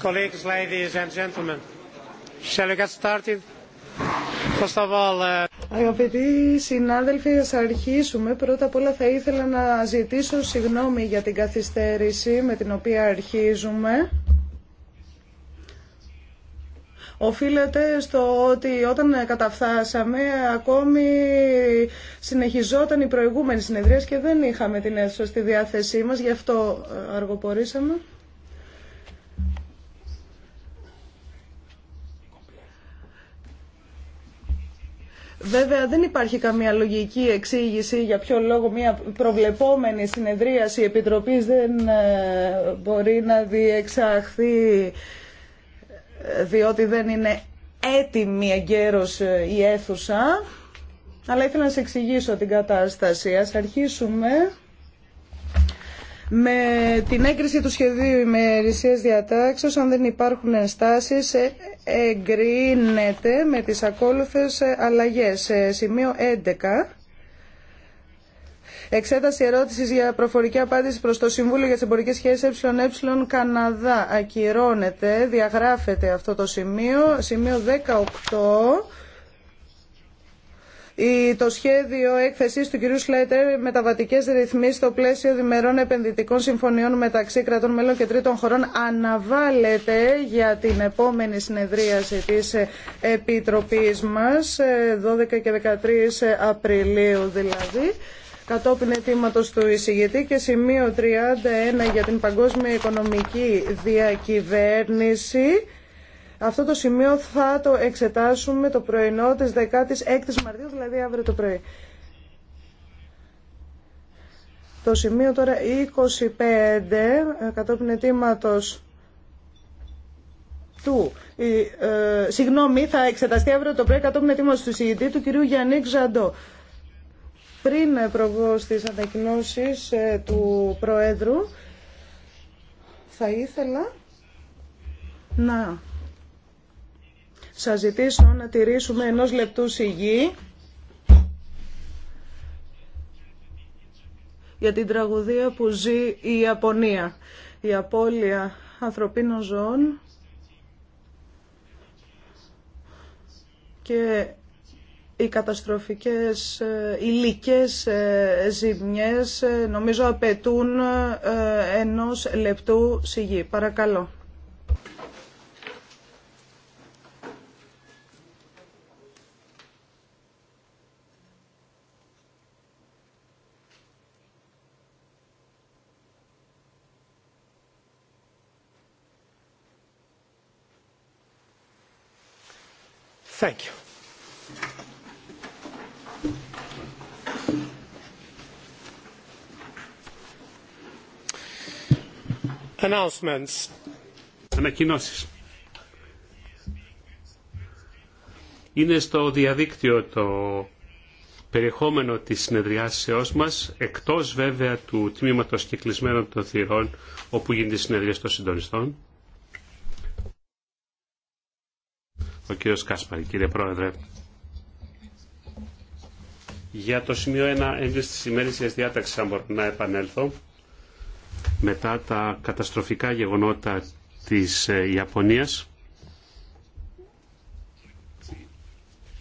Colleagues, ladies Αγαπητοί συνάδελφοι, ας αρχίσουμε. Πρώτα απ' όλα θα ήθελα να ζητήσω συγγνώμη για την καθυστέρηση με την οποία αρχίζουμε. Οφείλεται στο ότι όταν καταφθάσαμε ακόμη συνεχιζόταν η προηγούμενη συνεδρία και δεν είχαμε την αίθουσα στη διάθεσή μας, γι' αυτό ε, αργοπορήσαμε. Βέβαια δεν υπάρχει καμία λογική εξήγηση για ποιο λόγο μια προβλεπόμενη συνεδρίαση επιτροπής δεν ε, μπορεί να διεξαχθεί ε, διότι δεν είναι έτοιμη εγκαίρως ε, η αίθουσα. Αλλά ήθελα να σε εξηγήσω την κατάσταση. Ας αρχίσουμε με την έγκριση του σχεδίου ημερησία διατάξεως, αν δεν υπάρχουν ενστάσεις, ε, εγκρίνεται με τις ακόλουθες ε, αλλαγές. Σημείο 11. Εξέταση ερώτηση για προφορική απάντηση προ το Συμβούλιο για τι Εμπορικέ Σχέσει ΕΕ Καναδά. Ακυρώνεται, διαγράφεται αυτό το σημείο. Σημείο 18 το σχέδιο έκθεσης του κ. τα μεταβατικέ ρυθμίσεις στο πλαίσιο διμερών επενδυτικών συμφωνιών μεταξύ κρατών μέλων και τρίτων χωρών αναβάλλεται για την επόμενη συνεδρίαση της Επιτροπής μας 12 και 13 Απριλίου δηλαδή κατόπιν αιτήματος του εισηγητή και σημείο 31 για την παγκόσμια οικονομική διακυβέρνηση αυτό το σημείο θα το εξετάσουμε το πρωινό της 16 6η Μαρτίου, δηλαδή αύριο το πρωί. Το σημείο τώρα 25, ε, κατόπιν ετοίματος του. Ε, συγγνώμη, θα εξεταστεί αύριο το πρωί κατόπιν ετήματο του συγητή του κυρίου Γιάννη Ξαντό. Πριν προβώ στι ανακοινώσει ε, του Προέδρου, θα ήθελα να σας ζητήσω να τηρήσουμε ενός λεπτού σιγή για την τραγουδία που ζει η Ιαπωνία. Η απώλεια ανθρωπίνων ζώων και οι καταστροφικές ε, υλικές ε, ζημιές ε, νομίζω απαιτούν ενός λεπτού σιγή. Παρακαλώ. Thank Ανακοινώσεις. Είναι στο διαδίκτυο το περιεχόμενο της συνεδριάσεώς μας, εκτός βέβαια του τμήματος κυκλισμένων των θυρών, όπου γίνεται η συνεδρία των συντονιστών. Ο κύριος Κάσπαρη, κύριε Πρόεδρε. Για το σημείο 1 έγκριση της τη διάταξης, αν μπορώ να επανέλθω, μετά τα καταστροφικά γεγονότα της ε, Ιαπωνίας,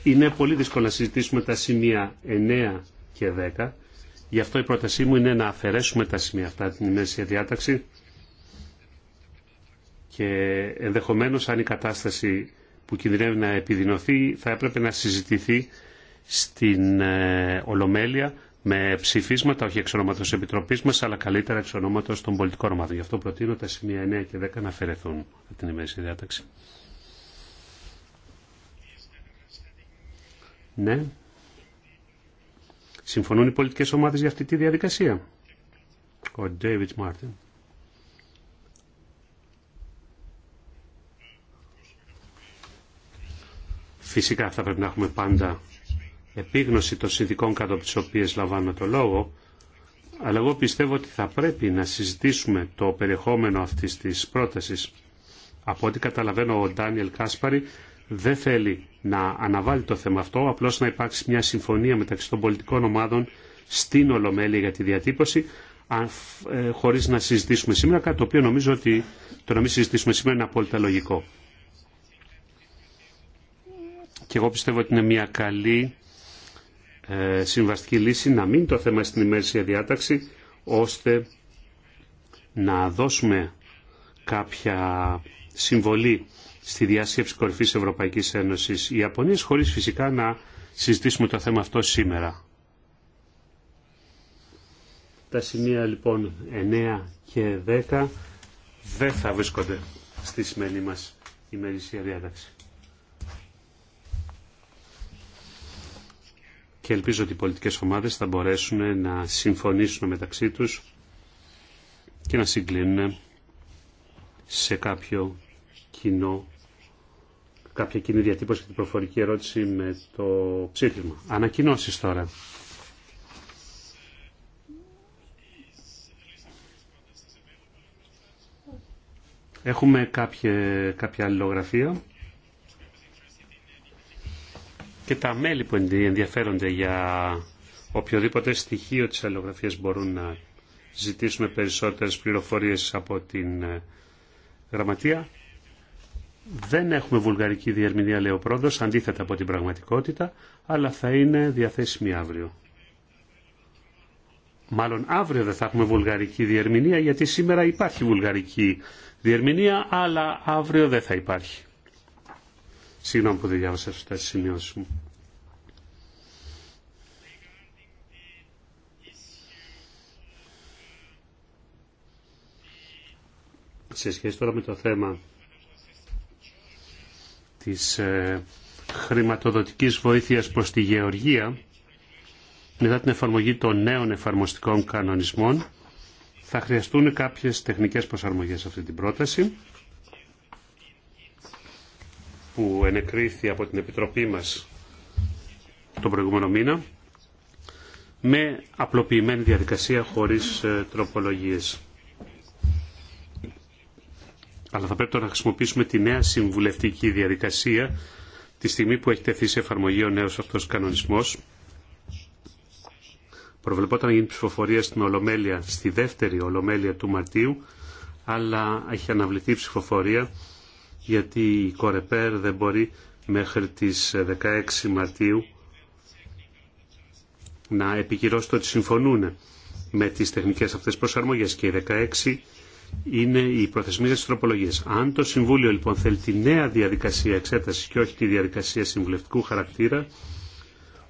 είναι πολύ δύσκολο να συζητήσουμε τα σημεία 9 και 10. Γι' αυτό η πρότασή μου είναι να αφαιρέσουμε τα σημεία αυτά την ημέρησια διάταξη και ενδεχομένως αν η κατάσταση που κινδυνεύει να επιδεινωθεί θα έπρεπε να συζητηθεί στην ε, Ολομέλεια με ψηφίσματα, όχι εξ ονόματο τη Επιτροπή μα, αλλά καλύτερα εξ ονόματο των πολιτικών ομάδων. Γι' αυτό προτείνω τα σημεία 9 και 10 να αφαιρεθούν από την ημέρηση διάταξη. Ναι. Συμφωνούν οι πολιτικές ομάδες για αυτή τη διαδικασία. Ο Μάρτιν. Φυσικά θα πρέπει να έχουμε πάντα επίγνωση των συνδικών κάτω από τις οποίες λαμβάνουμε το λόγο, αλλά εγώ πιστεύω ότι θα πρέπει να συζητήσουμε το περιεχόμενο αυτής της πρότασης. Από ό,τι καταλαβαίνω ο Ντάνιελ Κάσπαρη δεν θέλει να αναβάλει το θέμα αυτό, απλώς να υπάρξει μια συμφωνία μεταξύ των πολιτικών ομάδων στην Ολομέλη για τη διατύπωση, ε, χωρίς να συζητήσουμε σήμερα, κάτι το οποίο νομίζω ότι το να μην συζητήσουμε σήμερα είναι απόλυτα λογικό και εγώ πιστεύω ότι είναι μια καλή ε, συμβαστική λύση να μην το θέμα στην ημέρησια διάταξη ώστε να δώσουμε κάποια συμβολή στη διάσκεψη κορυφής Ευρωπαϊκής Ένωσης Ιαπωνίας χωρίς φυσικά να συζητήσουμε το θέμα αυτό σήμερα. Τα σημεία λοιπόν 9 και 10 δεν θα βρίσκονται στη σημερινή μας ημερησία διάταξη. και ελπίζω ότι οι πολιτικές ομάδες θα μπορέσουν να συμφωνήσουν μεταξύ τους και να συγκλίνουν σε κάποιο κοινό κάποια κοινή διατύπωση και την προφορική ερώτηση με το ψήφισμα. Ανακοινώσεις τώρα. Έχουμε κάποια, κάποια αλληλογραφία και τα μέλη που ενδιαφέρονται για οποιοδήποτε στοιχείο της αλληλογραφίας μπορούν να ζητήσουμε περισσότερες πληροφορίες από την ε, γραμματεία. Δεν έχουμε βουλγαρική διερμηνία, λέει ο πρόεδρος, αντίθετα από την πραγματικότητα, αλλά θα είναι διαθέσιμη αύριο. Μάλλον αύριο δεν θα έχουμε βουλγαρική διερμηνία, γιατί σήμερα υπάρχει βουλγαρική διερμηνία, αλλά αύριο δεν θα υπάρχει. Συγγνώμη που δεν διάβασα σωστά τις σημειώσεις μου. Σε σχέση τώρα με το θέμα της ε, χρηματοδοτικής βοήθειας προς τη γεωργία, μετά την εφαρμογή των νέων εφαρμοστικών κανονισμών, θα χρειαστούν κάποιες τεχνικές προσαρμογές σε αυτή την πρόταση που ενεκρίθη από την Επιτροπή μας τον προηγούμενο μήνα με απλοποιημένη διαδικασία χωρίς ε, τροπολογίες. Αλλά θα πρέπει να χρησιμοποιήσουμε τη νέα συμβουλευτική διαδικασία τη στιγμή που έχει τεθεί σε εφαρμογή ο νέος αυτός κανονισμός. Προβλεπόταν να γίνει ψηφοφορία στην Ολομέλεια, στη δεύτερη Ολομέλεια του Μαρτίου, αλλά έχει αναβληθεί η ψηφοφορία γιατί η Κορεπέρ δεν μπορεί μέχρι τις 16 Μαρτίου να επικυρώσει το ότι συμφωνούν με τις τεχνικές αυτές προσαρμογές και οι 16 είναι οι προθεσμίες της τροπολογίας. Αν το Συμβούλιο λοιπόν θέλει τη νέα διαδικασία εξέτασης και όχι τη διαδικασία συμβουλευτικού χαρακτήρα,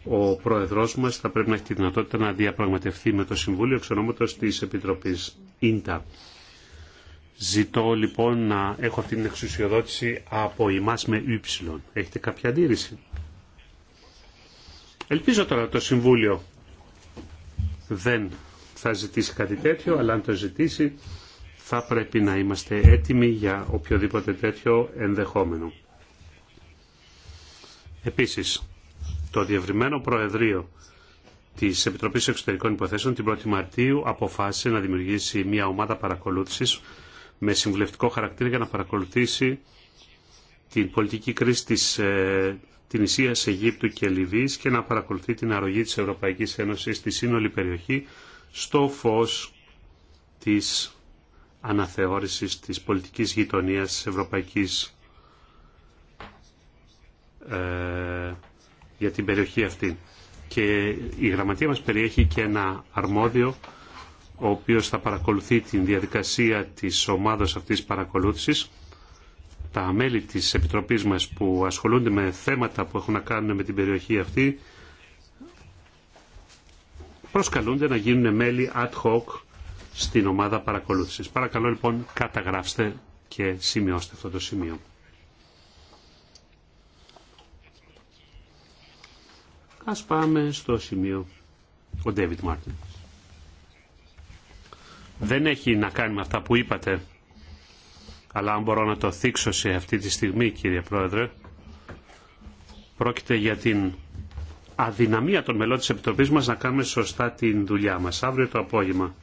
ο Πρόεδρός μας θα πρέπει να έχει τη δυνατότητα να διαπραγματευτεί με το Συμβούλιο εξ της Επιτροπής ΙΝΤΑ. Ζητώ λοιπόν να έχω αυτή την εξουσιοδότηση από εμάς με Υ. Έχετε κάποια αντίρρηση. Ελπίζω τώρα το Συμβούλιο δεν θα ζητήσει κάτι τέτοιο, αλλά αν το ζητήσει θα πρέπει να είμαστε έτοιμοι για οποιοδήποτε τέτοιο ενδεχόμενο. Επίσης, το διευρυμένο Προεδρείο της Επιτροπής Εξωτερικών Υποθέσεων την 1η Μαρτίου αποφάσισε να δημιουργήσει μια ομάδα παρακολούθησης με συμβουλευτικό χαρακτήρα για να παρακολουθήσει την πολιτική κρίση της ε, την σε Αιγύπτου και Λιβύης και να παρακολουθεί την αρρωγή της Ευρωπαϊκής Ένωσης στη σύνολη περιοχή στο φως της αναθεώρησης της πολιτικής γειτονίας της Ευρωπαϊκής ε, για την περιοχή αυτή. Και η γραμματεία μας περιέχει και ένα αρμόδιο ο οποίος θα παρακολουθεί την διαδικασία της ομάδας αυτής παρακολούθησης. Τα μέλη της Επιτροπής μας που ασχολούνται με θέματα που έχουν να κάνουν με την περιοχή αυτή προσκαλούνται να γίνουν μέλη ad hoc στην ομάδα παρακολούθησης. Παρακαλώ λοιπόν καταγράψτε και σημειώστε αυτό το σημείο. Ας πάμε στο σημείο ο David Μάρτιν δεν έχει να κάνει με αυτά που είπατε, αλλά αν μπορώ να το θίξω σε αυτή τη στιγμή, κύριε Πρόεδρε, πρόκειται για την αδυναμία των μελών της Επιτροπής μας να κάνουμε σωστά την δουλειά μας. Αύριο το απόγευμα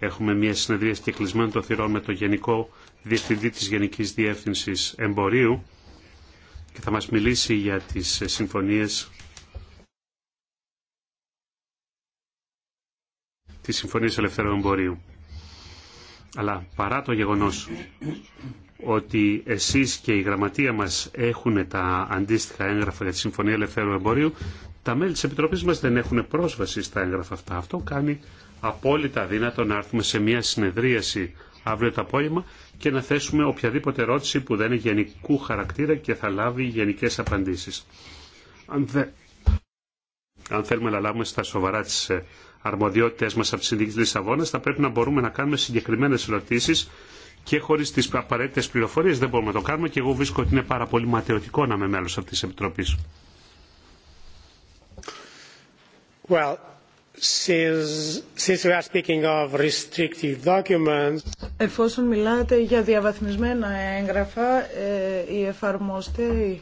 έχουμε μια συνεδρία κυκλισμένων των θυρών με το Γενικό Διευθυντή της Γενικής Διεύθυνσης Εμπορίου και θα μας μιλήσει για τις συμφωνίες τη Συμφωνία Ελευθερών Εμπορίου. Αλλά παρά το γεγονός ότι εσείς και η γραμματεία μας έχουν τα αντίστοιχα έγγραφα για τη Συμφωνία Ελευθέρου Εμπορίου, τα μέλη της Επιτροπής μας δεν έχουν πρόσβαση στα έγγραφα αυτά. Αυτό κάνει απόλυτα δύνατο να έρθουμε σε μια συνεδρίαση αύριο το απόγευμα και να θέσουμε οποιαδήποτε ερώτηση που δεν είναι γενικού χαρακτήρα και θα λάβει γενικές απαντήσεις. Αν, δε... Αν θέλουμε να λάβουμε στα σοβαρά ε, αρμοδιότητες μας από τη Συνδίκη τη Λισαβόνα, θα πρέπει να μπορούμε να κάνουμε συγκεκριμένε ερωτήσει και χωρίς τι απαραίτητε πληροφορίε, δεν μπορούμε να το κάνουμε και εγώ βρίσκω ότι είναι πάρα πολύ ματαιωτικό να είμαι μέλο αυτή τη επιτροπή. Well, since, Εφόσον μιλάτε για διαβαθμισμένα έγγραφα, ε, οι εφαρμοστέ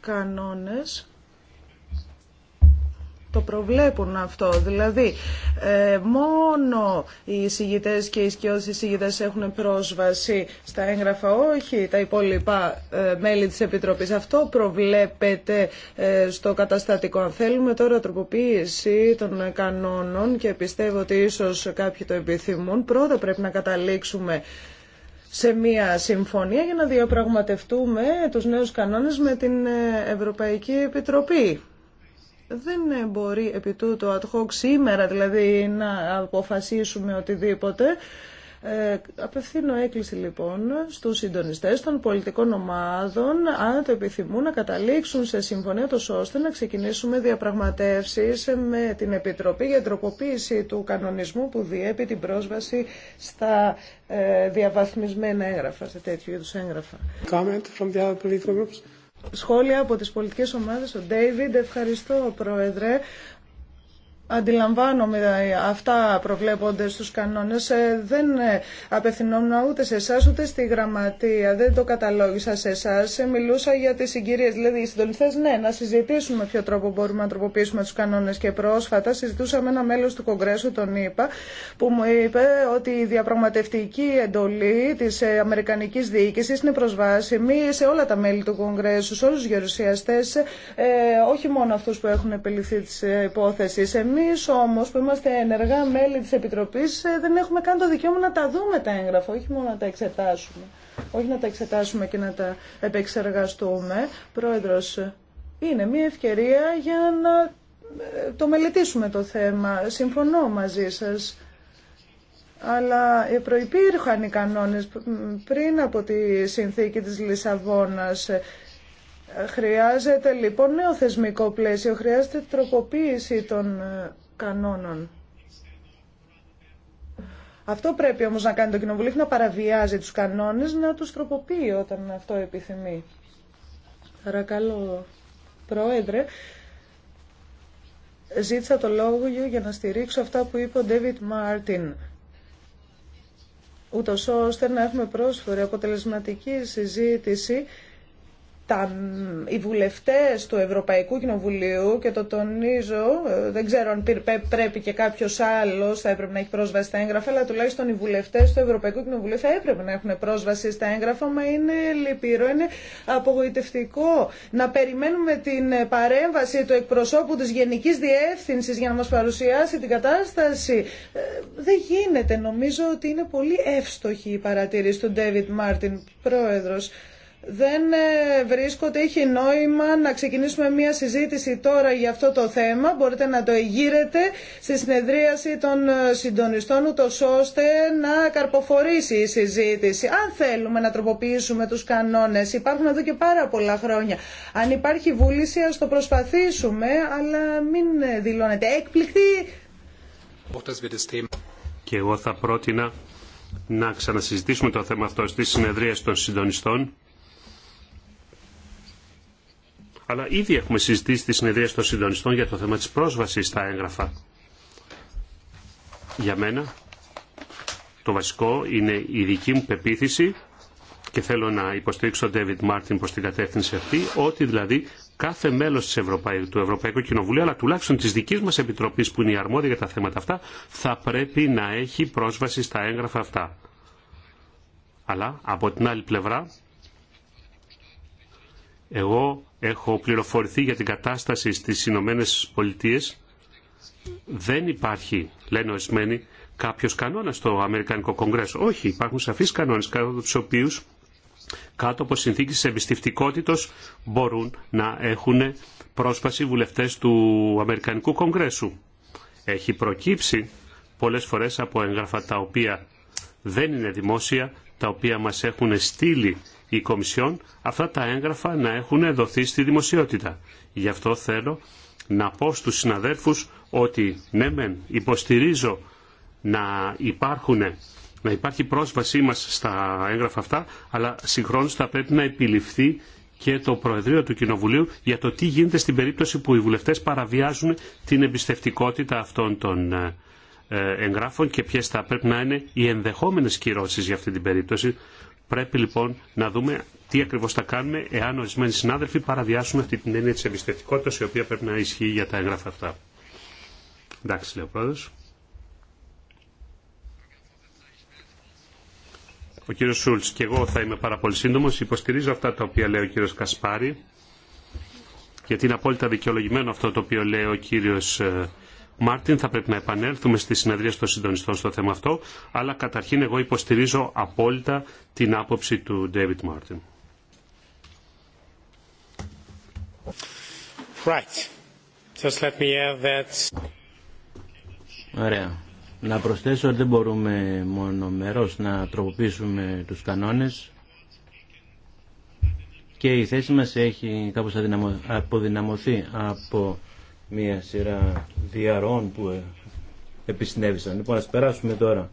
κανόνες το προβλέπουν αυτό. Δηλαδή, ε, μόνο οι εισηγητέ και οι σκιώδει εισηγητέ έχουν πρόσβαση στα έγγραφα, όχι τα υπόλοιπα ε, μέλη τη Επιτροπή. Αυτό προβλέπεται ε, στο καταστατικό. Αν θέλουμε τώρα τροποποίηση των κανόνων και πιστεύω ότι ίσω κάποιοι το επιθυμούν, πρώτα πρέπει να καταλήξουμε σε μια συμφωνία για να διαπραγματευτούμε τους νέους κανόνες με την Ευρωπαϊκή Επιτροπή δεν μπορεί επί τούτο ad hoc σήμερα δηλαδή να αποφασίσουμε οτιδήποτε. Ε, απευθύνω έκκληση λοιπόν στους συντονιστές των πολιτικών ομάδων αν το επιθυμούν να καταλήξουν σε συμφωνία τους ώστε να ξεκινήσουμε διαπραγματεύσεις με την Επιτροπή για τροποποίηση του κανονισμού που διέπει την πρόσβαση στα ε, διαβαθμισμένα έγγραφα, σε τέτοιου είδους έγγραφα. Σχόλια από τις πολιτικές ομάδες. Ο Ντέιβιντ, ευχαριστώ πρόεδρε. Αντιλαμβάνομαι ε, αυτά προβλέπονται στους κανόνες. Ε, δεν ε, απευθυνόμουν ούτε σε εσά ούτε στη γραμματεία. Δεν το καταλόγησα σε εσά. Μιλούσα για τις συγκυρίες. Δηλαδή οι συντονιστές ναι, να συζητήσουμε ποιο τρόπο μπορούμε να τροποποιήσουμε τους κανόνες. Και πρόσφατα συζητούσαμε ένα μέλος του Κογκρέσου, τον είπα, που μου είπε ότι η διαπραγματευτική εντολή της Αμερικανικής Διοίκησης είναι προσβάσιμη σε όλα τα μέλη του Κογκρέσου, σε όλους τους γερουσιαστές, όχι μόνο αυτούς που έχουν επιληθεί της υπόθεσης εμεί όμως που είμαστε ενεργά μέλη της Επιτροπής ε, δεν έχουμε καν το δικαίωμα να τα δούμε τα έγγραφα, όχι μόνο να τα εξετάσουμε. Όχι να τα εξετάσουμε και να τα επεξεργαστούμε. Πρόεδρος, είναι μια ευκαιρία για να ε, το μελετήσουμε το θέμα. Συμφωνώ μαζί σας. Αλλά προϋπήρχαν οι κανόνες πριν από τη συνθήκη της Λισαβόνας Χρειάζεται λοιπόν νέο θεσμικό πλαίσιο, χρειάζεται τροποποίηση των ε, κανόνων. Αυτό πρέπει όμως να κάνει το Κοινοβουλίο, να παραβιάζει τους κανόνες, να τους τροποποιεί όταν αυτό επιθυμεί. Παρακαλώ, Πρόεδρε, ζήτησα το λόγο για να στηρίξω αυτά που είπε ο Ντέβιτ Μάρτιν Ούτως ώστε να έχουμε πρόσφορη αποτελεσματική συζήτηση τα, οι βουλευτές του Ευρωπαϊκού Κοινοβουλίου και το τονίζω, ε, δεν ξέρω αν πρέπει και κάποιος άλλος θα έπρεπε να έχει πρόσβαση στα έγγραφα, αλλά τουλάχιστον οι βουλευτές του Ευρωπαϊκού Κοινοβουλίου θα έπρεπε να έχουν πρόσβαση στα έγγραφα, μα είναι λυπηρό, είναι απογοητευτικό να περιμένουμε την παρέμβαση του εκπροσώπου της Γενικής Διεύθυνσης για να μας παρουσιάσει την κατάσταση. Ε, δεν γίνεται. Νομίζω ότι είναι πολύ εύστοχη η παρατήρηση του Ντέβιτ Μάρτιν, πρόεδρος δεν ε, βρίσκω ότι έχει νόημα να ξεκινήσουμε μια συζήτηση τώρα για αυτό το θέμα. Μπορείτε να το εγείρετε στη συνεδρίαση των ε, συντονιστών, ούτω ώστε να καρποφορήσει η συζήτηση. Αν θέλουμε να τροποποιήσουμε τους κανόνε, υπάρχουν εδώ και πάρα πολλά χρόνια. Αν υπάρχει βούληση, α το προσπαθήσουμε, αλλά μην ε, δηλώνετε έκπληκτη. Και εγώ θα πρότεινα να ξανασυζητήσουμε το θέμα αυτό στη συνεδρίαση των συντονιστών αλλά ήδη έχουμε συζητήσει τη συνεδρία των συντονιστών για το θέμα της πρόσβασης στα έγγραφα. Για μένα το βασικό είναι η δική μου πεποίθηση και θέλω να υποστηρίξω τον David Μάρτιν προς την κατεύθυνση αυτή, ότι δηλαδή κάθε μέλος της Ευρωπαϊ... του Ευρωπαϊκού Κοινοβουλίου, αλλά τουλάχιστον της δικής μας Επιτροπής που είναι η αρμόδια για τα θέματα αυτά, θα πρέπει να έχει πρόσβαση στα έγγραφα αυτά. Αλλά από την άλλη πλευρά, εγώ έχω πληροφορηθεί για την κατάσταση στις Ηνωμένε Πολιτείε. Δεν υπάρχει, λένε ορισμένοι, κάποιος κανόνας στο Αμερικανικό Κογκρέσο. Όχι, υπάρχουν σαφείς κανόνες κάτω από τους οποίους κάτω από συνθήκες εμπιστευτικότητος μπορούν να έχουν πρόσβαση βουλευτές του Αμερικανικού Κογκρέσου. Έχει προκύψει πολλές φορές από έγγραφα τα οποία δεν είναι δημόσια, τα οποία μας έχουν στείλει η Κομισιόν αυτά τα έγγραφα να έχουν δοθεί στη δημοσιότητα. Γι' αυτό θέλω να πω στους συναδέλφους ότι ναι μεν υποστηρίζω να, υπάρχουν, να υπάρχει πρόσβασή μας στα έγγραφα αυτά, αλλά συγχρόνως θα πρέπει να επιληφθεί και το Προεδρείο του Κοινοβουλίου για το τι γίνεται στην περίπτωση που οι βουλευτές παραβιάζουν την εμπιστευτικότητα αυτών των ε, ε, εγγράφων και ποιες θα πρέπει να είναι οι ενδεχόμενες κυρώσεις για αυτή την περίπτωση Πρέπει λοιπόν να δούμε τι ακριβώ θα κάνουμε εάν ορισμένοι συνάδελφοι παραβιάσουν αυτή την έννοια τη εμπιστευτικότητα η οποία πρέπει να ισχύει για τα έγγραφα αυτά. Εντάξει, λέει ο πρόεδρο. Ο κύριο Σούλτ, και εγώ θα είμαι πάρα πολύ σύντομο. Υποστηρίζω αυτά τα οποία λέει ο κύριο Κασπάρη, γιατί είναι απόλυτα δικαιολογημένο αυτό το οποίο λέει ο κύριο ε, Μάρτιν θα πρέπει να επανέλθουμε στη συνεδρία των συντονιστών στο θέμα αυτό, αλλά καταρχήν εγώ υποστηρίζω απόλυτα την άποψη του David Μάρτιν. Right. Just let me that... Ωραία. Να προσθέσω ότι δεν μπορούμε μερός να τροποποιήσουμε τους κανόνες και η θέση μας έχει κάπως αποδυναμωθεί από μία σειρά διαρών που ε, επισυνέβησαν. Λοιπόν, ας περάσουμε τώρα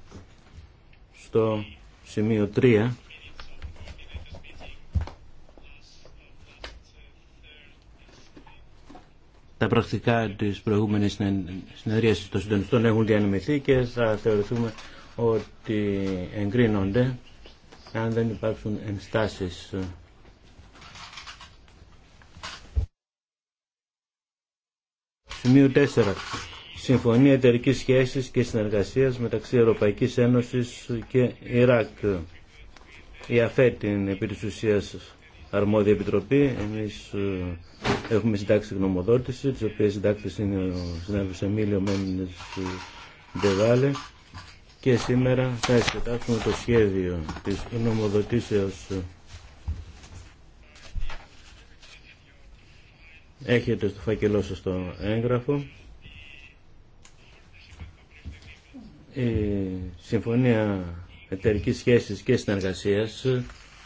στο σημείο 3. Τα πρακτικά της προηγούμενης συνεδρίασης των συντονιστών έχουν διανεμηθεί και θα θεωρηθούμε ότι εγκρίνονται αν δεν υπάρξουν ενστάσεις Σημείο 4. Συμφωνία εταιρική σχέση και συνεργασία μεταξύ Ευρωπαϊκή Ένωση και Ιράκ. Η ΑΦΕΤ είναι επί τη ουσία αρμόδια επιτροπή. Εμεί ε, έχουμε συντάξει γνωμοδότηση, τη οποία συντάξει είναι ο συνάδελφο Εμίλιο τη ε, Ντεβάλε. Και σήμερα θα εξετάσουμε το σχέδιο της γνωμοδοτήσεως Έχετε στο φάκελό σας το έγγραφο. Η Συμφωνία εταιρική σχέση και συνεργασία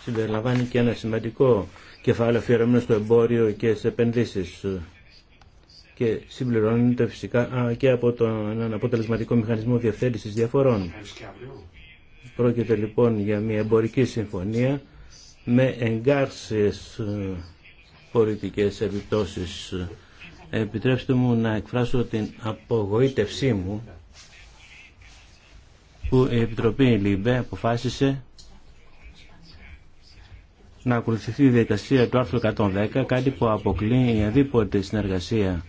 συμπεριλαμβάνει και ένα σημαντικό κεφάλαιο αφιερωμένο στο εμπόριο και σε επενδύσει. και συμπληρώνεται φυσικά και από τον έναν αποτελεσματικό μηχανισμό διευθέτηση διαφορών. Πρόκειται λοιπόν για μια εμπορική συμφωνία με εγκάρσεις πολιτικές επιπτώσεις. Επιτρέψτε μου να εκφράσω την απογοήτευσή μου που η Επιτροπή ΛΥΜΠΕ αποφάσισε να ακολουθηθεί η διαδικασία του άρθρου 110, κάτι που αποκλεί αδίποτε συνεργασία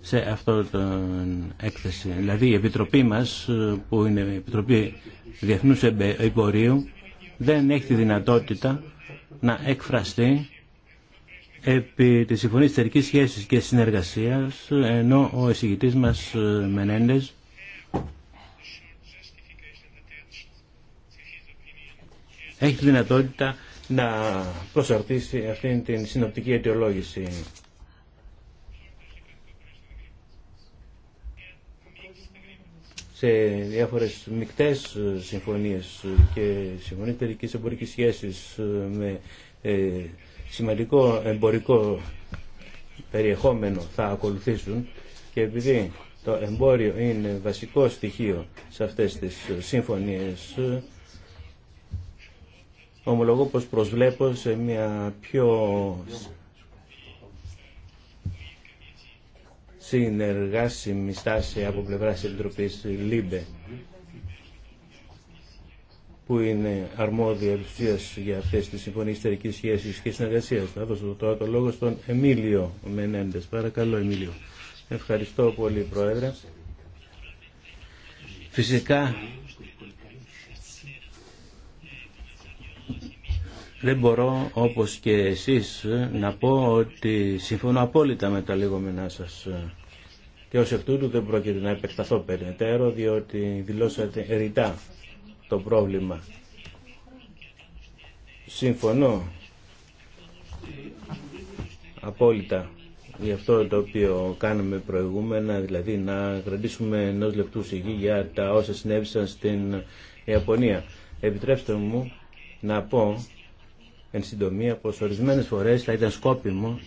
σε αυτό την έκθεση. Δηλαδή η Επιτροπή μας, που είναι η Επιτροπή Διεθνούς Εμπορίου, δεν έχει τη δυνατότητα να εκφραστεί επί τη Συμφωνία Τερικής Σχέσης και Συνεργασίας, ενώ ο εισηγητής μας ε, Μενέντες έχει τη δυνατότητα να προσαρτήσει αυτήν την συνοπτική αιτιολόγηση. σε διάφορες μικτές ε, συμφωνίες και συμφωνίες τελικής εμπορικής σχέσης ε, με ε, σημαντικό εμπορικό περιεχόμενο θα ακολουθήσουν και επειδή το εμπόριο είναι βασικό στοιχείο σε αυτές τις συμφωνίες ομολογώ πως προσβλέπω σε μια πιο συνεργάσιμη στάση από πλευρά της Επιτροπής ΛΥΜΠΕ που είναι αρμόδια ευθείας για αυτές τις συμφωνίες ιστορικής σχέσης και συνεργασίας. Θα δώσω τώρα το λόγο στον Εμίλιο Μενέντες. Παρακαλώ Εμίλιο. Ευχαριστώ πολύ Πρόεδρε. Φυσικά δεν μπορώ όπως και εσείς να πω ότι συμφωνώ απόλυτα με τα λεγόμενά σας και ως εκ τούτου δεν πρόκειται να επεκταθώ περαιτέρω διότι δηλώσατε ρητά το πρόβλημα. Συμφωνώ απόλυτα για αυτό το οποίο κάναμε προηγούμενα, δηλαδή να κρατήσουμε ενό λεπτού σιγή για τα όσα συνέβησαν στην Ιαπωνία. Επιτρέψτε μου να πω εν συντομία πως ορισμένες φορές θα ήταν σκόπιμο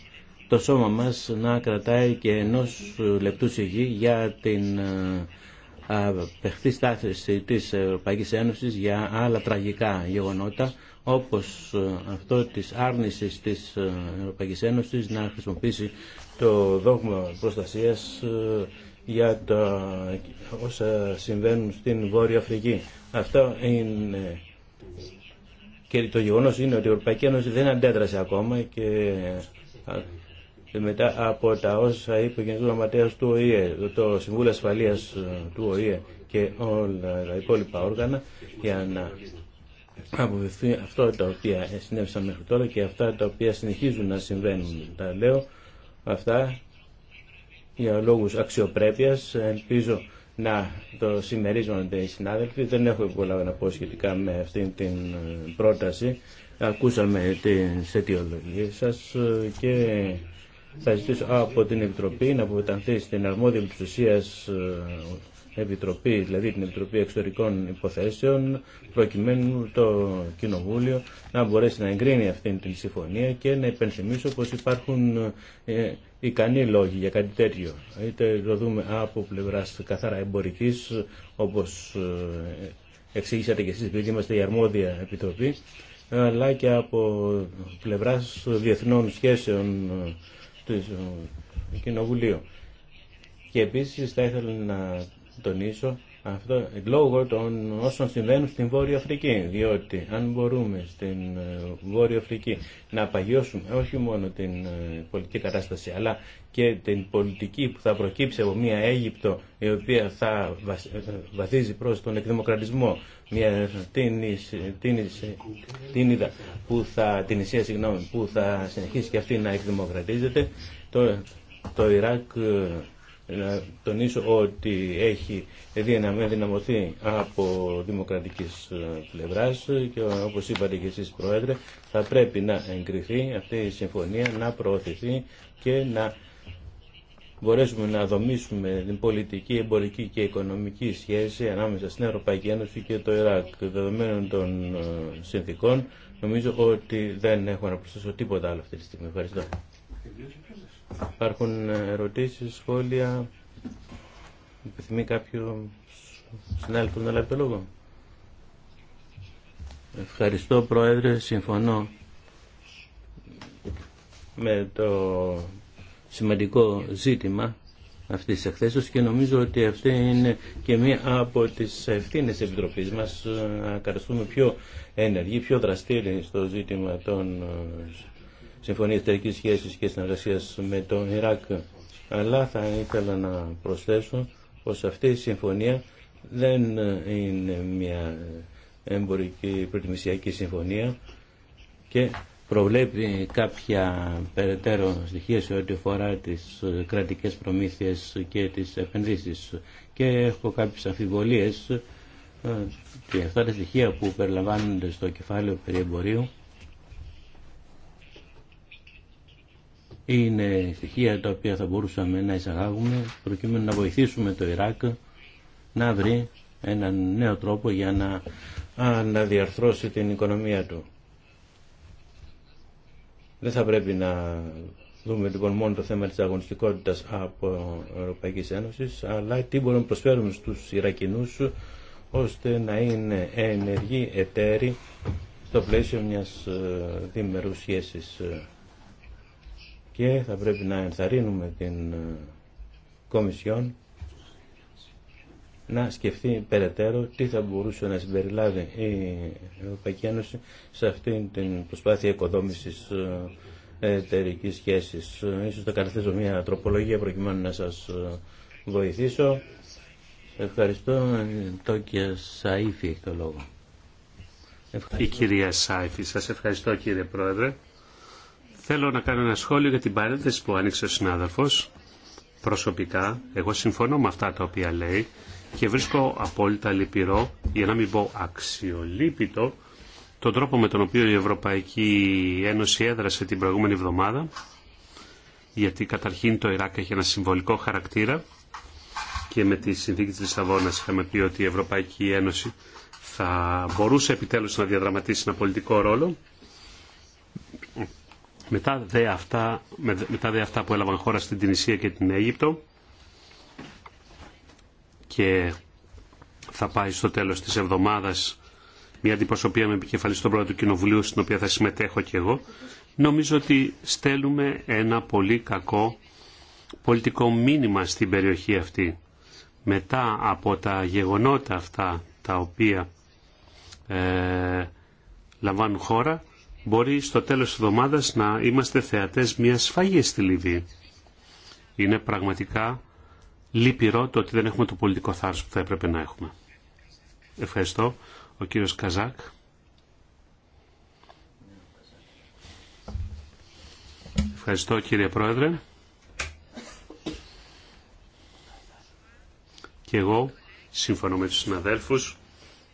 το σώμα μας να κρατάει και ενός λεπτού σιγή για την ε, απεχθή στάθεση της Ευρωπαϊκής Ένωσης για άλλα τραγικά γεγονότα όπως ε, αυτό της άρνησης της ε, Ευρωπαϊκής Ένωσης να χρησιμοποιήσει το δόγμα προστασίας για τα όσα συμβαίνουν στην Βόρεια Αφρική. Αυτό είναι και το γεγονό είναι ότι η Ευρωπαϊκή Ένωση δεν αντέδρασε ακόμα και μετά από τα όσα είπε ο Γενικό Γραμματέα του ΟΗΕ, το Συμβούλιο Ασφαλεία ε, του ΟΗΕ και όλα τα υπόλοιπα όργανα για να αποδεχθεί αυτό τα οποία συνέβησαν μέχρι τώρα και αυτά τα οποία συνεχίζουν να συμβαίνουν. Τα λέω αυτά για λόγους αξιοπρέπειας. Ελπίζω να το συμμερίζονται οι συνάδελφοι. Δεν έχω πολλά να πω σχετικά με αυτή την πρόταση. Ακούσαμε τι αιτιολογίες σας και θα ζητήσω από την Επιτροπή να αποτανθεί στην αρμόδια ουσία. Επιτροπή, δηλαδή την Επιτροπή Εξωτερικών Υποθέσεων, προκειμένου το Κοινοβούλιο να μπορέσει να εγκρίνει αυτήν την συμφωνία και να υπενθυμίσω πως υπάρχουν ε, ικανοί λόγοι για κάτι τέτοιο. Είτε το δούμε από πλευράς καθαρά εμπορικής, όπως ε, εξήγησατε και εσείς, επειδή είμαστε η αρμόδια Επιτροπή, αλλά και από πλευράς διεθνών σχέσεων ε, του Κοινοβουλίου. Και επίσης θα ήθελα να τονίσω αυτό λόγω των όσων συμβαίνουν στην Βόρεια Αφρική. Διότι αν μπορούμε στην ε, Βόρεια Αφρική να απαγιώσουμε όχι μόνο την ε, πολιτική κατάσταση αλλά και την πολιτική που θα προκύψει από μια Αίγυπτο η οποία θα ε, βαθίζει προς τον εκδημοκρατισμό μια Τίνιδα που θα, την Ισία συγγνώμη, που θα συνεχίσει και αυτή να εκδημοκρατίζεται το, το Ιράκ να τονίσω ότι έχει δυναμωθεί από δημοκρατικής ε, πλευράς και όπως είπατε και εσείς Πρόεδρε θα πρέπει να εγκριθεί αυτή η συμφωνία, να προωθηθεί και να μπορέσουμε να δομήσουμε την πολιτική, εμπορική και οικονομική σχέση ανάμεσα στην Ευρωπαϊκή Ένωση και το Ιράκ. Δεδομένων των ε, συνθήκων νομίζω ότι δεν έχω να προσθέσω τίποτα άλλο αυτή τη στιγμή. Ευχαριστώ. Υπάρχουν ερωτήσεις, σχόλια. Επιθυμεί κάποιο συνάδελφο να λάβει το λόγο. Ευχαριστώ Πρόεδρε, συμφωνώ με το σημαντικό ζήτημα αυτής της εκθέσεως και νομίζω ότι αυτή είναι και μία από τις ευθύνες της Επιτροπής μας να καταστούμε πιο ενεργοί, πιο δραστήριοι στο ζήτημα των Συμφωνία Εταιρικής Σχέσης και Συνεργασίας με τον Ιράκ. Αλλά θα ήθελα να προσθέσω πως αυτή η συμφωνία δεν είναι μια εμπορική προτιμησιακή συμφωνία και προβλέπει κάποια περαιτέρω στοιχεία σε ό,τι αφορά τις κρατικές προμήθειες και τις επενδύσεις. Και έχω κάποιες αμφιβολίες και ε, αυτά τα στοιχεία που περιλαμβάνονται στο κεφάλαιο περί εμπορίου είναι στοιχεία τα οποία θα μπορούσαμε να εισαγάγουμε προκειμένου να βοηθήσουμε το Ιράκ να βρει έναν νέο τρόπο για να αναδιαρθρώσει την οικονομία του. Δεν θα πρέπει να δούμε λοιπόν μόνο το θέμα της αγωνιστικότητας από Ευρωπαϊκής Ένωσης, αλλά τι μπορούμε να προσφέρουμε στους Ιρακινούς ώστε να είναι ενεργοί εταίροι στο πλαίσιο μιας ε, διμερούς σχέσης και θα πρέπει να ενθαρρύνουμε την ε, Κομισιόν να σκεφτεί περαιτέρω τι θα μπορούσε να συμπεριλάβει η Ευρωπαϊκή Ένωση σε αυτή την προσπάθεια οικοδόμησης ε, εταιρική σχέσης. Ίσως θα καταθέσω μια τροπολογία προκειμένου να σας ε, βοηθήσω. Ευχαριστώ. Το και Σαΐφη το λόγο. Ευχαριστώ. Η κυρία Σάιφη. Σας ευχαριστώ κύριε Πρόεδρε. Θέλω να κάνω ένα σχόλιο για την παρένθεση που άνοιξε ο συνάδελφος. Προσωπικά, εγώ συμφωνώ με αυτά τα οποία λέει και βρίσκω απόλυτα λυπηρό, για να μην πω αξιολύπητο, τον τρόπο με τον οποίο η Ευρωπαϊκή Ένωση έδρασε την προηγούμενη εβδομάδα, γιατί καταρχήν το Ιράκ έχει ένα συμβολικό χαρακτήρα και με τη συνθήκη της Λισαβόνας είχαμε πει ότι η Ευρωπαϊκή Ένωση θα μπορούσε επιτέλους να διαδραματίσει ένα πολιτικό ρόλο μετά δε αυτά, μετά δε αυτά που έλαβαν χώρα στην Τινησία και την Αίγυπτο και θα πάει στο τέλος της εβδομάδας μια αντιπροσωπεία με επικεφαλή στον πρόεδρο του Κοινοβουλίου στην οποία θα συμμετέχω και εγώ νομίζω ότι στέλνουμε ένα πολύ κακό πολιτικό μήνυμα στην περιοχή αυτή. Μετά από τα γεγονότα αυτά τα οποία ε, λαμβάνουν χώρα μπορεί στο τέλος της εβδομάδας να είμαστε θεατές μια σφαγής στη Λιβύη. Είναι πραγματικά λυπηρό το ότι δεν έχουμε το πολιτικό θάρρος που θα έπρεπε να έχουμε. Ευχαριστώ. Ο κύριος Καζάκ. Ευχαριστώ κύριε Πρόεδρε. Και εγώ, συμφωνώ με τους συναδέλφους,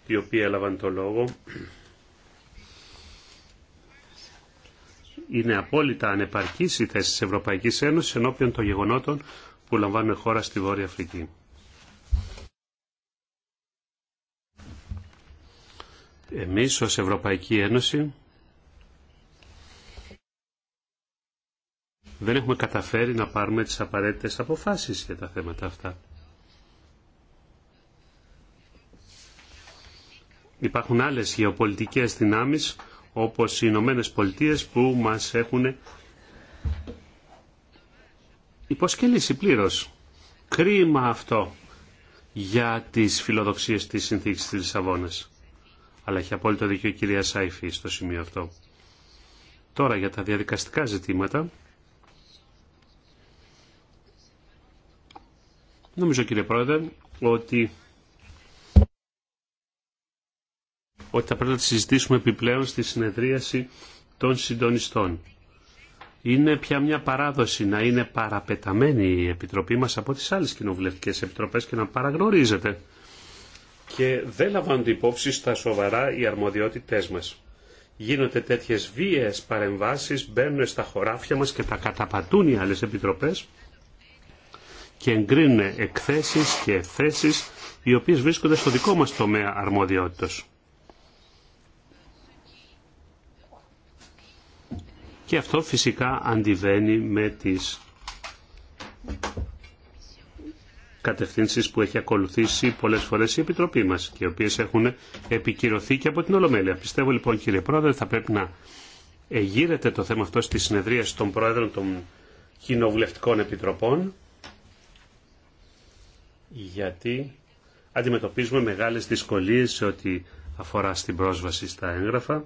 οι οποίοι έλαβαν το λόγο, είναι απόλυτα ανεπαρκής η θέση της Ευρωπαϊκής Ένωσης ενώπιον των γεγονότων που λαμβάνουν χώρα στη Βόρεια Αφρική. Εμείς ως Ευρωπαϊκή Ένωση δεν έχουμε καταφέρει να πάρουμε τις απαραίτητες αποφάσεις για τα θέματα αυτά. Υπάρχουν άλλες γεωπολιτικές δυνάμεις όπως οι Ηνωμένε Πολιτείε που μας έχουν υποσκελήσει πλήρως. Κρίμα αυτό για τις φιλοδοξίες της συνθήκης της Λισαβόνας. Αλλά έχει απόλυτο δίκιο η κυρία Σάιφη στο σημείο αυτό. Τώρα για τα διαδικαστικά ζητήματα. Νομίζω κύριε Πρόεδρε ότι ότι θα πρέπει να τη συζητήσουμε επιπλέον στη συνεδρίαση των συντονιστών. Είναι πια μια παράδοση να είναι παραπεταμένη η Επιτροπή μας από τις άλλες κοινοβουλευτικές επιτροπές και να παραγνωρίζεται. Και δεν λαμβάνονται υπόψη στα σοβαρά οι αρμοδιότητές μας. Γίνονται τέτοιες βίαιες παρεμβάσεις, μπαίνουν στα χωράφια μας και τα καταπατούν οι άλλες επιτροπές και εγκρίνουν εκθέσεις και θέσεις οι οποίες βρίσκονται στο δικό μας τομέα αρμοδιότητας. και αυτό φυσικά αντιβαίνει με τις κατευθύνσεις που έχει ακολουθήσει πολλές φορές η Επιτροπή μας και οι οποίες έχουν επικυρωθεί και από την Ολομέλεια. Πιστεύω λοιπόν κύριε Πρόεδρε θα πρέπει να εγείρεται το θέμα αυτό στη συνεδρία των Πρόεδρων των Κοινοβουλευτικών Επιτροπών γιατί αντιμετωπίζουμε μεγάλες δυσκολίες σε ό,τι αφορά στην πρόσβαση στα έγγραφα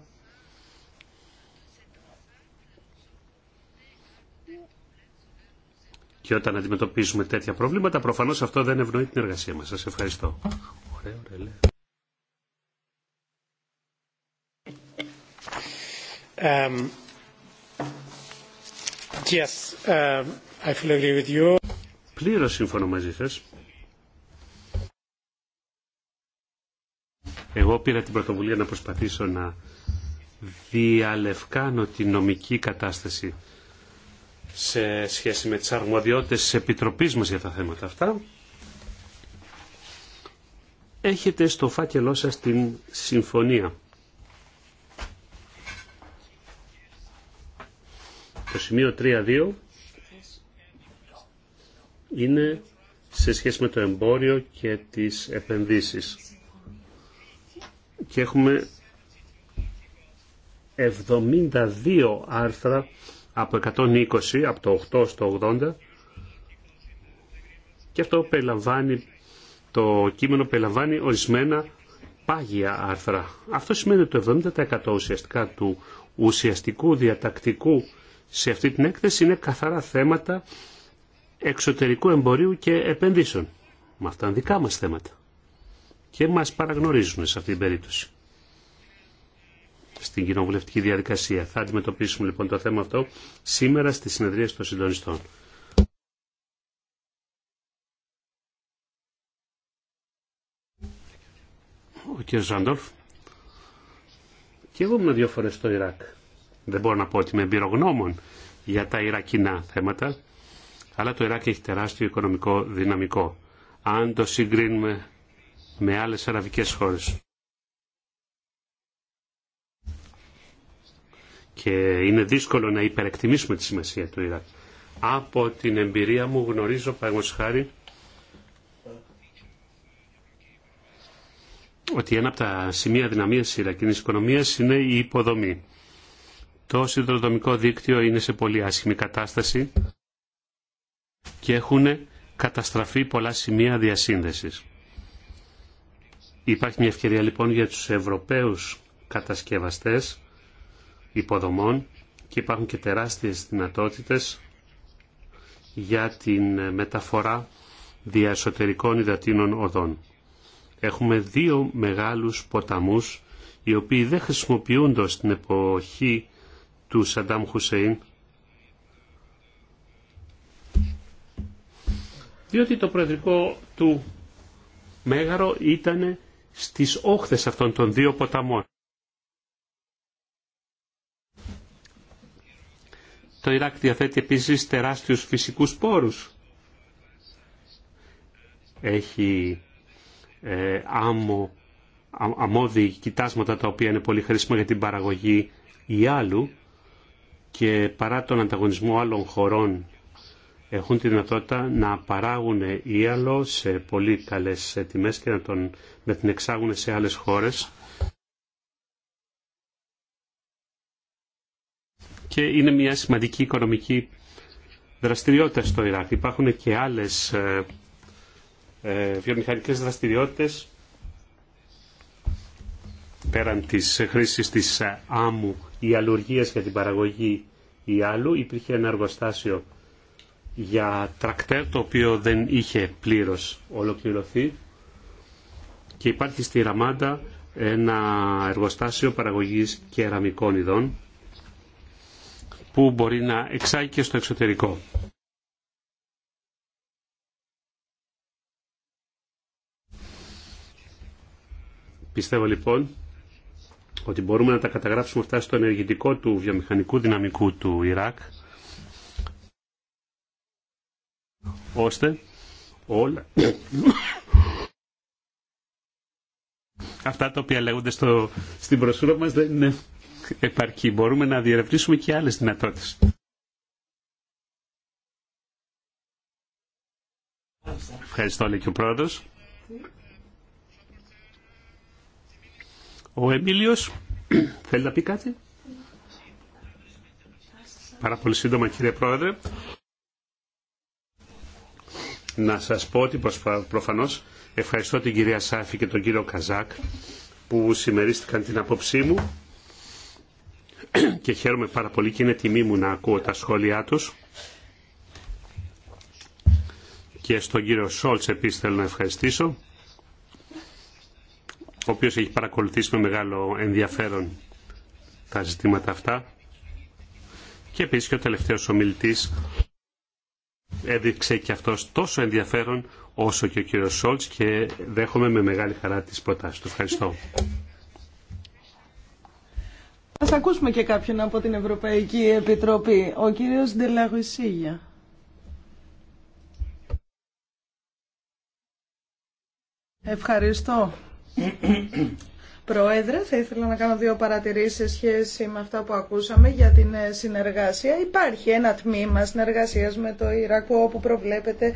Και όταν αντιμετωπίζουμε τέτοια προβλήματα, προφανώς αυτό δεν ευνοεί την εργασία μας. Σας ευχαριστώ. Um, yes, um, I fully agree with you. Πλήρως σύμφωνο μαζί σας. Εγώ πήρα την πρωτοβουλία να προσπαθήσω να διαλευκάνω την νομική κατάσταση σε σχέση με τις αρμοδιότητες της Επιτροπής μας για τα θέματα αυτά. Έχετε στο φάκελό σας την συμφωνία. Το σημείο 3.2 είναι σε σχέση με το εμπόριο και τις επενδύσεις. Και έχουμε 72 άρθρα από 120, από το 8 στο 80 και αυτό περιλαμβάνει, το κείμενο περιλαμβάνει ορισμένα πάγια άρθρα. Αυτό σημαίνει ότι το 70% ουσιαστικά του ουσιαστικού διατακτικού σε αυτή την έκθεση είναι καθαρά θέματα εξωτερικού εμπορίου και επενδύσεων. Με αυτά δικά μας θέματα. Και μας παραγνωρίζουν σε αυτή την περίπτωση στην κοινοβουλευτική διαδικασία. Θα αντιμετωπίσουμε λοιπόν το θέμα αυτό σήμερα στη συνεδρία των συντονιστών. Ο κ. Ζάντορφ. Και εγώ ήμουν δύο φορές στο Ιράκ. Δεν μπορώ να πω ότι είμαι εμπειρογνώμων για τα Ιρακινά θέματα, αλλά το Ιράκ έχει τεράστιο οικονομικό δυναμικό. Αν το συγκρίνουμε με άλλες αραβικές χώρες. και είναι δύσκολο να υπερεκτιμήσουμε τη σημασία του Ιράκ. Από την εμπειρία μου γνωρίζω, παραγωγός χάρη, ότι ένα από τα σημεία δυναμίας της Ιρακινής οικονομίας είναι η υποδομή. Το συνδροδομικό δίκτυο είναι σε πολύ άσχημη κατάσταση και έχουν καταστραφεί πολλά σημεία διασύνδεσης. Υπάρχει μια ευκαιρία λοιπόν για τους Ευρωπαίους κατασκευαστές υποδομών και υπάρχουν και τεράστιες δυνατότητες για την μεταφορά διασωτερικών υδατίνων οδών. Έχουμε δύο μεγάλους ποταμούς οι οποίοι δεν χρησιμοποιούνται στην εποχή του Σαντάμ Χουσέιν διότι το προεδρικό του μέγαρο ήταν στις όχθες αυτών των δύο ποταμών. Το Ιράκ διαθέτει επίσης τεράστιους φυσικούς πόρους. Έχει ε, άμμο, κοιτάσματα τα οποία είναι πολύ χρήσιμα για την παραγωγή ιάλου και παρά τον ανταγωνισμό άλλων χωρών έχουν τη δυνατότητα να παράγουν ίαλο σε πολύ καλές τιμές και να τον, να την εξάγουν σε άλλες χώρες. και είναι μια σημαντική οικονομική δραστηριότητα στο Ιράκ. Υπάρχουν και άλλες ε, ε, βιομηχανικές δραστηριότητες πέραν της χρήσης της ε, άμμου ή αλλουργίας για την παραγωγή ή άλλου. Υπήρχε ένα εργοστάσιο για τρακτέρ το οποίο δεν είχε πλήρως ολοκληρωθεί και υπάρχει στη Ραμάντα ένα εργοστάσιο παραγωγής κεραμικών ειδών που μπορεί να εξάγει και στο εξωτερικό. Πιστεύω λοιπόν ότι μπορούμε να τα καταγράψουμε αυτά στο ενεργητικό του βιομηχανικού δυναμικού του Ιράκ ώστε όλα αυτά τα οποία λέγονται στο, στην προσούρα μας δεν είναι επαρκή. Μπορούμε να διερευνήσουμε και άλλες δυνατότητες. Ευχαριστώ, λέει και ο πρόεδρος. Ο Εμίλιος θέλει να πει κάτι. Πάρα πολύ σύντομα κύριε Πρόεδρε. Να σας πω ότι προφανώς ευχαριστώ την κυρία Σάφη και τον κύριο Καζάκ που συμμερίστηκαν την απόψή μου και χαίρομαι πάρα πολύ και είναι τιμή μου να ακούω τα σχόλιά τους. Και στον κύριο Σόλτς επίσης θέλω να ευχαριστήσω, ο οποίος έχει παρακολουθήσει με μεγάλο ενδιαφέρον τα ζητήματα αυτά. Και επίσης και ο τελευταίος ομιλητής έδειξε και αυτός τόσο ενδιαφέρον όσο και ο κύριος Σόλτς και δέχομαι με μεγάλη χαρά τις προτάσεις του. Ευχαριστώ θα ακούσουμε και κάποιον από την Ευρωπαϊκή Επιτροπή. Ο κύριος Ντελαγουισίγια. Ευχαριστώ. Πρόεδρε, θα ήθελα να κάνω δύο παρατηρήσεις σε σχέση με αυτά που ακούσαμε για την ε, συνεργασία. Υπάρχει ένα τμήμα συνεργασίας με το Ιράκ όπου προβλέπεται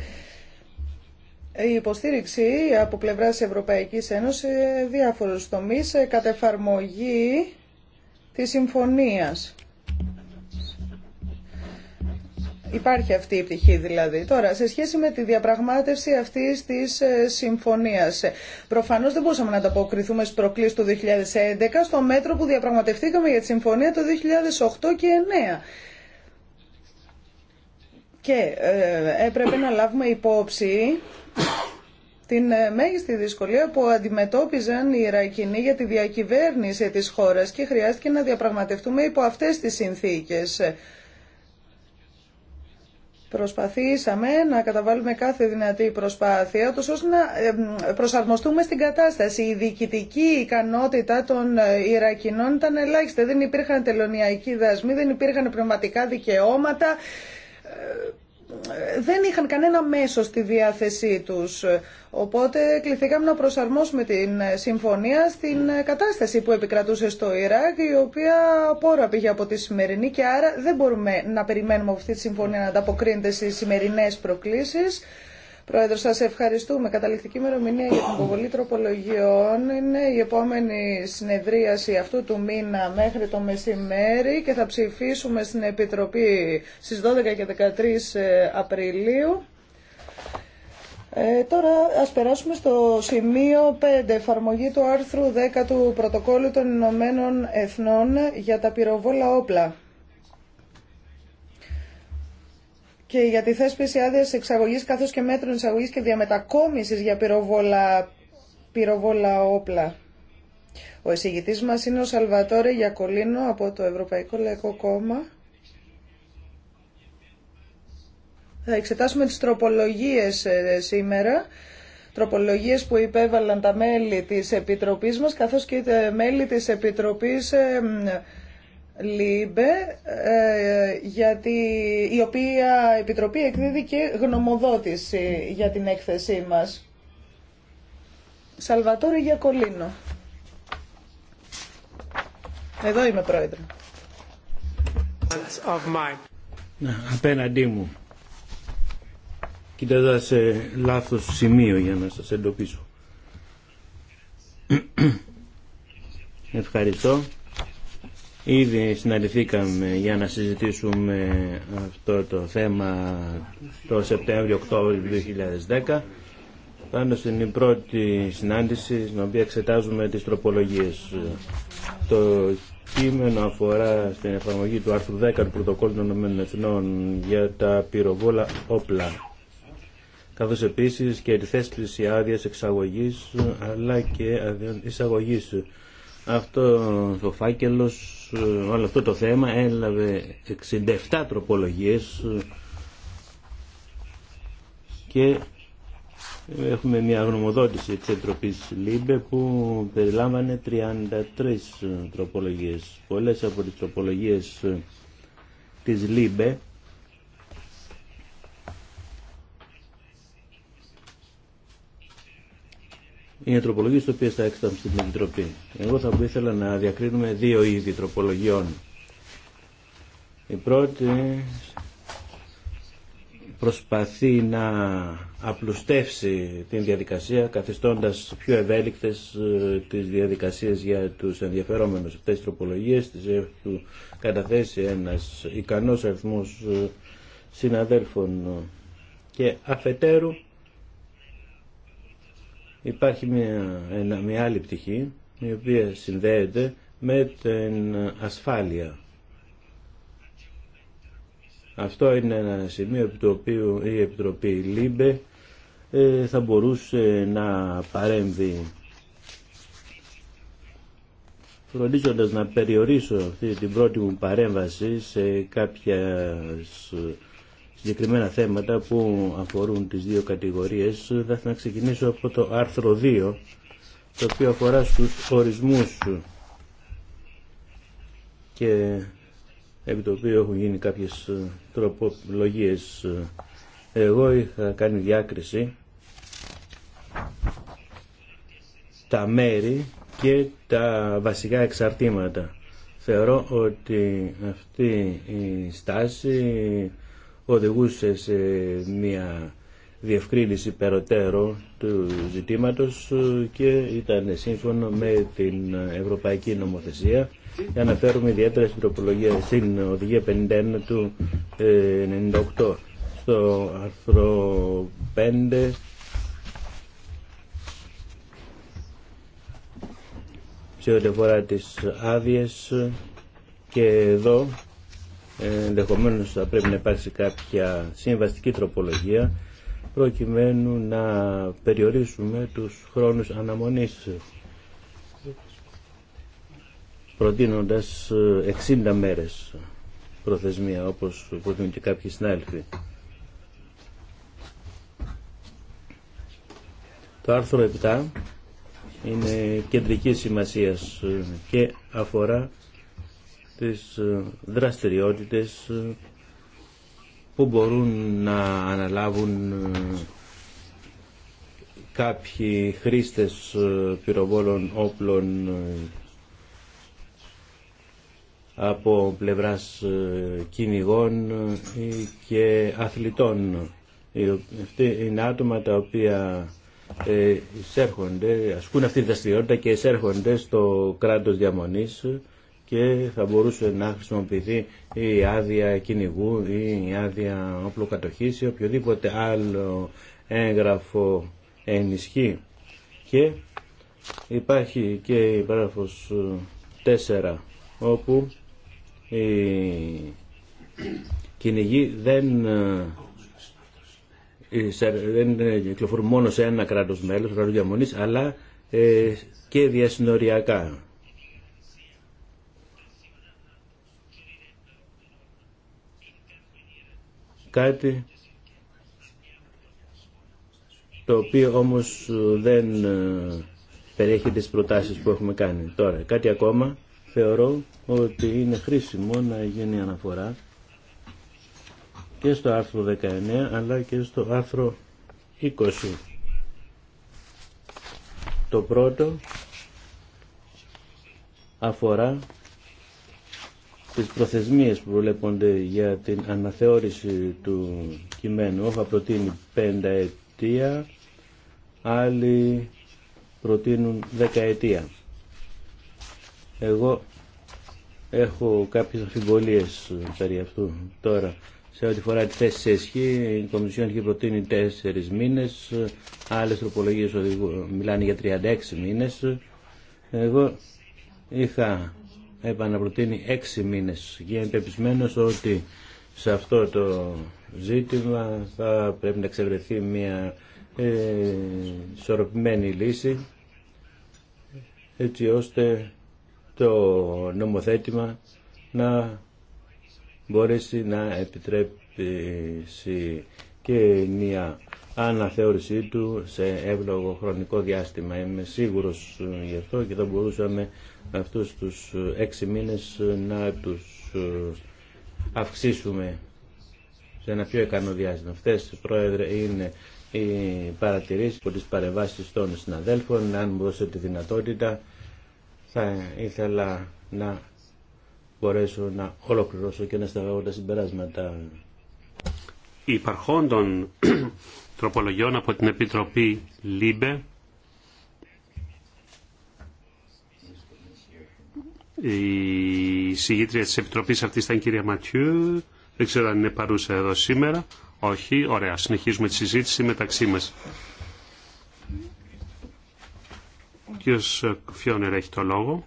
η υποστήριξη από πλευράς Ευρωπαϊκής Ένωσης διάφορους τομείς κατ' της συμφωνίας. Υπάρχει αυτή η πτυχή δηλαδή. Τώρα, σε σχέση με τη διαπραγμάτευση αυτή τη ε, συμφωνία, ε, προφανώ δεν μπορούσαμε να ανταποκριθούμε στι προκλήσει του 2011 στο μέτρο που διαπραγματευτήκαμε για τη συμφωνία το 2008 και 2009. Και ε, έπρεπε να λάβουμε υπόψη την ε, μέγιστη δυσκολία που αντιμετώπιζαν οι Ιρακινοί για τη διακυβέρνηση της χώρας και χρειάστηκε να διαπραγματευτούμε υπό αυτές τις συνθήκες. Προσπαθήσαμε να καταβάλουμε κάθε δυνατή προσπάθεια, ώστε να ε, προσαρμοστούμε στην κατάσταση. Η διοικητική ικανότητα των ε, Ιρακινών ήταν ελάχιστη. Δεν υπήρχαν τελωνιακοί δασμοί, δεν υπήρχαν πνευματικά δικαιώματα δεν είχαν κανένα μέσο στη διάθεσή τους. Οπότε κληθήκαμε να προσαρμόσουμε την συμφωνία στην κατάσταση που επικρατούσε στο Ιράκ, η οποία πόρα πήγε από τη σημερινή και άρα δεν μπορούμε να περιμένουμε αυτή τη συμφωνία να ανταποκρίνεται στις σημερινές προκλήσεις. Πρόεδρο, σα ευχαριστούμε. Καταληκτική ημερομηνία για την υποβολή τροπολογιών είναι η επόμενη συνεδρίαση αυτού του μήνα μέχρι το μεσημέρι και θα ψηφίσουμε στην Επιτροπή στις 12 και 13 ε, Απριλίου. Ε, τώρα ας περάσουμε στο σημείο 5, εφαρμογή του άρθρου 10 του Πρωτοκόλλου των Ηνωμένων Εθνών για τα πυροβόλα όπλα. και για τη θέσπιση άδεια εξαγωγή καθώ και μέτρων εισαγωγή και διαμετακόμιση για πυροβόλα, πυροβόλα όπλα. Ο εισηγητή μα είναι ο Σαλβατόρε Γιακολίνο από το Ευρωπαϊκό Λαϊκό Κόμμα. Θα εξετάσουμε τις τροπολογίες ε, σήμερα, τροπολογίες που υπέβαλαν τα μέλη της Επιτροπής μας, καθώς και τα μέλη τη Επιτροπής ε, ΛΥΜΠΕ, ε, γιατί η οποία επιτροπή εκδίδει και γνωμοδότηση για την έκθεσή μας. Σαλβατόρη Γιακολίνο. Εδώ είμαι πρόεδρε. Να, απέναντί μου. Κοίταζα σε λάθος σημείο για να σας εντοπίσω. Ευχαριστώ. Ήδη συναντηθήκαμε για να συζητήσουμε αυτό το θέμα το Σεπτέμβριο-Οκτώβριο 2010. πάνω στην η πρώτη συνάντηση στην οποία εξετάζουμε τις τροπολογίες. Το κείμενο αφορά στην εφαρμογή του άρθρου 10 του Πρωτοκόλλου των Εθνών για τα πυροβόλα όπλα καθώς επίσης και τη θέσπιση άδειας εξαγωγής αλλά και εισαγωγής. Αυτό το φάκελος ε, όλο αυτό το θέμα έλαβε 67 τροπολογίες ε, και έχουμε μια γνωμοδότηση της Επιτροπής ΛΥΜΠΕ που περιλάμβανε 33 τροπολογίες. Πολλές από τις τροπολογίες ε, της ΛΥΜΠΕ είναι τροπολογίε τι οποίε θα έξαμε στην Επιτροπή. Εγώ θα ήθελα να διακρίνουμε δύο είδη τροπολογιών. Η πρώτη προσπαθεί να απλουστεύσει την διαδικασία καθιστώντας πιο ευέλικτες ε, τις διαδικασίες για τους ενδιαφερόμενους. Αυτές τις τροπολογίες τις έχουν καταθέσει ένας ικανός αριθμός ε, συναδέλφων και αφετέρου Υπάρχει μια, ένα, άλλη πτυχή η οποία συνδέεται με την ασφάλεια. Αυτό είναι ένα σημείο από το οποίο η Επιτροπή ΛΥΜΠΕ ε, θα μπορούσε να παρέμβει φροντίζοντας να περιορίσω αυτή την πρώτη μου παρέμβαση σε κάποιες συγκεκριμένα θέματα που αφορούν τις δύο κατηγορίες θα ήθελα να ξεκινήσω από το άρθρο 2 το οποίο αφορά στους ορισμούς και επί το οποίο έχουν γίνει κάποιες τροπολογίες εγώ είχα κάνει διάκριση τα μέρη και τα βασικά εξαρτήματα. Θεωρώ ότι αυτή η στάση οδηγούσε σε μια διευκρίνηση περαιτέρω του ζητήματος και ήταν σύμφωνο με την Ευρωπαϊκή Νομοθεσία. για Αναφέρουμε ιδιαίτερα στην, τροπολογία, στην οδηγία 51 του 98 ε, στο άρθρο 5 σε ό,τι αφορά τις άδειες και εδώ Ενδεχομένω θα πρέπει να υπάρξει κάποια συμβαστική τροπολογία προκειμένου να περιορίσουμε τους χρόνους αναμονής προτείνοντας 60 ε, μέρες προθεσμία όπως προτείνουν και κάποιοι συνάδελφοι. Το άρθρο 7 είναι κεντρική σημασίας και αφορά τις ε, δραστηριότητες ε, που μπορούν να αναλάβουν ε, κάποιοι χρήστες πυροβόλων όπλων από πλευράς κυνηγών και αθλητών. είναι άτομα τα οποία εισέρχονται, ασκούν αυτή τη δραστηριότητα και εισέρχονται στο κράτος διαμονής και θα μπορούσε να χρησιμοποιηθεί η άδεια κυνηγού ή η άδεια όπλου κατοχής ή οποιοδήποτε άλλο έγγραφο ενισχύ. Και υπάρχει και η παράγραφος 4 όπου οι κυνηγοί δεν ε, δεν κυκλοφορούν μόνο σε ένα κράτος μέλος, κράτος διαμονής, αλλά ε, και διασυνοριακά κάτι το οποίο όμως δεν ε, περιέχει τις προτάσεις που έχουμε κάνει. Τώρα, κάτι ακόμα, θεωρώ ότι είναι χρήσιμο να γίνει αναφορά και στο άρθρο 19 αλλά και στο άρθρο 20. Το πρώτο αφορά τις προθεσμίες που βλέπονται για την αναθεώρηση του κειμένου. Θα προτείνει αιτία, άλλοι προτείνουν ετία. Εγώ έχω κάποιες αμφιβολίες περί αυτού τώρα. Σε ό,τι φορά τη θέση σε ισχύ, η Κομισιόν έχει προτείνει 4 μήνες, άλλες τροπολογίες μιλάνε για 36 μήνες. Εγώ είχα επαναπροτείνει έξι μήνες. Γίνεται πεπισμένος ότι σε αυτό το ζήτημα θα πρέπει να εξευρεθεί μια ε, ισορροπημένη λύση έτσι ώστε το νομοθέτημα να μπορέσει να επιτρέψει και μια αναθεώρησή του σε εύλογο χρονικό διάστημα. Είμαι σίγουρος γι' αυτό και θα μπορούσαμε αυτούς τους έξι μήνες να τους ε, αυξήσουμε σε ένα πιο ικανό διάστημα. Αυτές, Πρόεδρε, είναι οι παρατηρήσεις από τις παρεμβάσεις των συναδέλφων. Αν μου δώσετε τη δυνατότητα, θα ήθελα να μπορέσω να ολοκληρώσω και να σταγάγω τα συμπεράσματα. Υπαρχόντων τροπολογιών από την Επιτροπή ΛΥΜΠΕ. Η συγγήτρια της Επιτροπής αυτής ήταν η κυρία Ματιού. Δεν ξέρω αν είναι παρούσα εδώ σήμερα. Όχι. Ωραία. Συνεχίζουμε τη συζήτηση μεταξύ μας. Ο κύριος Φιόνερ έχει το λόγο.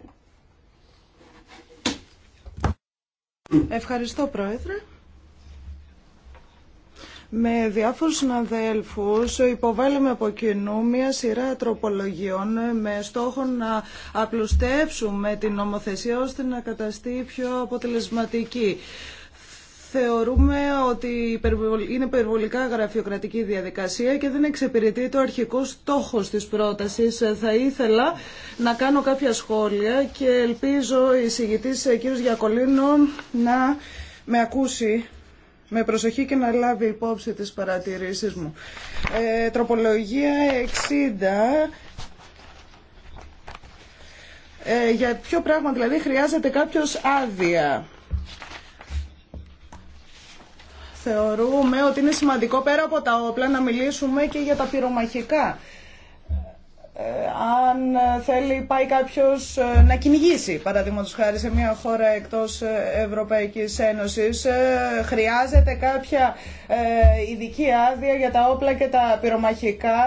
Ευχαριστώ, Πρόεδρε. Με διάφορους συναδέλφους υποβάλαμε από κοινού μια σειρά τροπολογιών με στόχο να απλουστεύσουμε την νομοθεσία ώστε να καταστεί πιο αποτελεσματική. Θεωρούμε ότι είναι περιβολικά γραφειοκρατική διαδικασία και δεν εξυπηρετεί το αρχικό στόχο της πρότασης. Θα ήθελα να κάνω κάποια σχόλια και ελπίζω η συγητής ε, κ. Γιακολίνο να με ακούσει με προσοχή και να λάβει υπόψη τις παρατηρήσεις μου. Ε, τροπολογία 60. Ε, για ποιο πράγμα δηλαδή χρειάζεται κάποιος άδεια. Θεωρούμε ότι είναι σημαντικό πέρα από τα όπλα να μιλήσουμε και για τα πυρομαχικά. Ε, αν ε, θέλει πάει κάποιος ε, να κυνηγήσει, παραδείγματος χάρη σε μια χώρα εκτός Ευρωπαϊκής Ένωσης, χρειάζεται κάποια ειδική άδεια για τα όπλα και τα πυρομαχικά.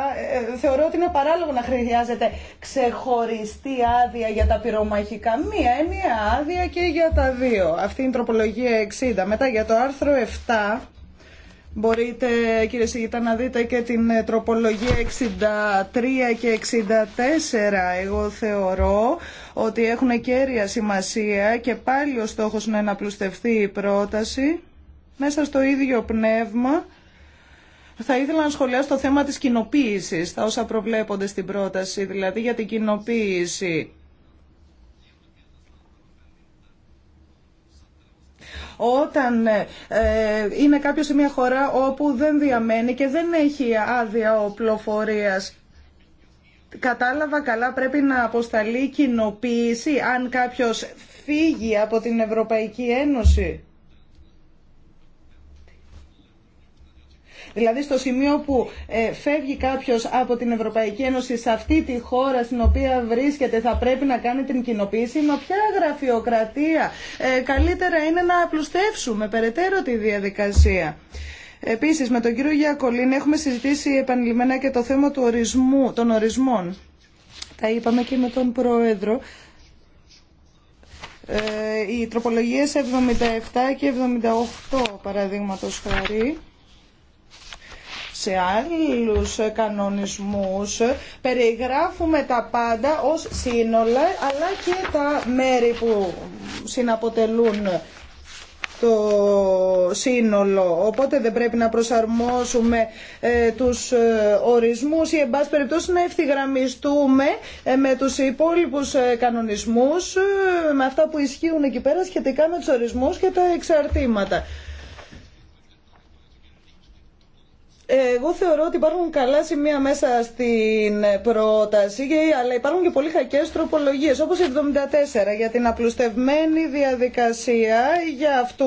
Θεωρώ ότι είναι παράλογο να χρειάζεται ξεχωριστή άδεια για τα πυρομαχικά. Μία μία άδεια και για τα δύο. Αυτή είναι η τροπολογία 60. Μετά για το άρθρο 7 Μπορείτε κύριε Σιγητά να δείτε και την ε, τροπολογία 63 και 64. Εγώ θεωρώ ότι έχουν κέρια σημασία και πάλι ο στόχος είναι να πλουστευτεί η πρόταση μέσα στο ίδιο πνεύμα. Θα ήθελα να σχολιάσω το θέμα της κοινοποίησης, τα όσα προβλέπονται στην πρόταση, δηλαδή για την κοινοποίηση Όταν ε, ε, είναι κάποιος σε μια χώρα όπου δεν διαμένει και δεν έχει άδεια οπλοφορίας κατάλαβα καλά πρέπει να αποσταλεί κοινοποίηση αν κάποιος φύγει από την Ευρωπαϊκή Ένωση. Δηλαδή στο σημείο που ε, φεύγει κάποιο από την Ευρωπαϊκή Ένωση σε αυτή τη χώρα στην οποία βρίσκεται θα πρέπει να κάνει την κοινοποίηση. Μα ποια γραφειοκρατία. Ε, καλύτερα είναι να απλουστεύσουμε περαιτέρω τη διαδικασία. Επίσης με τον κύριο Γιακολίν έχουμε συζητήσει επανειλημμένα και το θέμα του ορισμού, των ορισμών. Τα είπαμε και με τον Πρόεδρο. Ε, οι τροπολογίες 77 και 78 παραδείγματος χάρη σε άλλους κανονισμούς περιγράφουμε τα πάντα ως σύνολα αλλά και τα μέρη που συναποτελούν το σύνολο. Οπότε δεν πρέπει να προσαρμόσουμε ε, τους ε, ορισμούς ή εν πάση περιπτώσει να ευθυγραμμιστούμε ε, με τους υπόλοιπους ε, κανονισμούς με αυτά που ισχύουν εκεί πέρα σχετικά με τους ορισμούς και τα εξαρτήματα. Εγώ θεωρώ ότι υπάρχουν καλά σημεία μέσα στην πρόταση, αλλά υπάρχουν και πολύ χακέ τροπολογίε, όπω η 74 για την απλουστευμένη διαδικασία για αυτού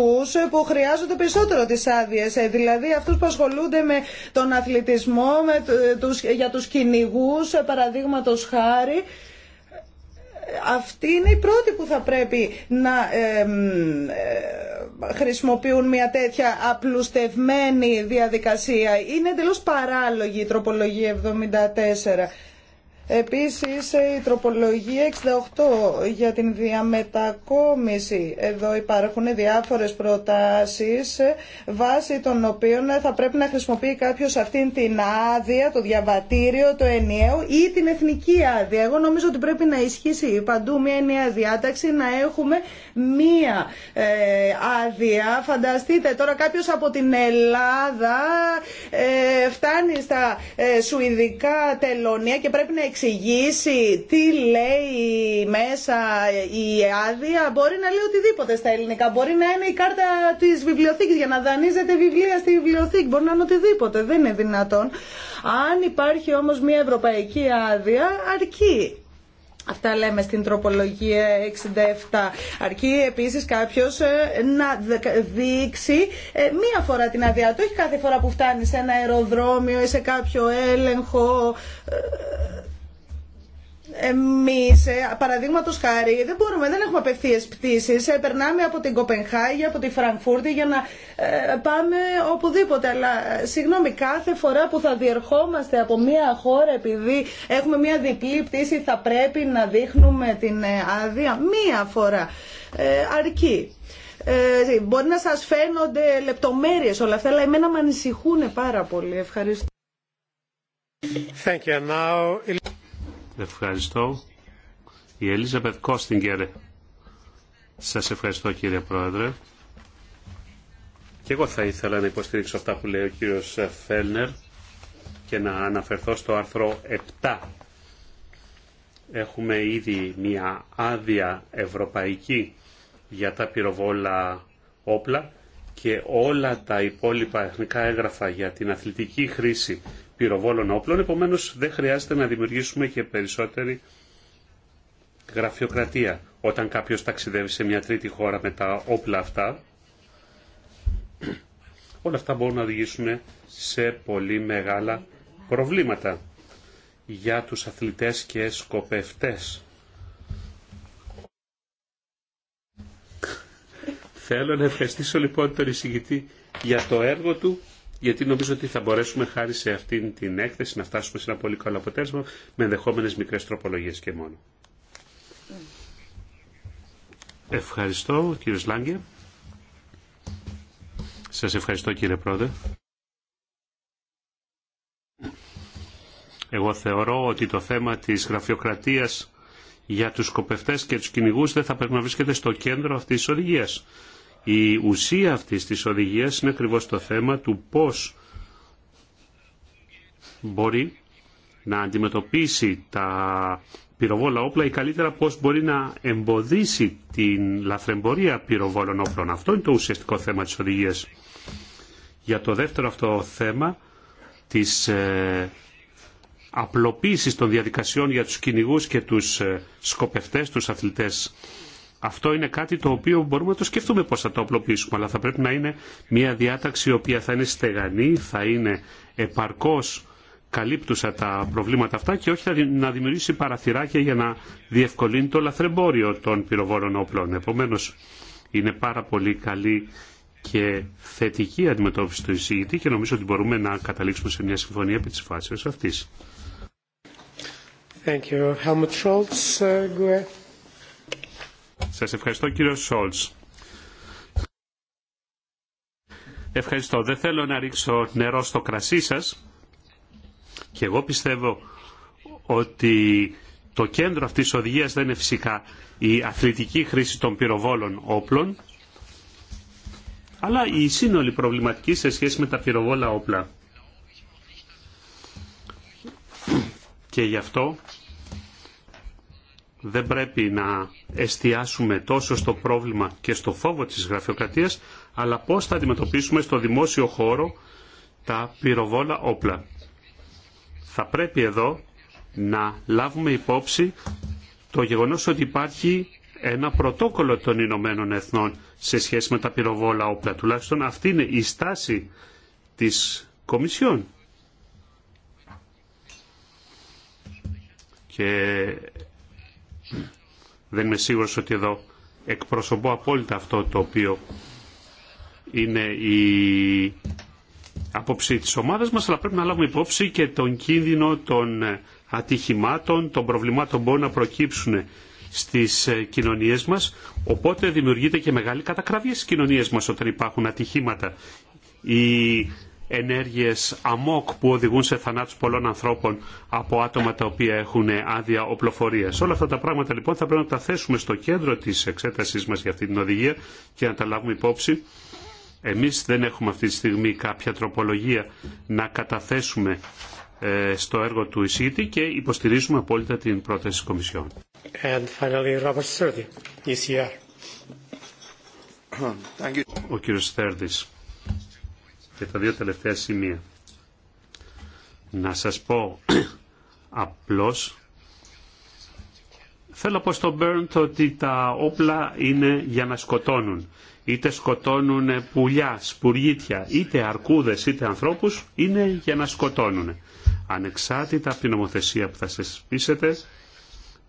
που χρειάζονται περισσότερο τι άδειε. Ε, δηλαδή αυτού που ασχολούνται με τον αθλητισμό, με ε, τους, για του κυνηγού, ε, παραδείγματο χάρη. Αυτή είναι η πρώτη που θα πρέπει να χρησιμοποιούν μια τέτοια απλουστευμένη διαδικασία. Είναι εντελώς παράλογη η τροπολογία 74. Επίσης η τροπολογία 68 για την διαμετακόμιση. Εδώ υπάρχουν διάφορες προτάσεις βάσει των οποίων θα πρέπει να χρησιμοποιεί κάποιος αυτήν την άδεια, το διαβατήριο, το ενιαίο ή την εθνική άδεια. Εγώ νομίζω ότι πρέπει να ισχύσει παντού μια ενιαία διάταξη να έχουμε μία ε, άδεια. Φανταστείτε τώρα κάποιος από την Ελλάδα ε, φτάνει στα ε, σουηδικά τελωνία και πρέπει να εξηγήσει τι λέει μέσα η άδεια, μπορεί να λέει οτιδήποτε στα ελληνικά. Μπορεί να είναι η κάρτα τη βιβλιοθήκη για να δανείζεται βιβλία στη βιβλιοθήκη. Μπορεί να είναι οτιδήποτε. Δεν είναι δυνατόν. Αν υπάρχει όμω μια ευρωπαϊκή άδεια, αρκεί. Αυτά λέμε στην τροπολογία 67. Αρκεί επίσης κάποιο ε, να δείξει ε, μία φορά την άδειά του, όχι κάθε φορά που φτάνει σε ένα αεροδρόμιο ή σε κάποιο έλεγχο. Ε, Εμεί, ε, παραδείγματο χάρη, δεν μπορούμε, δεν έχουμε απευθεία πτήσει. Ε, περνάμε από την Κοπενχάγη, από τη Φραγκφούρτη για να ε, πάμε οπουδήποτε. Αλλά, συγγνώμη, κάθε φορά που θα διερχόμαστε από μία χώρα επειδή έχουμε μία διπλή πτήση, θα πρέπει να δείχνουμε την άδεια μία φορά. αρκεί. μπορεί να σας φαίνονται λεπτομέρειες όλα αυτά, αλλά εμένα με ανησυχούν πάρα πολύ. Ευχαριστώ. Thank you. Now... Ευχαριστώ. Η Ελίζαπεθ Κόστιγκερ. Σας ευχαριστώ κύριε Πρόεδρε. Και εγώ θα ήθελα να υποστηρίξω αυτά που λέει ο κύριος Φέλνερ και να αναφερθώ στο άρθρο 7. Έχουμε ήδη μια άδεια ευρωπαϊκή για τα πυροβόλα όπλα και όλα τα υπόλοιπα εθνικά έγγραφα για την αθλητική χρήση πυροβόλων όπλων, επομένως δεν χρειάζεται να δημιουργήσουμε και περισσότερη γραφειοκρατία. Όταν κάποιος ταξιδεύει σε μια τρίτη χώρα με τα όπλα αυτά, όλα αυτά μπορούν να οδηγήσουν σε πολύ μεγάλα προβλήματα για τους αθλητές και σκοπευτές. Θέλω να ευχαριστήσω λοιπόν τον εισηγητή για το έργο του γιατί νομίζω ότι θα μπορέσουμε χάρη σε αυτήν την έκθεση να φτάσουμε σε ένα πολύ καλό αποτέλεσμα με ενδεχόμενε μικρέ τροπολογίε και μόνο. Ευχαριστώ κύριε Σλάνγκε. Σας ευχαριστώ κύριε Πρόεδρε. Εγώ θεωρώ ότι το θέμα της γραφειοκρατίας για τους σκοπευτές και τους κυνηγούς δεν θα πρέπει να βρίσκεται στο κέντρο αυτής της οδηγίας. Η ουσία αυτής της οδηγίας είναι ακριβώ το θέμα του πώς μπορεί να αντιμετωπίσει τα πυροβόλα όπλα ή καλύτερα πώς μπορεί να εμποδίσει την λαθρεμπορία πυροβόλων όπλων. Αυτό είναι το ουσιαστικό θέμα της οδηγίας. Για το δεύτερο αυτό θέμα της ε, απλοποίησης των διαδικασιών για τους κυνηγούς και τους ε, σκοπευτές, τους αθλητές αυτό είναι κάτι το οποίο μπορούμε να το σκεφτούμε πώς θα το απλοποιήσουμε, αλλά θα πρέπει να είναι μια διάταξη η οποία θα είναι στεγανή, θα είναι επαρκώς καλύπτουσα τα προβλήματα αυτά και όχι να δημιουργήσει παραθυράκια για να διευκολύνει το λαθρεμπόριο των πυροβόρων όπλων. Επομένως, είναι πάρα πολύ καλή και θετική αντιμετώπιση του εισηγητή και νομίζω ότι μπορούμε να καταλήξουμε σε μια συμφωνία επί της φάσης αυτής. Thank you. Uh, σας ευχαριστώ κύριο Σόλτς. Ευχαριστώ. Δεν θέλω να ρίξω νερό στο κρασί σας και εγώ πιστεύω ότι το κέντρο αυτής της οδηγίας δεν είναι φυσικά η αθλητική χρήση των πυροβόλων όπλων αλλά η σύνολη προβληματική σε σχέση με τα πυροβόλα όπλα. Και γι' αυτό δεν πρέπει να εστιάσουμε τόσο στο πρόβλημα και στο φόβο της γραφειοκρατίας, αλλά πώς θα αντιμετωπίσουμε στο δημόσιο χώρο τα πυροβόλα όπλα. Θα πρέπει εδώ να λάβουμε υπόψη το γεγονός ότι υπάρχει ένα πρωτόκολλο των Ηνωμένων Εθνών σε σχέση με τα πυροβόλα όπλα. Τουλάχιστον αυτή είναι η στάση της Κομισιόν. Και δεν είμαι σίγουρος ότι εδώ εκπροσωπώ απόλυτα αυτό το οποίο είναι η απόψη της ομάδας μας, αλλά πρέπει να λάβουμε υπόψη και τον κίνδυνο των ατυχημάτων, των προβλημάτων που μπορούν να προκύψουν στις κοινωνίες μας, οπότε δημιουργείται και μεγάλη κατακραυγή στις κοινωνίες μας όταν υπάρχουν ατυχήματα ενέργειες αμόκ που οδηγούν σε θανάτους πολλών ανθρώπων από άτομα τα οποία έχουν άδεια οπλοφορίας. Όλα αυτά τα πράγματα λοιπόν θα πρέπει να τα θέσουμε στο κέντρο της εξέτασής μας για αυτή την οδηγία και να τα λάβουμε υπόψη. Εμείς δεν έχουμε αυτή τη στιγμή κάποια τροπολογία να καταθέσουμε ε, στο έργο του ΙΣΥΤΗ και υποστηρίζουμε απόλυτα την πρόταση της Κομισιόν. Ο κύριος και τα δύο τελευταία σημεία. Να σας πω απλώς, θέλω πως πω στον Μπέρντ ότι τα όπλα είναι για να σκοτώνουν. Είτε σκοτώνουν πουλιά, σπουργίτια, είτε αρκούδες, είτε ανθρώπους, είναι για να σκοτώνουν. Ανεξάρτητα από την νομοθεσία που θα σας πείσετε,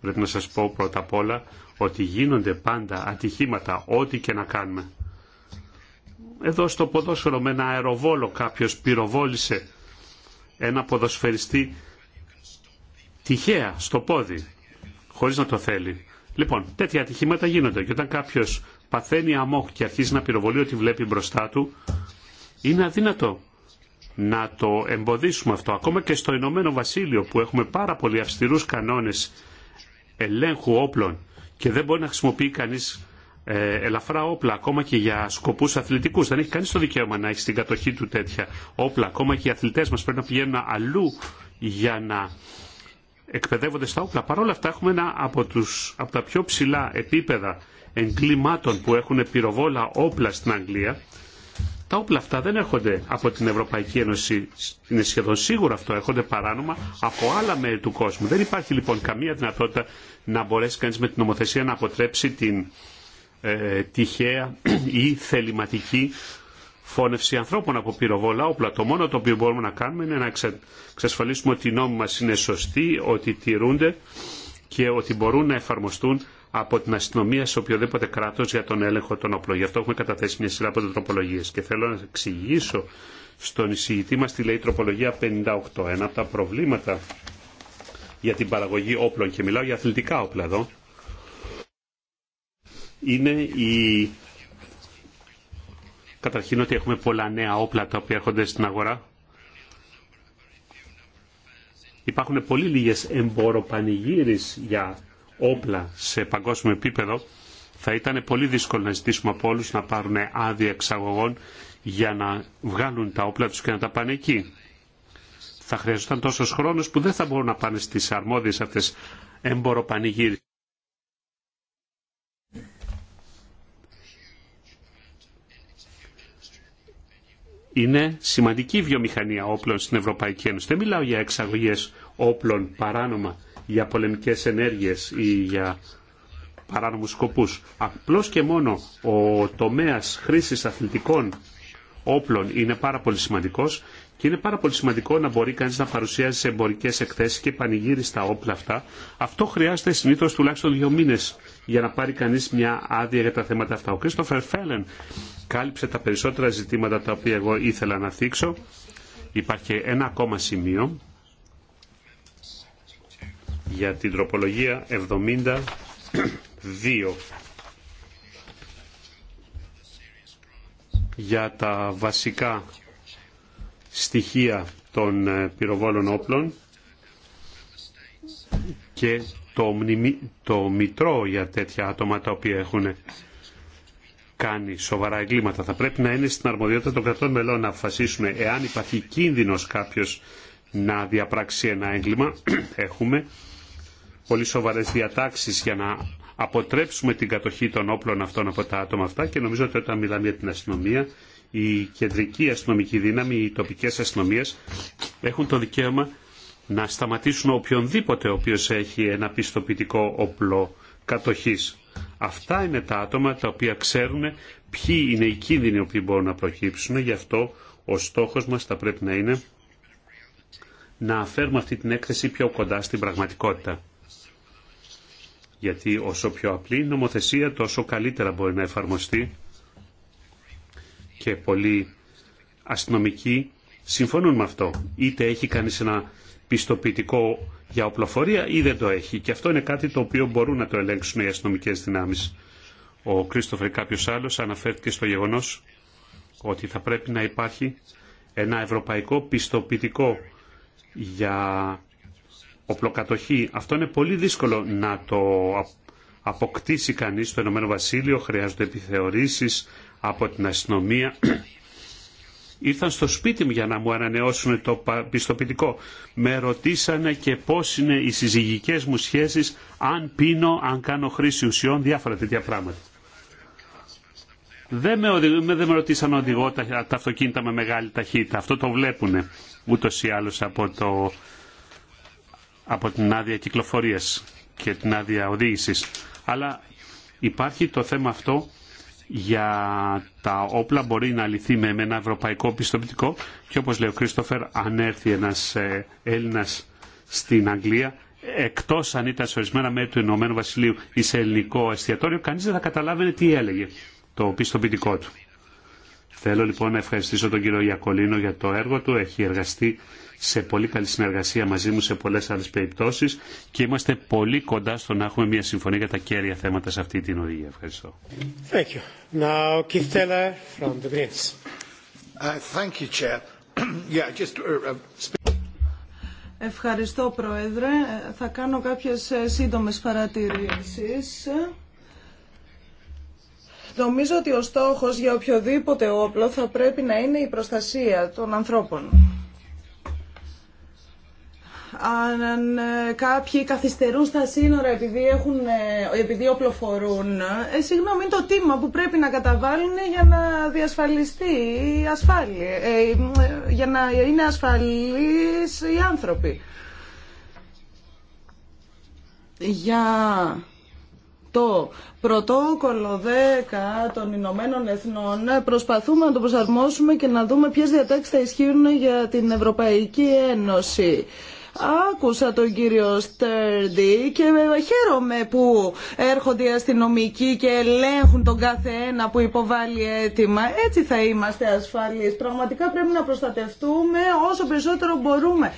πρέπει να σας πω πρώτα απ' όλα ότι γίνονται πάντα ατυχήματα ό,τι και να κάνουμε εδώ στο ποδόσφαιρο με ένα αεροβόλο κάποιος πυροβόλησε ένα ποδοσφαιριστή τυχαία στο πόδι, χωρίς να το θέλει. Λοιπόν, τέτοια ατυχήματα γίνονται και όταν κάποιος παθαίνει αμόχ και αρχίζει να πυροβολεί ό,τι βλέπει μπροστά του, είναι αδύνατο να το εμποδίσουμε αυτό. Ακόμα και στο Ηνωμένο Βασίλειο που έχουμε πάρα πολύ αυστηρούς κανόνες ελέγχου όπλων και δεν μπορεί να χρησιμοποιεί κανείς ε, ελαφρά όπλα, ακόμα και για σκοπούς αθλητικούς. Δεν έχει κανείς το δικαίωμα να έχει στην κατοχή του τέτοια όπλα. Ακόμα και οι αθλητές μας πρέπει να πηγαίνουν αλλού για να εκπαιδεύονται στα όπλα. Παρ' όλα αυτά έχουμε ένα από, τους, από τα πιο ψηλά επίπεδα εγκλημάτων που έχουν πυροβόλα όπλα στην Αγγλία. Τα όπλα αυτά δεν έρχονται από την Ευρωπαϊκή Ένωση, είναι σχεδόν σίγουρο αυτό, έρχονται παράνομα από άλλα μέρη του κόσμου. Δεν υπάρχει λοιπόν καμία δυνατότητα να μπορέσει κανείς με την νομοθεσία να αποτρέψει την ε, τυχαία ή θεληματική φώνευση ανθρώπων από πυροβόλα όπλα. Το μόνο το οποίο μπορούμε να κάνουμε είναι να εξασφαλίσουμε ότι οι νόμοι μας είναι σωστοί, ότι τηρούνται και ότι μπορούν να εφαρμοστούν από την αστυνομία σε οποιοδήποτε κράτο για τον έλεγχο των όπλων. Γι' αυτό έχουμε καταθέσει μια σειρά από τροπολογίε. Και θέλω να εξηγήσω στον εισηγητή μα τη λέει τροπολογία 58. Ένα από τα προβλήματα για την παραγωγή όπλων, και μιλάω για αθλητικά όπλα εδώ, είναι η... καταρχήν ότι έχουμε πολλά νέα όπλα τα οποία έρχονται στην αγορά. Υπάρχουν πολύ λίγες εμποροπανηγύρεις για όπλα σε παγκόσμιο επίπεδο. Θα ήταν πολύ δύσκολο να ζητήσουμε από όλους να πάρουν άδεια εξαγωγών για να βγάλουν τα όπλα τους και να τα πάνε εκεί. Θα χρειαζόταν τόσος χρόνος που δεν θα μπορούν να πάνε στις αρμόδιες αυτές εμπόροπανηγύρεις. είναι σημαντική βιομηχανία όπλων στην Ευρωπαϊκή Ένωση. Δεν μιλάω για εξαγωγές όπλων παράνομα, για πολεμικές ενέργειες ή για παράνομους σκοπούς. Απλώς και μόνο ο τομέας χρήσης αθλητικών όπλων είναι πάρα πολύ σημαντικός και είναι πάρα πολύ σημαντικό να μπορεί κανεί να παρουσιάζει σε εμπορικέ εκθέσει και πανηγύρι στα όπλα αυτά. Αυτό χρειάζεται συνήθω τουλάχιστον δύο μήνε για να πάρει κανεί μια άδεια για τα θέματα αυτά. Ο Κρίστοφερ Φέλεν κάλυψε τα περισσότερα ζητήματα τα οποία εγώ ήθελα να θίξω. Υπάρχει ένα ακόμα σημείο για την τροπολογία 72. για τα βασικά στοιχεία των ε, πυροβόλων όπλων και το, μνημι... το μητρό για τέτοια άτομα τα οποία έχουν κάνει σοβαρά εγκλήματα. Θα πρέπει να είναι στην αρμοδιότητα των κρατών μελών να αποφασίσουμε εάν υπάρχει κίνδυνος κάποιος να διαπράξει ένα έγκλημα. Έχουμε πολύ σοβαρές διατάξεις για να αποτρέψουμε την κατοχή των όπλων αυτών από τα άτομα αυτά και νομίζω ότι όταν μιλάμε για την αστυνομία, η κεντρική αστυνομική δύναμη, οι τοπικέ αστυνομίε έχουν το δικαίωμα να σταματήσουν οποιονδήποτε ο οποίο έχει ένα πιστοποιητικό όπλο κατοχή. Αυτά είναι τα άτομα τα οποία ξέρουν ποιοι είναι οι κίνδυνοι που μπορούν να προκύψουν, γι' αυτό ο στόχο μα θα πρέπει να είναι να φέρουμε αυτή την έκθεση πιο κοντά στην πραγματικότητα γιατί όσο πιο απλή νομοθεσία τόσο καλύτερα μπορεί να εφαρμοστεί και πολλοί αστυνομικοί συμφωνούν με αυτό. Είτε έχει κανείς ένα πιστοποιητικό για οπλοφορία ή δεν το έχει. Και αυτό είναι κάτι το οποίο μπορούν να το ελέγξουν οι αστυνομικέ δυνάμεις. Ο Κρίστοφερ κάποιος άλλος αναφέρθηκε στο γεγονός ότι θα πρέπει να υπάρχει ένα ευρωπαϊκό πιστοποιητικό για οπλοκατοχή. Αυτό είναι πολύ δύσκολο να το αποκτήσει κανείς στο Ηνωμένο Βασίλειο. Χρειάζονται επιθεωρήσεις από την αστυνομία. Ήρθαν στο σπίτι μου για να μου ανανεώσουν το πιστοποιητικό. Με ρωτήσανε και πώς είναι οι συζυγικές μου σχέσεις, αν πίνω, αν κάνω χρήση ουσιών, διάφορα τέτοια πράγματα. Δεν με, δεν με ρωτήσαν οδηγώ τα, τα αυτοκίνητα με μεγάλη ταχύτητα. Αυτό το βλέπουν ούτως ή άλλως από το από την άδεια κυκλοφορίας και την άδεια οδήγησης. Αλλά υπάρχει το θέμα αυτό για τα όπλα μπορεί να λυθεί με ένα ευρωπαϊκό πιστοποιητικό και όπως λέει ο Κρίστοφερ αν έρθει ένας ε, Έλληνας στην Αγγλία εκτός αν ήταν σε ορισμένα μέρη του Ηνωμένου Βασιλείου ή σε ελληνικό εστιατόριο κανείς δεν θα καταλάβαινε τι έλεγε το πιστοποιητικό του. Θέλω λοιπόν να ευχαριστήσω τον κύριο Γιακολίνο για το έργο του. Έχει εργαστεί σε πολύ καλή συνεργασία μαζί μου σε πολλέ άλλε περιπτώσει και είμαστε πολύ κοντά στο να έχουμε μια συμφωνία για τα κέρια θέματα σε αυτή την οδηγία. Ευχαριστώ. Ευχαριστώ, Πρόεδρε. Θα κάνω κάποιες ε, σύντομες παρατηρήσεις. Νομίζω ότι ο στόχος για οποιοδήποτε όπλο θα πρέπει να είναι η προστασία των ανθρώπων. Αν ε, κάποιοι καθυστερούν στα σύνορα επειδή, έχουν, ε, επειδή οπλοφορούν, ε, συγγνώμη, είναι το τίμα που πρέπει να καταβάλουν για να διασφαλιστεί η ασφάλεια, για να είναι ασφαλείς οι άνθρωποι. Για το πρωτόκολλο 10 των Ηνωμένων Εθνών προσπαθούμε να το προσαρμόσουμε και να δούμε ποιες διατάξεις θα ισχύουν για την Ευρωπαϊκή Ένωση. Άκουσα τον κύριο Στέρντι και χαίρομαι που έρχονται οι αστυνομικοί και ελέγχουν τον κάθε ένα που υποβάλλει αίτημα. Έτσι θα είμαστε ασφαλείς. Πραγματικά πρέπει να προστατευτούμε όσο περισσότερο μπορούμε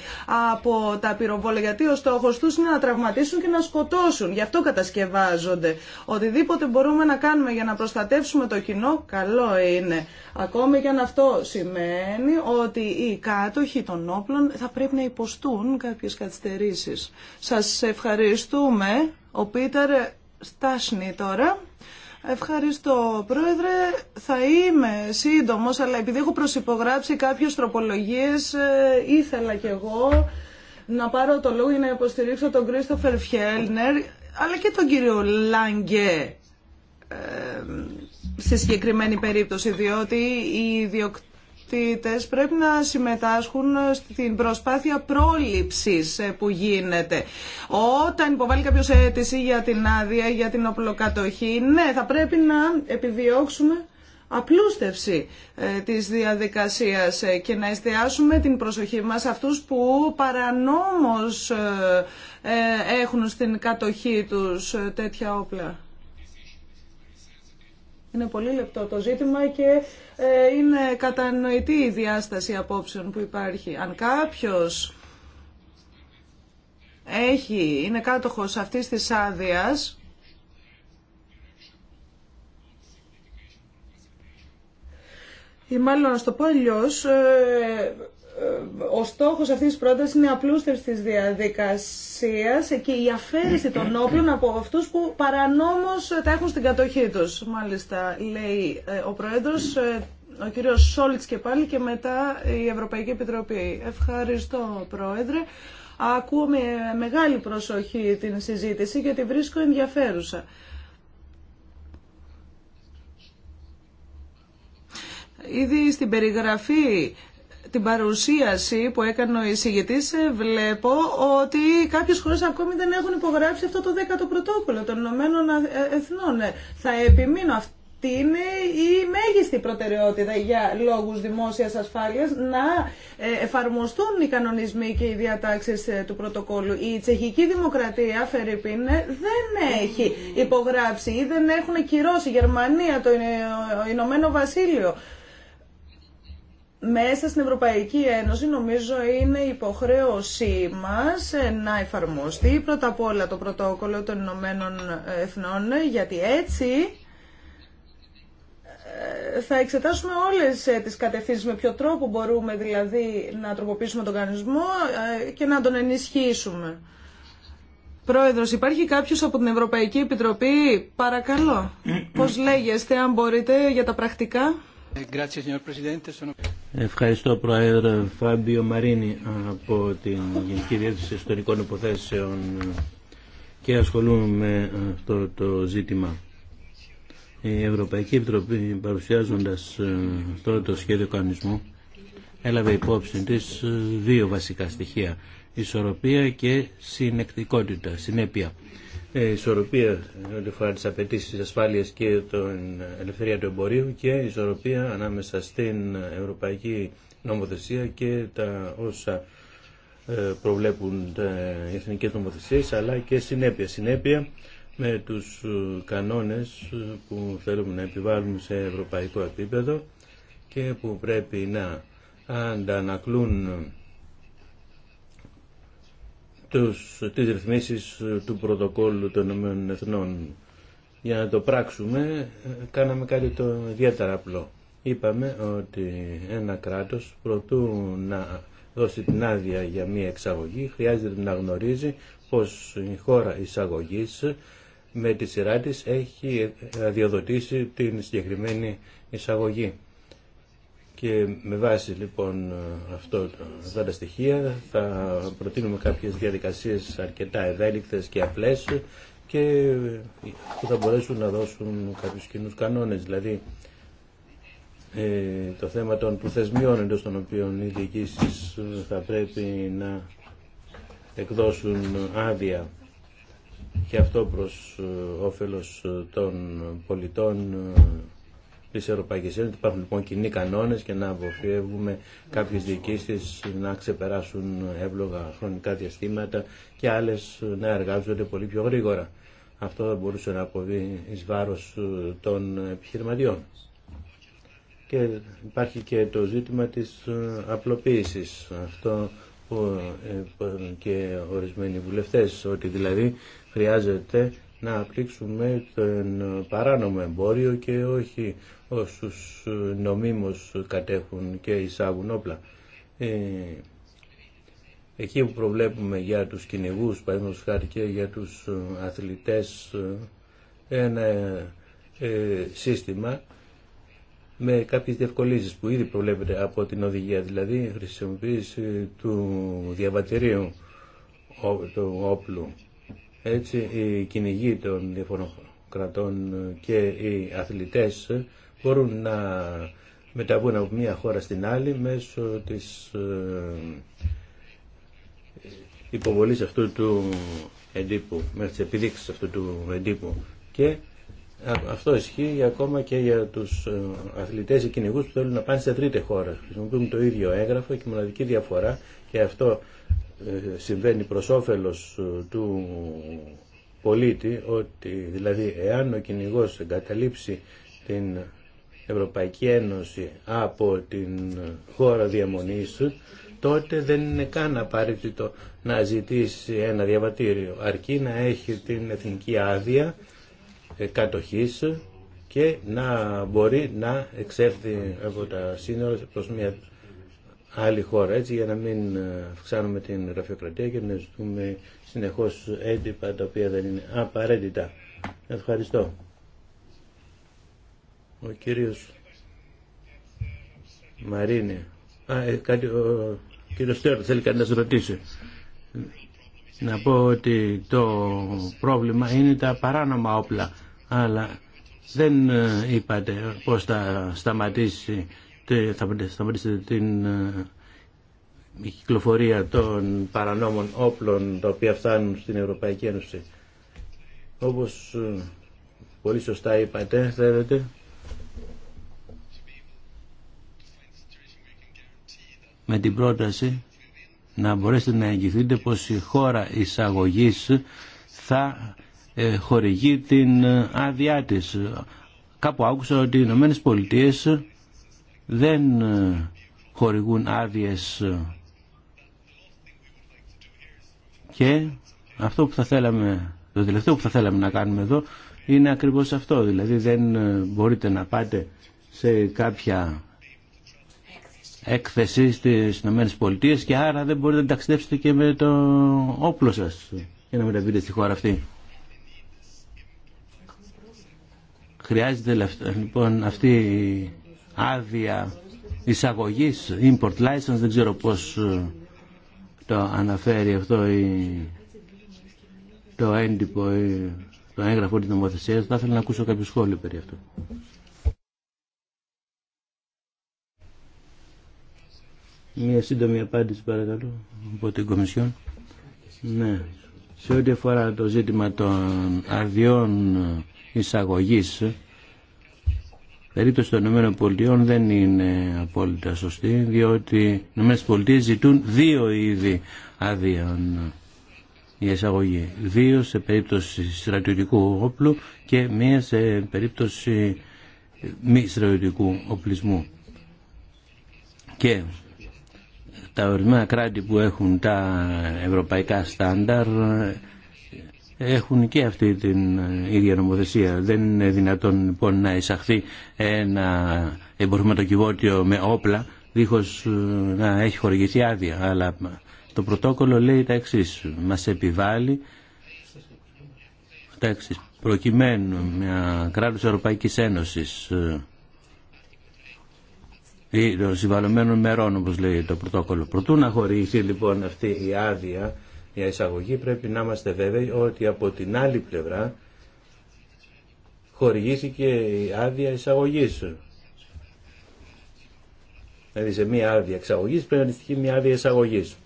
από τα πυροβόλα γιατί ο στόχος τους είναι να τραυματίσουν και να σκοτώσουν. Γι' αυτό κατασκευάζονται. Οτιδήποτε μπορούμε να κάνουμε για να προστατεύσουμε το κοινό, καλό είναι. Ακόμη και αν αυτό σημαίνει ότι οι κάτοχοι των όπλων θα πρέπει να υποστούν κάποιες καθυστερήσεις. Σας ευχαριστούμε. Ο Πίτερ Στάσνη τώρα. Ευχαριστώ, Πρόεδρε. Θα είμαι σύντομος, αλλά επειδή έχω προσυπογράψει κάποιες τροπολογίες, ε, ήθελα κι εγώ να πάρω το λόγο για να υποστηρίξω τον Κρίστοφερ Φιέλνερ, αλλά και τον κύριο Λάγκε, ε, σε συγκεκριμένη περίπτωση, διότι η ιδιοκτήτη πρέπει να συμμετάσχουν στην προσπάθεια πρόληψης ε, που γίνεται. Όταν υποβάλλει κάποιος αίτηση για την άδεια, για την οπλοκατοχή, ναι, θα πρέπει να επιδιώξουμε απλούστευση ε, της διαδικασίας ε, και να εστιάσουμε την προσοχή μας αυτούς που παρανόμως έχουν στην κατοχή τους τέτοια όπλα. Είναι πολύ λεπτό το ζήτημα και ε, είναι κατανοητή η διάσταση απόψεων που υπάρχει. Αν κάποιος έχει, είναι κάτοχος αυτής της άδεια. ή μάλλον να το πω αλλιώς, ε, ο στόχος αυτής της πρότασης είναι απλούστευση της διαδικασίας και η αφαίρεση των όπλων από αυτούς που παρανόμως τα έχουν στην κατοχή τους. Μάλιστα, λέει ε, ο Πρόεδρος, ε, ο κύριος Σόλτς και πάλι και μετά η Ευρωπαϊκή Επιτροπή. Ευχαριστώ, Πρόεδρε. Ακούω με μεγάλη προσοχή την συζήτηση γιατί βρίσκω ενδιαφέρουσα. Ήδη στην περιγραφή την παρουσίαση που έκανε ο εισηγητή, ε, βλέπω ότι κάποιε χώρε ακόμη δεν έχουν υπογράψει αυτό το 10ο πρωτόκολλο των Ηνωμένων ε, Εθνών. Ε, θα επιμείνω αυτή είναι η μέγιστη προτεραιότητα για λόγους δημόσιας ασφάλειας να εφαρμοστούν οι κανονισμοί και οι διατάξεις του πρωτοκόλλου. Η τσεχική δημοκρατία, Φερρυπίν, δεν έχει υπογράψει ή δεν έχουν κυρώσει Γερμανία, το Ηνωμένο Βασίλειο μέσα στην Ευρωπαϊκή Ένωση νομίζω είναι υποχρέωσή μας ε, να εφαρμοστεί πρώτα απ' όλα το πρωτόκολλο των Ηνωμένων Εθνών γιατί έτσι ε, θα εξετάσουμε όλες ε, τις κατευθύνσεις με ποιο τρόπο μπορούμε δηλαδή να τροποποιήσουμε τον κανονισμό και να τον ενισχύσουμε. Πρόεδρος, υπάρχει κάποιος από την Ευρωπαϊκή Επιτροπή, παρακαλώ, πώς λέγεστε αν μπορείτε για τα πρακτικά. Ευχαριστώ Πρόεδρε Φάμπιο Μαρίνη από την Γενική Διεύθυνση Ιστορικών Υποθέσεων και ασχολούμαι με αυτό το ζήτημα. Η Ευρωπαϊκή Επιτροπή παρουσιάζοντας ε, αυτό το σχέδιο κανονισμού έλαβε υπόψη της ε, δύο βασικά στοιχεία ισορροπία και συνεκτικότητα, συνέπεια. Ε, ισορροπία όλη φορά τις απαιτήσει της ασφάλεια και την ελευθερία του εμπορίου και ισορροπία ανάμεσα στην ευρωπαϊκή νομοθεσία και τα όσα ε, προβλέπουν οι εθνικές νομοθεσίες αλλά και συνέπεια. Συνέπεια με τους ε, κανόνες που θέλουμε να επιβάλλουμε σε ευρωπαϊκό επίπεδο και που πρέπει να αντανακλούν τους, τις ρυθμίσεις του πρωτοκόλλου των Ηνωμένων Εθνών. Για να το πράξουμε, κάναμε κάτι το ιδιαίτερα απλό. Είπαμε ότι ένα κράτος προτού να δώσει την άδεια για μία εξαγωγή, χρειάζεται να γνωρίζει πως η χώρα εισαγωγής με τη σειρά της έχει αδειοδοτήσει την συγκεκριμένη εισαγωγή. Και με βάση λοιπόν αυτό, αυτά τα στοιχεία θα προτείνουμε κάποιες διαδικασίες αρκετά ευέλικτες και απλές και που θα μπορέσουν να δώσουν κάποιους κοινούς κανόνες. Δηλαδή ε, το θέμα των προθεσμιών εντός των οποίων οι διοικήσεις θα πρέπει να εκδώσουν άδεια και αυτό προς ε, όφελος των πολιτών ε, Τη Ευρωπαϊκή Ένωση. Υπάρχουν λοιπόν κοινοί κανόνες και να αποφεύγουμε κάποιες διοικήσει να ξεπεράσουν εύλογα χρονικά διαστήματα και άλλε να εργάζονται πολύ πιο γρήγορα. Αυτό θα μπορούσε να αποβεί ει βάρο ε, των επιχειρηματιών. Και υπάρχει και το ζήτημα της ε, απλοποίησης. Αυτό ε, που και ορισμένοι βουλευτές, ότι δηλαδή χρειάζεται να πλήξουμε τον παράνομο εμπόριο και όχι όσους νομίμως κατέχουν και εισάγουν όπλα. Ε, εκεί που προβλέπουμε για τους κυνηγούς, παραδείγματος χάρη και για τους αθλητές ένα ε, σύστημα με κάποιες διευκολύνσεις που ήδη προβλέπεται από την οδηγία, δηλαδή χρησιμοποίηση του διαβατηρίου του όπλου έτσι οι κυνηγοί των κρατών και οι αθλητές μπορούν να μεταβούν από μία χώρα στην άλλη μέσω της ε, υποβολής αυτού του εντύπου, μέσω της επιδείξης αυτού του εντύπου. Και αυτό ισχύει ακόμα και για τους ε, αθλητές ή κυνηγούς που θέλουν να πάνε σε τρίτη χώρα. Χρησιμοποιούν το ίδιο έγγραφο και μοναδική διαφορά και αυτό ε, συμβαίνει προς όφελος ε, του πολίτη ότι δηλαδή εάν ο κυνηγό εγκαταλείψει την Ευρωπαϊκή Ένωση από την χώρα διαμονής τότε δεν είναι καν απαραίτητο να ζητήσει ένα διαβατήριο αρκεί να έχει την εθνική άδεια ε, κατοχής και να μπορεί να εξέλθει από τα σύνορα προς μια άλλη χώρα έτσι για να μην ε, αυξάνουμε την γραφειοκρατία και να ζητούμε συνεχώς έντυπα τα οποία δεν είναι απαραίτητα. Ευχαριστώ. Ο κύριος Μαρίνη. Α, ε, κάτι, ο κύριος Στέρ θέλει κάτι να σας ρωτήσει. Να πω ότι το πρόβλημα είναι τα παράνομα όπλα, αλλά δεν ε, είπατε πώς θα σταματήσει θα σταματήσετε την ε, κυκλοφορία των παρανόμων όπλων τα οποία φτάνουν στην Ευρωπαϊκή Ένωση. Όπως ε, πολύ σωστά είπατε, θέλετε, με την πρόταση να μπορέσετε να εγγυηθείτε πως η χώρα εισαγωγής θα ε, χορηγεί την άδειά της. Κάπου άκουσα ότι οι Ηνωμένε Πολιτείες δεν ε, χορηγούν άδειε ε, και αυτό που θα θέλαμε, το τελευταίο που θα θέλαμε να κάνουμε εδώ είναι ακριβώς αυτό. Δηλαδή δεν ε, μπορείτε να πάτε σε κάποια έκθεση στις ΗΠΑ και άρα δεν μπορείτε να ταξιδέψετε και με το όπλο σας για να μεταβείτε στη χώρα αυτή. Χρειάζεται λοιπόν αυτή άδεια εισαγωγής, import license, δεν ξέρω πώς ε, το αναφέρει αυτό η, το έντυπο, η, το έγγραφο της νομοθεσίας. Θα ήθελα να ακούσω κάποιο σχόλιο περί αυτού. Μία σύντομη απάντηση παρακαλώ από την Κομισιόν. Ναι. Σε ό,τι αφορά το ζήτημα των αδειών εισαγωγής, περίπτωση των ΗΠΑ δεν είναι απόλυτα σωστή, διότι οι ΗΠΑ ζητούν δύο είδη άδειων για εισαγωγή. Δύο σε περίπτωση στρατιωτικού όπλου και μία σε περίπτωση μη στρατιωτικού οπλισμού. Και τα ορισμένα κράτη που έχουν τα ευρωπαϊκά στάνταρ έχουν και αυτή την ε, ίδια νομοθεσία. Δεν είναι δυνατόν λοιπόν να εισαχθεί ένα εμπορευματοκιβώτιο με όπλα δίχως ε, να έχει χορηγηθεί άδεια. Αλλά το πρωτόκολλο λέει τα εξή. Μας επιβάλλει τα εξή. Προκειμένου μια κράτος Ευρωπαϊκής Ένωσης ε, ή των συμβαλωμένων μερών όπως λέει το πρωτόκολλο. Προτού να χορηγηθεί λοιπόν αυτή η άδεια μια εισαγωγή πρέπει να είμαστε βέβαιοι ότι από την άλλη πλευρά χορηγήθηκε η άδεια εισαγωγής. Δηλαδή σε μια άδεια εξαγωγής πρέπει να αντιστοιχεί μια άδεια εισαγωγής.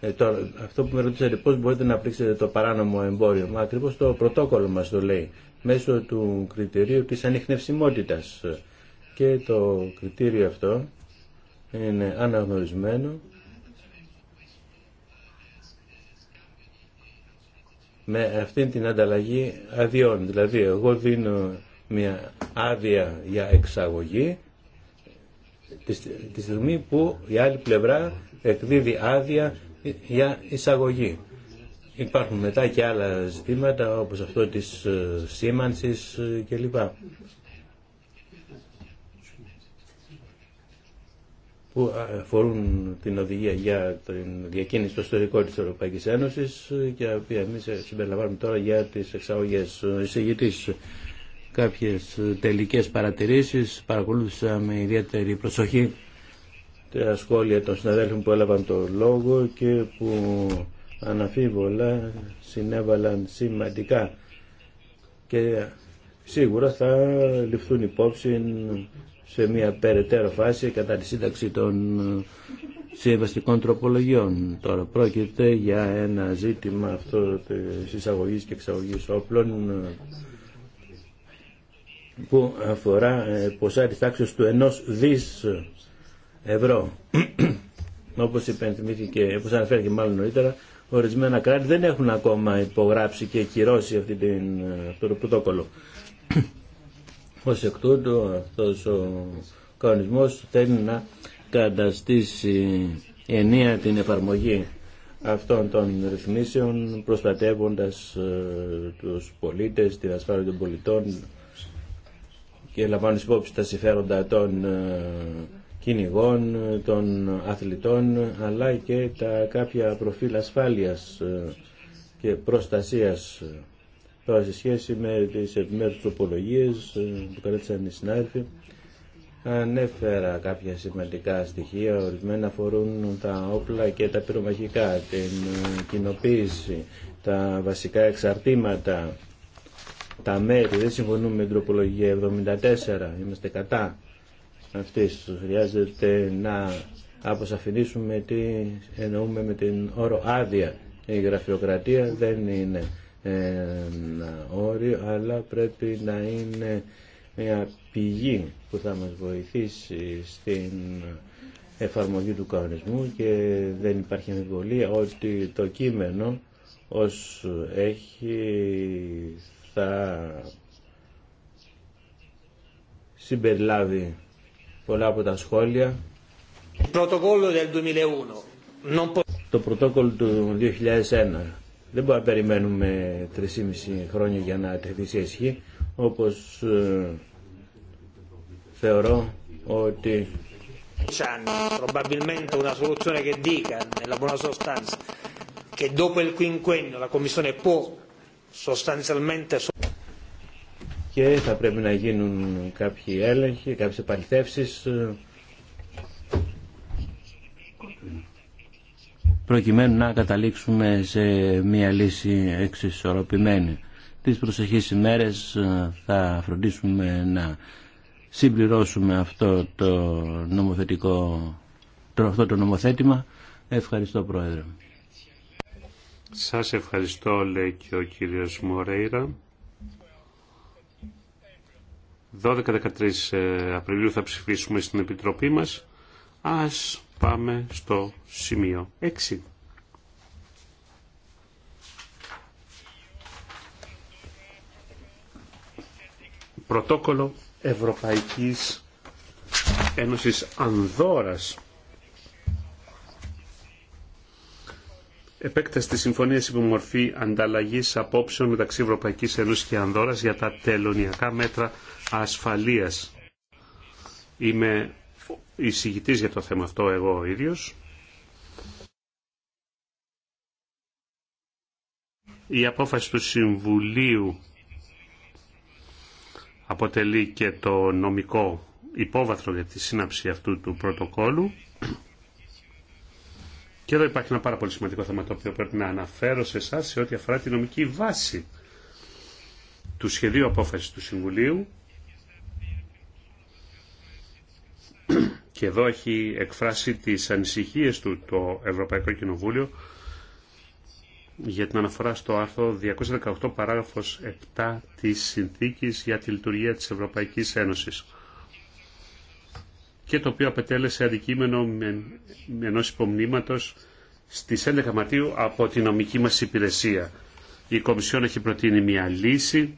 Ε, τώρα, αυτό που με ρωτήσατε πώς μπορείτε να πλήξετε το παράνομο εμπόριο. Μα ακριβώς το πρωτόκολλο μας το λέει. Μέσω του κριτηρίου της ανιχνευσιμότητας. Και το κριτήριο αυτό είναι αναγνωρισμένο με αυτήν την ανταλλαγή αδειών. Δηλαδή εγώ δίνω μια άδεια για εξαγωγή τη στιγμή που η άλλη πλευρά εκδίδει άδεια για εισαγωγή. Υπάρχουν μετά και άλλα ζητήματα όπως αυτό της ε, σήμανσης ε, κλπ. που αφορούν την οδηγία για την διακίνηση στο ιστορικό της Ευρωπαϊκής Ένωσης και οποία εμείς συμπεριλαμβάνουμε τώρα για τις εξαγωγές εισηγητής. Κάποιες τελικές παρατηρήσεις παρακολούθησα με ιδιαίτερη προσοχή τα σχόλια των συναδέλφων που έλαβαν το λόγο και που αναφίβολα συνέβαλαν σημαντικά και σίγουρα θα ληφθούν υπόψη σε μια περαιτέρω φάση κατά τη σύνταξη των ε, συμβαστικών τροπολογιών. Τώρα πρόκειται για ένα ζήτημα αυτό της εισαγωγής και εξαγωγής όπλων ε, που αφορά ε, ποσά της τάξης του ενός δις ευρώ. Όπως υπενθυμήθηκε, όπως αναφέρθηκε μάλλον νωρίτερα, ορισμένα κράτη δεν έχουν ακόμα υπογράψει και κυρώσει αυτή την, αυτό το πρωτόκολλο. Ως εκ τούτου αυτός ο κανονισμός θέλει να καταστήσει ενία την εφαρμογή αυτών των ρυθμίσεων προστατεύοντας ε, τους πολίτες, την ασφάλεια των πολιτών και λαμβάνοντας υπόψη τα συμφέροντα των ε, κυνηγών, των αθλητών αλλά και τα κάποια προφίλ ασφάλειας ε, και προστασίας Τώρα σε σχέση με τις επιμέρους τροπολογίες που ε, κρατήσαν οι συνάδελφοι, ανέφερα κάποια σημαντικά στοιχεία, ορισμένα αφορούν τα όπλα και τα πυρομαχικά, την ε, κοινοποίηση, τα βασικά εξαρτήματα, τα μέρη. Δεν συμφωνούμε με την τροπολογία 74, είμαστε κατά αυτής. Χρειάζεται να αποσαφηνίσουμε τι εννοούμε με την όρο άδεια. Η γραφειοκρατία δεν είναι ένα όριο, αλλά πρέπει να είναι μια πηγή που θα μας βοηθήσει στην εφαρμογή του κανονισμού και δεν υπάρχει αμφιβολία ότι το κείμενο ως έχει θα συμπεριλάβει πολλά από τα σχόλια. Το πρωτόκολλο του 2001 δεν μπορούμε να περιμένουμε 3,5 χρόνια για να τεθεί σε ισχύ, όπως ε, θεωρώ ότι και θα πρέπει να γίνουν κάποιοι έλεγχοι, κάποιες επαληθεύσεις ε, προκειμένου να καταλήξουμε σε μια λύση εξισορροπημένη. Τις προσεχείς ημέρες ε, θα φροντίσουμε να συμπληρώσουμε αυτό το νομοθετικό αυτό το νομοθέτημα. Ευχαριστώ Πρόεδρε. Σας ευχαριστώ λέει και ο κύριος Μορέιρα. 12-13 ε, Απριλίου θα ψηφίσουμε στην Επιτροπή μας. Ας Πάμε στο σημείο 6. Πρωτόκολλο Ευρωπαϊκής Ένωσης Ανδόρας επέκταση της συμφωνίας υπομορφή ανταλλαγής απόψεων μεταξύ Ευρωπαϊκής Ένωσης και Ανδόρας για τα τελωνιακά μέτρα ασφαλείας. Είμαι εισηγητής για το θέμα αυτό εγώ ο ίδιος. Η απόφαση του Συμβουλίου αποτελεί και το νομικό υπόβαθρο για τη σύναψη αυτού του πρωτοκόλου. Και εδώ υπάρχει ένα πάρα πολύ σημαντικό θέμα το οποίο πρέπει να αναφέρω σε εσά σε ό,τι αφορά τη νομική βάση του σχεδίου απόφασης του Συμβουλίου και εδώ έχει εκφράσει τις ανησυχίες του το Ευρωπαϊκό Κοινοβούλιο για την αναφορά στο άρθρο 218 παράγραφος 7 της Συνθήκης για τη λειτουργία της Ευρωπαϊκής Ένωσης και το οποίο απετέλεσε αντικείμενο με, με ενός υπομνήματος στις 11 Μαρτίου από τη νομική μας υπηρεσία. Η Κομισιόν έχει προτείνει μια λύση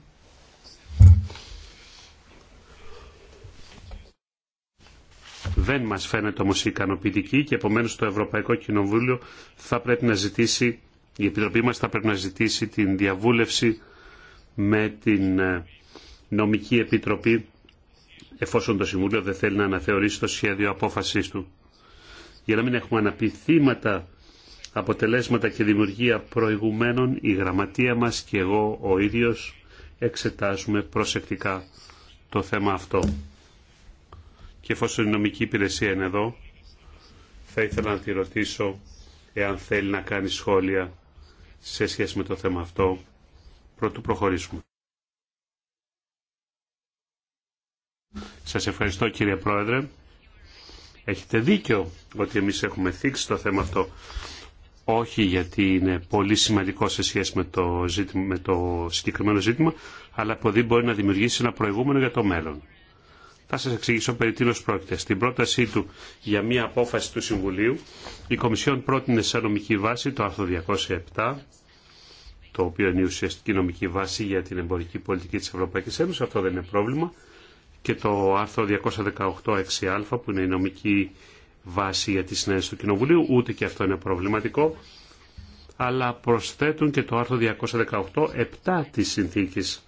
δεν μας φαίνεται όμως ικανοποιητική και επομένως το Ευρωπαϊκό Κοινοβούλιο θα πρέπει να ζητήσει, η Επιτροπή μας θα πρέπει να ζητήσει την διαβούλευση με την ε, νομική επιτροπή εφόσον το Συμβούλιο δεν θέλει να αναθεωρήσει το σχέδιο απόφασή του. Για να μην έχουμε αναπηθήματα, αποτελέσματα και δημιουργία προηγουμένων, η γραμματεία μας και εγώ ο ίδιος εξετάζουμε προσεκτικά το θέμα αυτό και εφόσον η νομική υπηρεσία είναι εδώ, θα ήθελα να τη ρωτήσω εάν θέλει να κάνει σχόλια σε σχέση με το θέμα αυτό. Πρώτου προχωρήσουμε. Σας ευχαριστώ κύριε Πρόεδρε. Έχετε δίκιο ότι εμείς έχουμε θίξει το θέμα αυτό. Όχι γιατί είναι πολύ σημαντικό σε σχέση με το, ζήτημα, με το συγκεκριμένο ζήτημα, αλλά ποδή μπορεί να δημιουργήσει ένα προηγούμενο για το μέλλον. Θα σας εξηγήσω περί τίνος πρόκειται. Στην πρότασή του για μια απόφαση του Συμβουλίου, η Κομισιόν πρότεινε σε νομική βάση το άρθρο 207, το οποίο είναι η ουσιαστική νομική βάση για την εμπορική πολιτική της Ευρωπαϊκής Ένωσης, αυτό δεν είναι πρόβλημα, και το άρθρο 218-6α που είναι η νομική βάση για τη συνέντευξη του Κοινοβουλίου, ούτε και αυτό είναι προβληματικό, αλλά προσθέτουν και το άρθρο 218-7 της συνθήκης.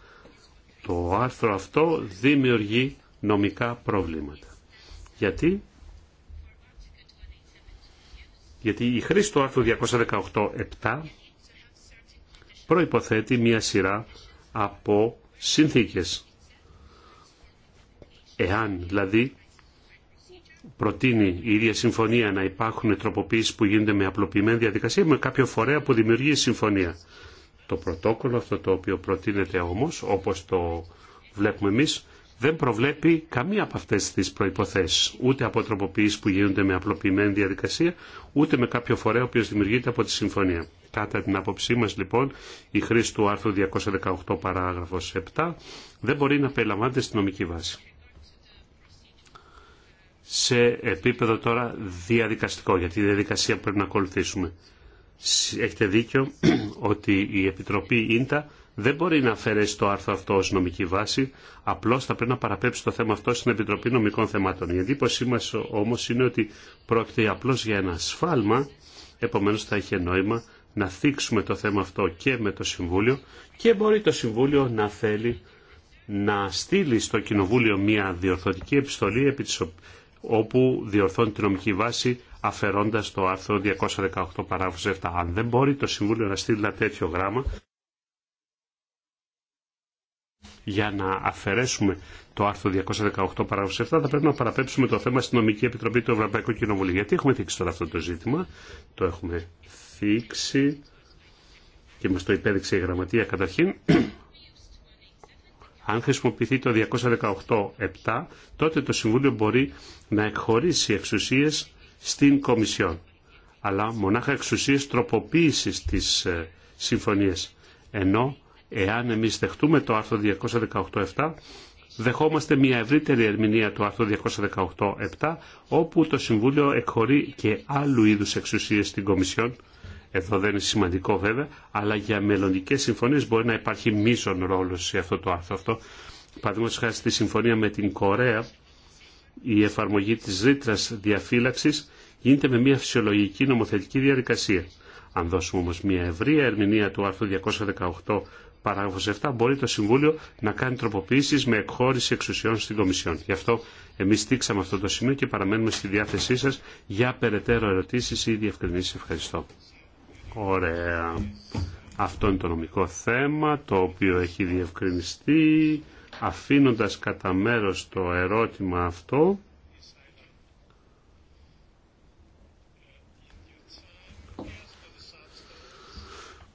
Το άρθρο αυτό δημιουργεί νομικά προβλήματα. Γιατί? Γιατί η χρήση του άρθρου 218.7 προϋποθέτει μία σειρά από συνθήκες. Εάν δηλαδή προτείνει η ίδια συμφωνία να υπάρχουν τροποποίησεις που γίνονται με απλοποιημένη διαδικασία με κάποιο φορέα που δημιουργεί συμφωνία. Το πρωτόκολλο αυτό το οποίο προτείνεται όμως, όπως το βλέπουμε εμείς, δεν προβλέπει καμία από αυτές τις προϋποθέσεις, ούτε από τροποποίηση που γίνονται με απλοποιημένη διαδικασία, ούτε με κάποιο φορέα ο οποίος δημιουργείται από τη συμφωνία. Κατά την άποψή μας λοιπόν, η χρήση του άρθρου 218 παράγραφος 7 δεν μπορεί να περιλαμβάνεται στη νομική βάση. Σε επίπεδο τώρα διαδικαστικό, γιατί η διαδικασία πρέπει να ακολουθήσουμε. Έχετε δίκιο ότι η Επιτροπή Ίντα δεν μπορεί να αφαιρέσει το άρθρο αυτό ω νομική βάση, απλώ θα πρέπει να παραπέψει το θέμα αυτό στην Επιτροπή Νομικών Θεμάτων. Η εντύπωσή μα όμω είναι ότι πρόκειται απλώ για ένα σφάλμα, επομένω θα είχε νόημα να θίξουμε το θέμα αυτό και με το Συμβούλιο και μπορεί το Συμβούλιο να θέλει να στείλει στο Κοινοβούλιο μια διορθωτική επιστολή επί της όπου διορθώνει την νομική βάση αφαιρώντας το άρθρο 218 παράγραφος 7. Αν δεν μπορεί το Συμβούλιο να στείλει ένα τέτοιο γράμμα, για να αφαιρέσουμε το άρθρο 218 παράγραφος 7 θα πρέπει να παραπέψουμε το θέμα στην Νομική Επιτροπή του Ευρωπαϊκού Κοινοβουλίου. Γιατί έχουμε θίξει τώρα αυτό το ζήτημα, το έχουμε θίξει και μας το υπέδειξε η Γραμματεία καταρχήν. Αν χρησιμοποιηθεί το 218-7, τότε το Συμβούλιο μπορεί να εκχωρήσει εξουσίες στην Κομισιόν. Αλλά μονάχα εξουσίες τροποποίησης της ε, συμφωνίας. Ενώ Εάν εμείς δεχτούμε το άρθρο 218.7, δεχόμαστε μια ευρύτερη ερμηνεία του άρθρου 218.7, όπου το Συμβούλιο εκχωρεί και άλλου είδους εξουσίες στην Κομισιόν, εδώ δεν είναι σημαντικό βέβαια, αλλά για μελλοντικέ συμφωνίε μπορεί να υπάρχει μίσον ρόλο σε αυτό το άρθρο αυτό. Παραδείγματο χάρη στη συμφωνία με την Κορέα, η εφαρμογή τη ρήτρα διαφύλαξη γίνεται με μια φυσιολογική νομοθετική διαδικασία. Αν δώσουμε όμω μια ευρία ερμηνεία του άρθρου παράγραφος 7, μπορεί το Συμβούλιο να κάνει τροποποιήσεις με εκχώρηση εξουσιών στην Κομισιόν. Γι' αυτό εμείς στήξαμε αυτό το σημείο και παραμένουμε στη διάθεσή σας για περαιτέρω ερωτήσεις ή διευκρινήσεις. Ευχαριστώ. Ωραία. Αυτό είναι το νομικό θέμα, το οποίο έχει διευκρινιστεί, αφήνοντας κατά μέρος το ερώτημα αυτό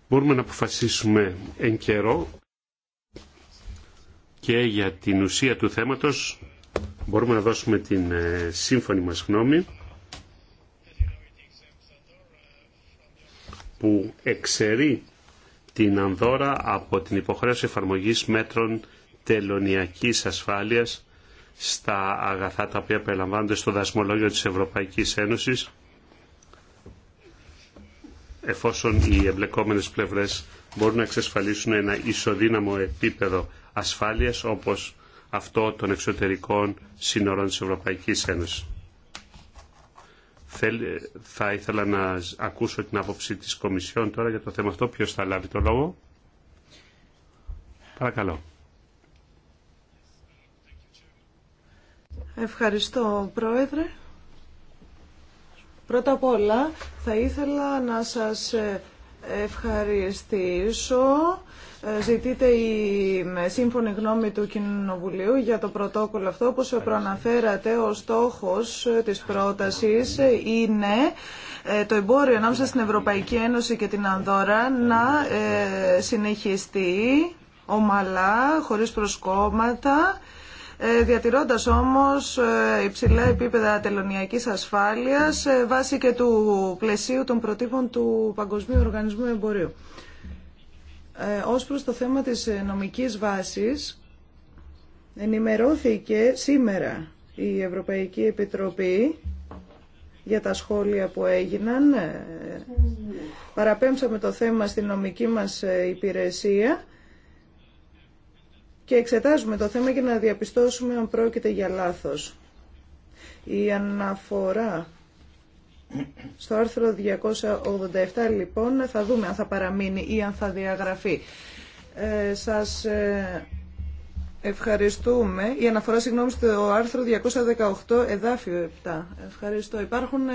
μπορούμε να αποφασίσουμε εν καιρό και για την ουσία του θέματος μπορούμε να δώσουμε την ε, σύμφωνη μας γνώμη που εξαιρεί την Ανδόρα από την υποχρέωση εφαρμογής μέτρων τελωνιακής ασφάλειας στα αγαθά τα οποία περιλαμβάνονται στο δασμολόγιο της Ευρωπαϊκής Ένωσης εφόσον οι εμπλεκόμενες πλευρές μπορούν να εξασφαλίσουν ένα ισοδύναμο επίπεδο ασφάλειας όπως αυτό των εξωτερικών σύνορων της Ευρωπαϊκής Ένωσης. Θα ήθελα να ακούσω την άποψη της Κομισιόν τώρα για το θέμα αυτό. Ποιος θα λάβει το λόγο. Παρακαλώ. Ευχαριστώ, Πρόεδρε. Πρώτα απ' όλα θα ήθελα να σας ε, ευχαριστήσω. Ε, ζητείτε η σύμφωνη γνώμη του Κοινοβουλίου για το πρωτόκολλο αυτό. Όπως προαναφέρατε, ο στόχος ε, της πρότασης είναι το εμπόριο ανάμεσα στην Ευρωπαϊκή Ένωση και την Ανδόρα να συνεχιστεί ομαλά, χωρίς προσκόμματα ε, διατηρώντας όμως ε, υψηλά επίπεδα τελωνιακής ασφάλειας ε, βάσει και του πλαισίου των προτύπων του Παγκοσμίου Οργανισμού Εμπορίου. Ως προς το θέμα της νομικής βάσης, ενημερώθηκε σήμερα η Ευρωπαϊκή Επιτροπή για τα σχόλια που έγιναν. Παραπέμψαμε το θέμα στην νομική μας υπηρεσία και εξετάζουμε το θέμα για να διαπιστώσουμε αν πρόκειται για λάθος. Η αναφορά στο άρθρο 287 λοιπόν θα δούμε αν θα παραμείνει ή αν θα διαγραφεί. Ε, σας ε, ευχαριστούμε. Η αναφορά συγγνώμη στο άρθρο 218 εδάφιο 7. Ευχαριστώ. Υπάρχουν ε,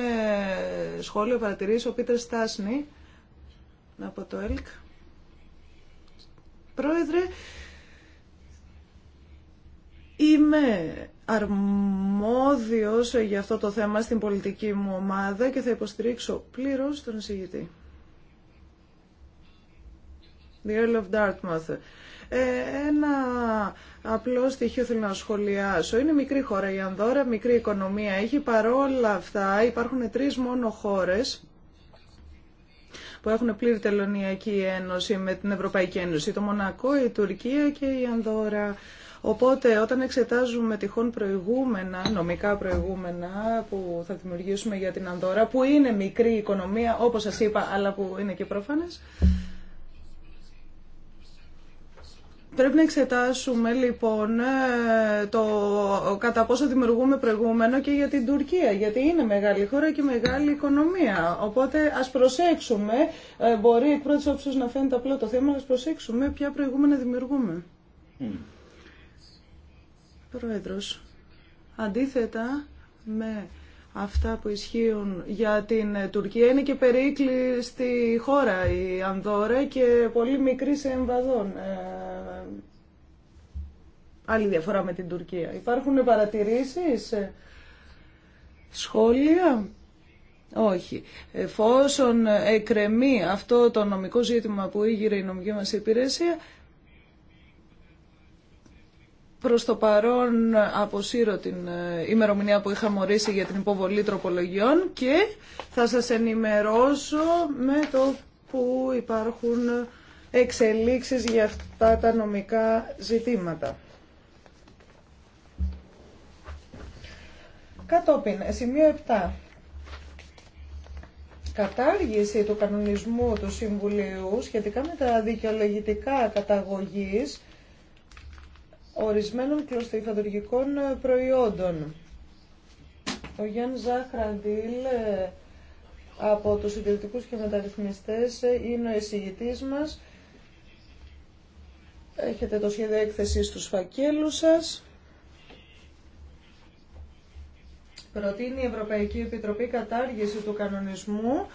σχόλια παρατηρήσεις. Ο Πίτερ Στάσνη από το ΕΛΚ. Πρόεδρε, Είμαι αρμόδιος για αυτό το θέμα στην πολιτική μου ομάδα και θα υποστηρίξω πλήρως τον εισηγητή. The Earl of Dartmouth. Ε, ένα απλό στοιχείο θέλω να σχολιάσω. Είναι μικρή χώρα η Ανδόρα, μικρή οικονομία έχει. Παρόλα αυτά υπάρχουν τρεις μόνο χώρες που έχουν πλήρη τελωνιακή ένωση με την Ευρωπαϊκή Ένωση. Το Μονακό, η Τουρκία και η Ανδόρα. Οπότε όταν εξετάζουμε τυχόν προηγούμενα, νομικά προηγούμενα που θα δημιουργήσουμε για την Ανδόρα, που είναι μικρή οικονομία όπως σας είπα, αλλά που είναι και προφανές, Πρέπει να εξετάσουμε λοιπόν ε, το κατά πόσο δημιουργούμε προηγούμενο και για την Τουρκία, γιατί είναι μεγάλη χώρα και μεγάλη οικονομία. Οπότε ας προσέξουμε, ε, μπορεί εκ πρώτης όψης να φαίνεται απλό το θέμα, ας προσέξουμε ποια προηγούμενα δημιουργούμε. Πρόεδρος, αντίθετα με αυτά που ισχύουν για την Τουρκία είναι και περίκλη στη χώρα η Ανδόρα και πολύ μικρή σε εμβαδόν. Ε, άλλη διαφορά με την Τουρκία. Υπάρχουν παρατηρήσεις, ε, σχόλια. Όχι. Εφόσον εκρεμεί αυτό το νομικό ζήτημα που ήγηρε η νομική μας υπηρεσία, Προς το παρόν αποσύρω την ε, ημερομηνία που είχα μωρήσει για την υποβολή τροπολογιών και θα σας ενημερώσω με το που υπάρχουν εξελίξεις για αυτά τα νομικά ζητήματα. Κατόπιν, σημείο 7. Κατάργηση του κανονισμού του Συμβουλίου σχετικά με τα δικαιολογητικά καταγωγής ορισμένων κλωστοϊφαντουργικών ε, προϊόντων. Ο Γιάννη Ζάχραντιλ ε, από τους συντηρητικούς και μεταρρυθμιστές ε, είναι ο εισηγητής μας. Έχετε το σχέδιο έκθεσης στους φακέλους σας. Προτείνει η Ευρωπαϊκή Επιτροπή κατάργηση του κανονισμού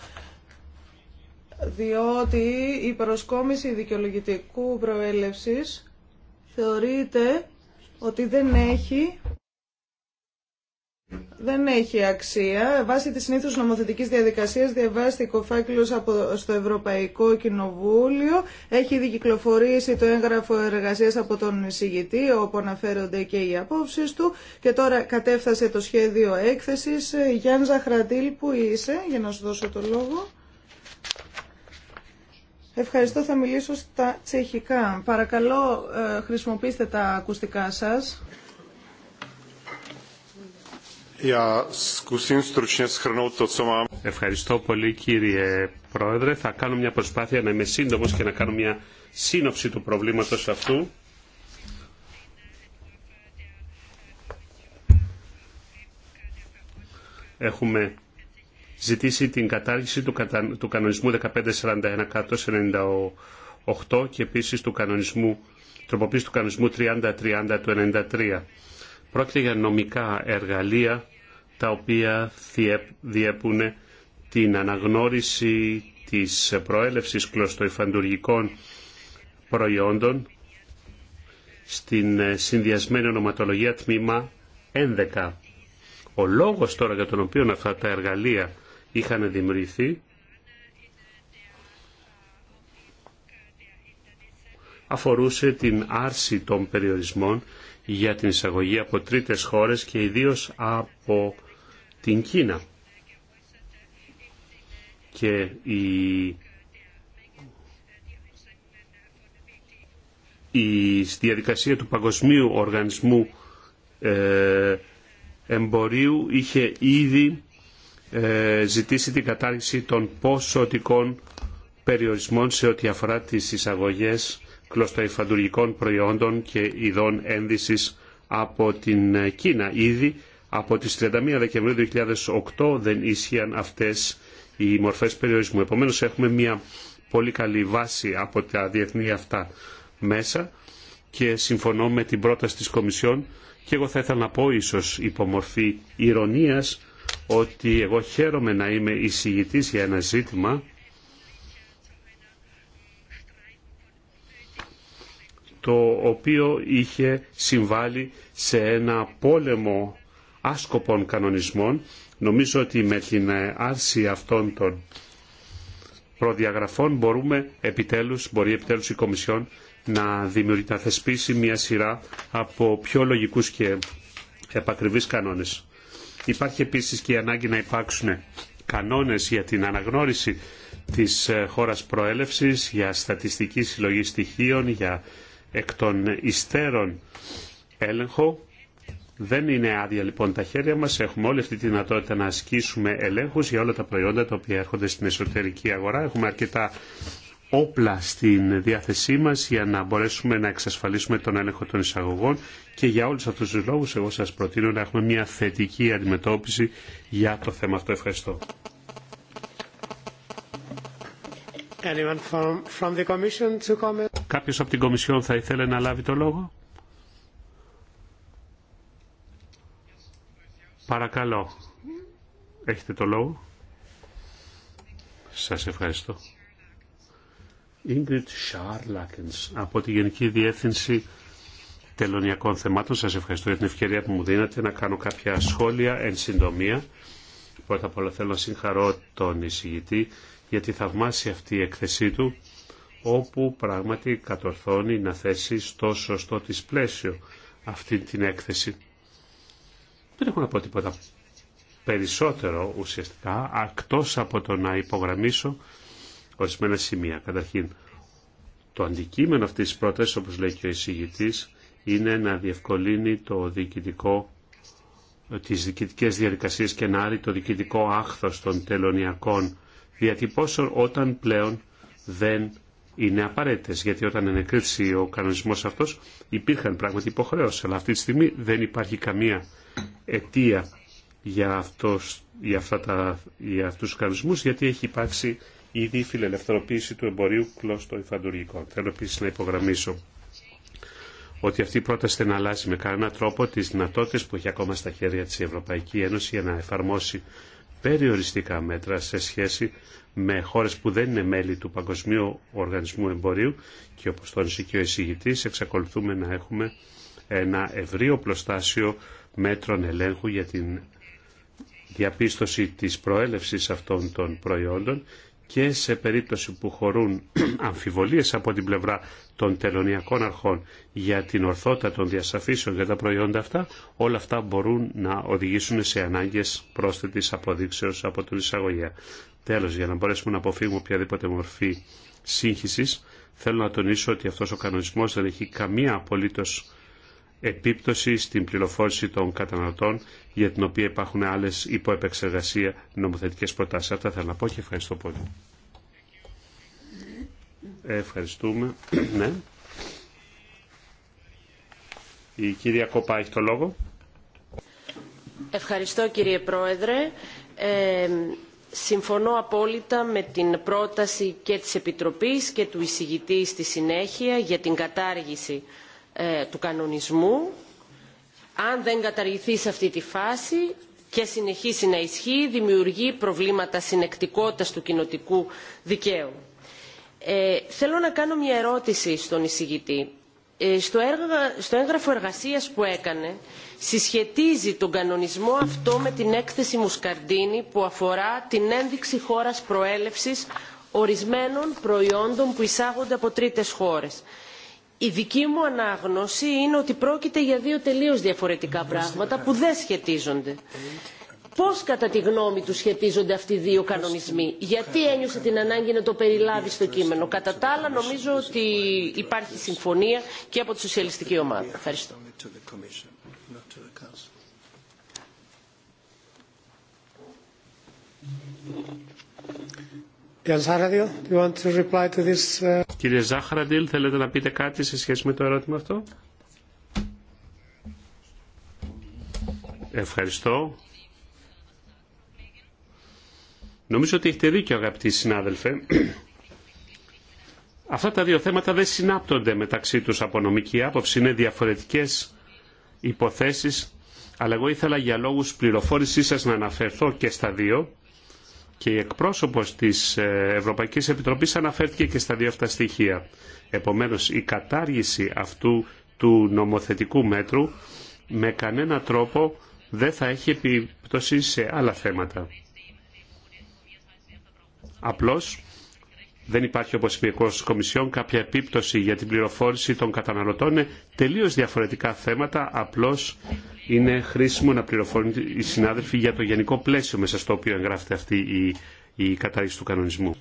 διότι η προσκόμιση δικαιολογητικού προέλευσης θεωρείται ότι δεν έχει δεν έχει αξία. Βάσει τη συνήθου νομοθετική διαδικασία, διαβάστηκε ο φάκελο στο Ευρωπαϊκό Κοινοβούλιο. Έχει ήδη κυκλοφορήσει το έγγραφο εργασία από τον εισηγητή, όπου αναφέρονται και οι απόψει του. Και τώρα κατέφθασε το σχέδιο έκθεση. Γιάννη Ζαχραντήλ, που είσαι, για να σου δώσω το λόγο. Ευχαριστώ, θα μιλήσω στα τσεχικά. Παρακαλώ, ε, χρησιμοποιήστε τα ακουστικά σας. Ευχαριστώ πολύ κύριε Πρόεδρε. Θα κάνω μια προσπάθεια να είμαι σύντομος και να κάνω μια σύνοψη του προβλήματος αυτού. Έχουμε ζητήσει την κατάργηση του, κανονισμού 1541-98 και επίσης του κανονισμού, τροποποίηση του κανονισμού 3030 33/1993 93. Πρόκειται για νομικά εργαλεία τα οποία διέπουν την αναγνώριση της προέλευσης κλωστοϊφαντουργικών προϊόντων στην ε, συνδυασμένη ονοματολογία τμήμα 11. Ο λόγος τώρα για τον οποίο αυτά τα εργαλεία είχαν δημιουργηθεί αφορούσε την άρση των περιορισμών για την εισαγωγή από τρίτες χώρες και ιδίως από την Κίνα. Και η η διαδικασία του Παγκοσμίου Οργανισμού ε, Εμπορίου είχε ήδη ε, ζητήσει την κατάργηση των ποσοτικών περιορισμών σε ό,τι αφορά τις εισαγωγές κλωστοϊφαντουργικών προϊόντων και ειδών ένδυσης από την ε, Κίνα. Ήδη από τις 31 Δεκεμβρίου 2008 δεν ίσχυαν αυτές οι μορφές περιορισμού. Επομένως έχουμε μια πολύ καλή βάση από τα διεθνή αυτά μέσα και συμφωνώ με την πρόταση της Κομισιόν και εγώ θα ήθελα να πω ίσως υπομορφή ηρωνίας ότι εγώ χαίρομαι να είμαι εισηγητής για ένα ζήτημα το οποίο είχε συμβάλει σε ένα πόλεμο άσκοπων κανονισμών. Νομίζω ότι με την άρση αυτών των προδιαγραφών μπορούμε επιτέλους, μπορεί επιτέλους η Κομισιόν να, να θεσπίσει μια σειρά από πιο λογικούς και επακριβείς κανόνες. Υπάρχει επίσης και η ανάγκη να υπάρξουν κανόνες για την αναγνώριση της ε, χώρας προέλευσης, για στατιστική συλλογή στοιχείων, για εκ των υστέρων έλεγχο. Δεν είναι άδεια λοιπόν τα χέρια μας, έχουμε όλη αυτή τη δυνατότητα να ασκήσουμε ελέγχους για όλα τα προϊόντα τα οποία έρχονται στην εσωτερική αγορά. Έχουμε αρκετά όπλα στην διάθεσή μας για να μπορέσουμε να εξασφαλίσουμε τον έλεγχο των εισαγωγών και για όλους αυτούς τους λόγους εγώ σας προτείνω να έχουμε μια θετική αντιμετώπιση για το θέμα αυτό. Ευχαριστώ. From, Κάποιος από την Κομισιόν θα ήθελε να λάβει το λόγο. Παρακαλώ. Έχετε το λόγο. Σας ευχαριστώ. Ingrid Scharlakens από τη Γενική Διεύθυνση Τελωνιακών Θεμάτων. Σας ευχαριστώ για την ευκαιρία που μου δίνατε να κάνω κάποια σχόλια εν συντομία. Πρώτα απ' όλα θέλω να συγχαρώ τον εισηγητή για τη θαυμάσια αυτή η εκθεσή του όπου πράγματι κατορθώνει να θέσει στο σωστό της πλαίσιο αυτή την έκθεση. Δεν έχω να πω τίποτα περισσότερο ουσιαστικά, ακτός από το να υπογραμμίσω ορισμένα σημεία. Καταρχήν, το αντικείμενο αυτή τη πρόταση, όπω λέει και ο εισηγητή, είναι να διευκολύνει το διοικητικό, τις διοικητικές διαδικασίες και να άρει το διοικητικό άχθο των τελωνιακών διατυπώσεων όταν πλέον δεν είναι απαραίτητε. Γιατί όταν ενεκρίθη ο κανονισμό αυτός υπήρχαν πράγματι υποχρεώσει. αλλά αυτή τη στιγμή δεν υπάρχει καμία αιτία για, αυτός, για, αυτά για αυτούς τους κανονισμούς γιατί έχει υπάρξει ήδη η φιλελευθερωποίηση του εμπορίου υφαντουργικό. Θέλω επίση να υπογραμμίσω ότι αυτή η πρόταση δεν αλλάζει με κανένα τρόπο τι δυνατότητε που έχει ακόμα στα χέρια τη Ευρωπαϊκή Ένωση για να εφαρμόσει περιοριστικά μέτρα σε σχέση με χώρε που δεν είναι μέλη του Παγκοσμίου Οργανισμού Εμπορίου και όπω τόνισε και ο εισηγητή, εξακολουθούμε να έχουμε ένα ευρύ οπλοστάσιο μέτρων ελέγχου για την διαπίστωση της προέλευσης αυτών των προϊόντων και σε περίπτωση που χωρούν αμφιβολίες από την πλευρά των τελωνιακών αρχών για την ορθότητα των διασαφήσεων για τα προϊόντα αυτά, όλα αυτά μπορούν να οδηγήσουν σε ανάγκες πρόσθετης αποδείξεως από τον εισαγωγέα. Τέλος, για να μπορέσουμε να αποφύγουμε οποιαδήποτε μορφή σύγχυσης, θέλω να τονίσω ότι αυτός ο κανονισμός δεν έχει καμία απολύτως επίπτωση στην πληροφόρηση των καταναλωτών για την οποία υπάρχουν άλλες υποεπεξεργασία νομοθετικέ προτάσει. Αυτά θέλω να πω και ευχαριστώ πολύ. Ευχαριστούμε. Ναι. Η κυρία Κόπα έχει το λόγο. Ευχαριστώ κύριε Πρόεδρε. Ε, συμφωνώ απόλυτα με την πρόταση και της Επιτροπής και του εισηγητή στη συνέχεια για την κατάργηση ε, του κανονισμού αν δεν καταργηθεί σε αυτή τη φάση και συνεχίσει να ισχύει δημιουργεί προβλήματα συνεκτικότητας του κοινοτικού δικαίου. Ε, θέλω να κάνω μια ερώτηση στον εισηγητή. Ε, στο, έργα, στο έγγραφο εργασίας που έκανε συσχετίζει τον κανονισμό αυτό με την έκθεση Μουσκαρντίνη που αφορά την ένδειξη χώρας προέλευσης ορισμένων προϊόντων που εισάγονται από τρίτες χώρες η δική μου ανάγνωση είναι ότι πρόκειται για δύο τελείως διαφορετικά πράγματα που δεν σχετίζονται. Πώς κατά τη γνώμη του σχετίζονται αυτοί οι δύο κανονισμοί. Γιατί ένιωσε την ανάγκη να το περιλάβει στο κείμενο. Κατά τα άλλα νομίζω ότι υπάρχει συμφωνία και από τη σοσιαλιστική ομάδα. Ευχαριστώ. Uh, Κύριε Ζάχραντιλ, θέλετε να πείτε κάτι σε σχέση με το ερώτημα αυτό. Ευχαριστώ. Νομίζω ότι έχετε δίκιο αγαπητοί συνάδελφε. Αυτά τα δύο θέματα δεν συνάπτονται μεταξύ τους από νομική άποψη. Είναι διαφορετικές υποθέσεις. Αλλά εγώ ήθελα για λόγους πληροφόρησής σας να αναφερθώ και στα δύο και η εκπρόσωπος της ε, Ευρωπαϊκής Επιτροπής αναφέρθηκε και στα δύο αυτά στοιχεία. Επομένως, η κατάργηση αυτού του νομοθετικού μέτρου με κανένα τρόπο δεν θα έχει επιπτώσει σε άλλα θέματα. Απλώς δεν υπάρχει όπως είπε η Κομισιόν κάποια επίπτωση για την πληροφόρηση των καταναλωτών. Είναι τελείως διαφορετικά θέματα, απλώς είναι χρήσιμο να πληροφορούν οι συνάδελφοι για το γενικό πλαίσιο μέσα στο οποίο εγγράφεται αυτή η, η του κανονισμού.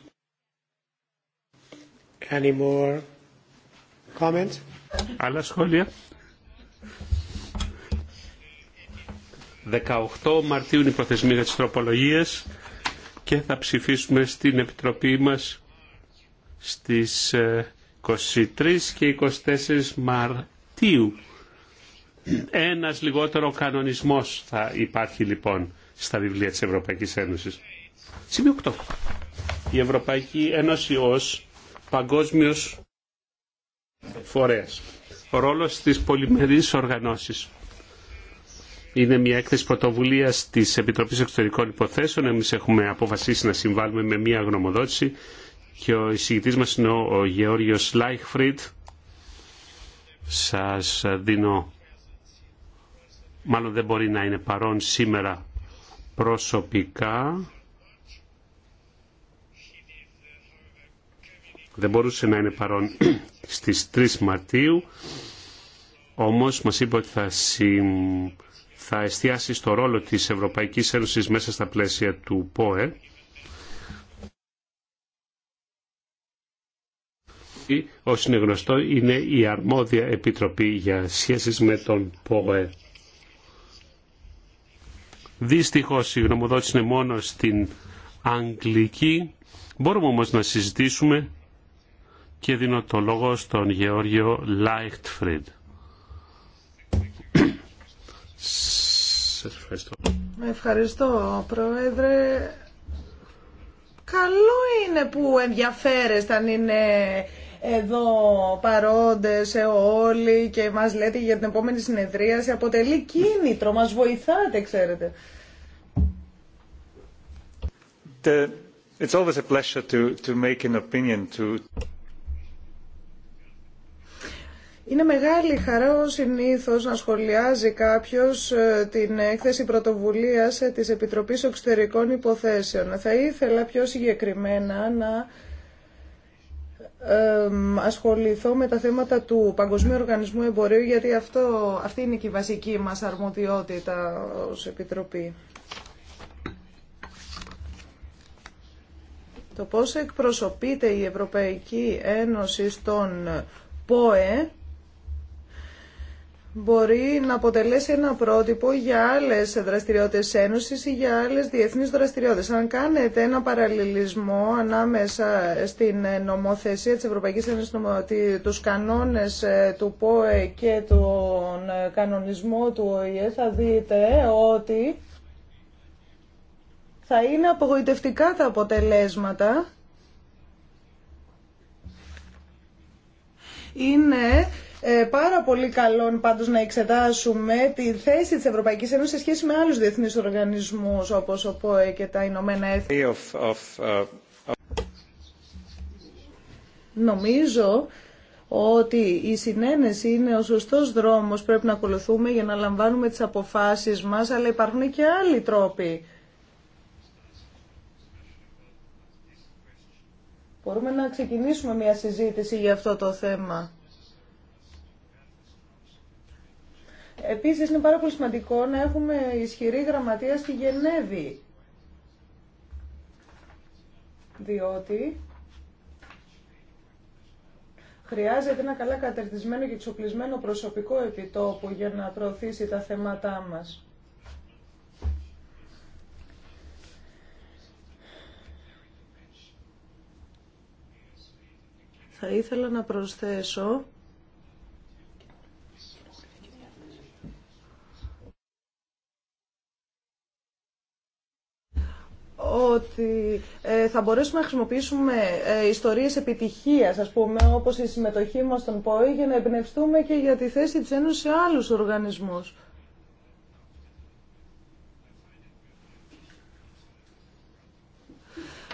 Any more Άλλα σχόλια. 18 Μαρτίου είναι η προθεσμία για τις και θα ψηφίσουμε στην Επιτροπή μας στις 23 ε, και 24 Μαρτίου. Ένας λιγότερο κανονισμός θα υπάρχει λοιπόν στα βιβλία της Ευρωπαϊκής Ένωσης. Σημείο 8. Η Ευρωπαϊκή Ένωση ως παγκόσμιος φορέας. Ο ρόλος της πολυμερής οργανώσεις. Είναι μια έκθεση πρωτοβουλία τη Επιτροπή Εξωτερικών Υποθέσεων. Εμεί έχουμε αποφασίσει να συμβάλλουμε με μια γνωμοδότηση και ο εισηγητής μα είναι ο Γεώργιο Λάιχφριντ. Σας δίνω, μάλλον δεν μπορεί να είναι παρόν σήμερα προσωπικά. Δεν μπορούσε να είναι παρόν στις 3 Μαρτίου, όμως μας είπε ότι θα, θα εστιάσει στο ρόλο της Ευρωπαϊκής Ένωσης μέσα στα πλαίσια του ΠΟΕ Ό όσοι είναι γνωστό, είναι η αρμόδια επιτροπή για σχέσεις με τον ΠΟΕ. Δυστυχώς η γνωμοδότηση είναι μόνο στην Αγγλική. Μπορούμε όμως να συζητήσουμε και δίνω το λόγο στον Γεώργιο Λάιχτφριντ. ευχαριστώ. Ευχαριστώ, Πρόεδρε. Καλό είναι που ενδιαφέρεσταν είναι εδώ παρόντες όλοι και μας λέτε για την επόμενη συνεδρίαση. Αποτελεί κίνητρο, μας βοηθάτε, ξέρετε. to, Είναι μεγάλη χαρά ο συνήθως να σχολιάζει κάποιος ε, την έκθεση πρωτοβουλίας ε, της Επιτροπής Εξωτερικών Υποθέσεων. Θα ήθελα πιο συγκεκριμένα να ασχοληθώ με τα θέματα του Παγκοσμίου Οργανισμού Εμπορίου γιατί αυτό, αυτή είναι και η βασική μας αρμοδιότητα ως Επιτροπή. Το πώς εκπροσωπείται η Ευρωπαϊκή Ένωση στον ΠΟΕ μπορεί να αποτελέσει ένα πρότυπο για άλλες δραστηριότητες ένωσης ή για άλλες διεθνείς δραστηριότητες. Αν κάνετε ένα παραλληλισμό ανάμεσα στην ε, νομοθεσία της Ευρωπαϊκής Ένωσης, τους κανόνες ε, του ΠΟΕ και τον ε, κανονισμό του ΟΗΕ, θα δείτε ότι θα είναι απογοητευτικά τα αποτελέσματα. Είναι ε, πάρα πολύ καλό, πάντως να εξετάσουμε τη θέση της Ευρωπαϊκής Ένωσης σε σχέση με άλλους διεθνείς οργανισμούς όπως ο ΠΟΕ και τα Ηνωμένα Έθνη. Uh, Νομίζω ότι η συνένεση είναι ο σωστός δρόμος πρέπει να ακολουθούμε για να λαμβάνουμε τις αποφάσεις μας, αλλά υπάρχουν και άλλοι τρόποι. Μπορούμε να ξεκινήσουμε μια συζήτηση για αυτό το θέμα. Επίσης είναι πάρα πολύ σημαντικό να έχουμε ισχυρή γραμματεία στη Γενέβη. Διότι χρειάζεται ένα καλά κατερτισμένο και εξοπλισμένο προσωπικό επιτόπου για να προωθήσει τα θέματά μας. Θα ήθελα να προσθέσω ότι ε, θα μπορέσουμε να χρησιμοποιήσουμε ε, ιστορίες επιτυχίας, ας πούμε, όπως η συμμετοχή μας στον ΠΟΗ, για να εμπνευστούμε και για τη θέση της Ένωσης σε άλλους οργανισμούς.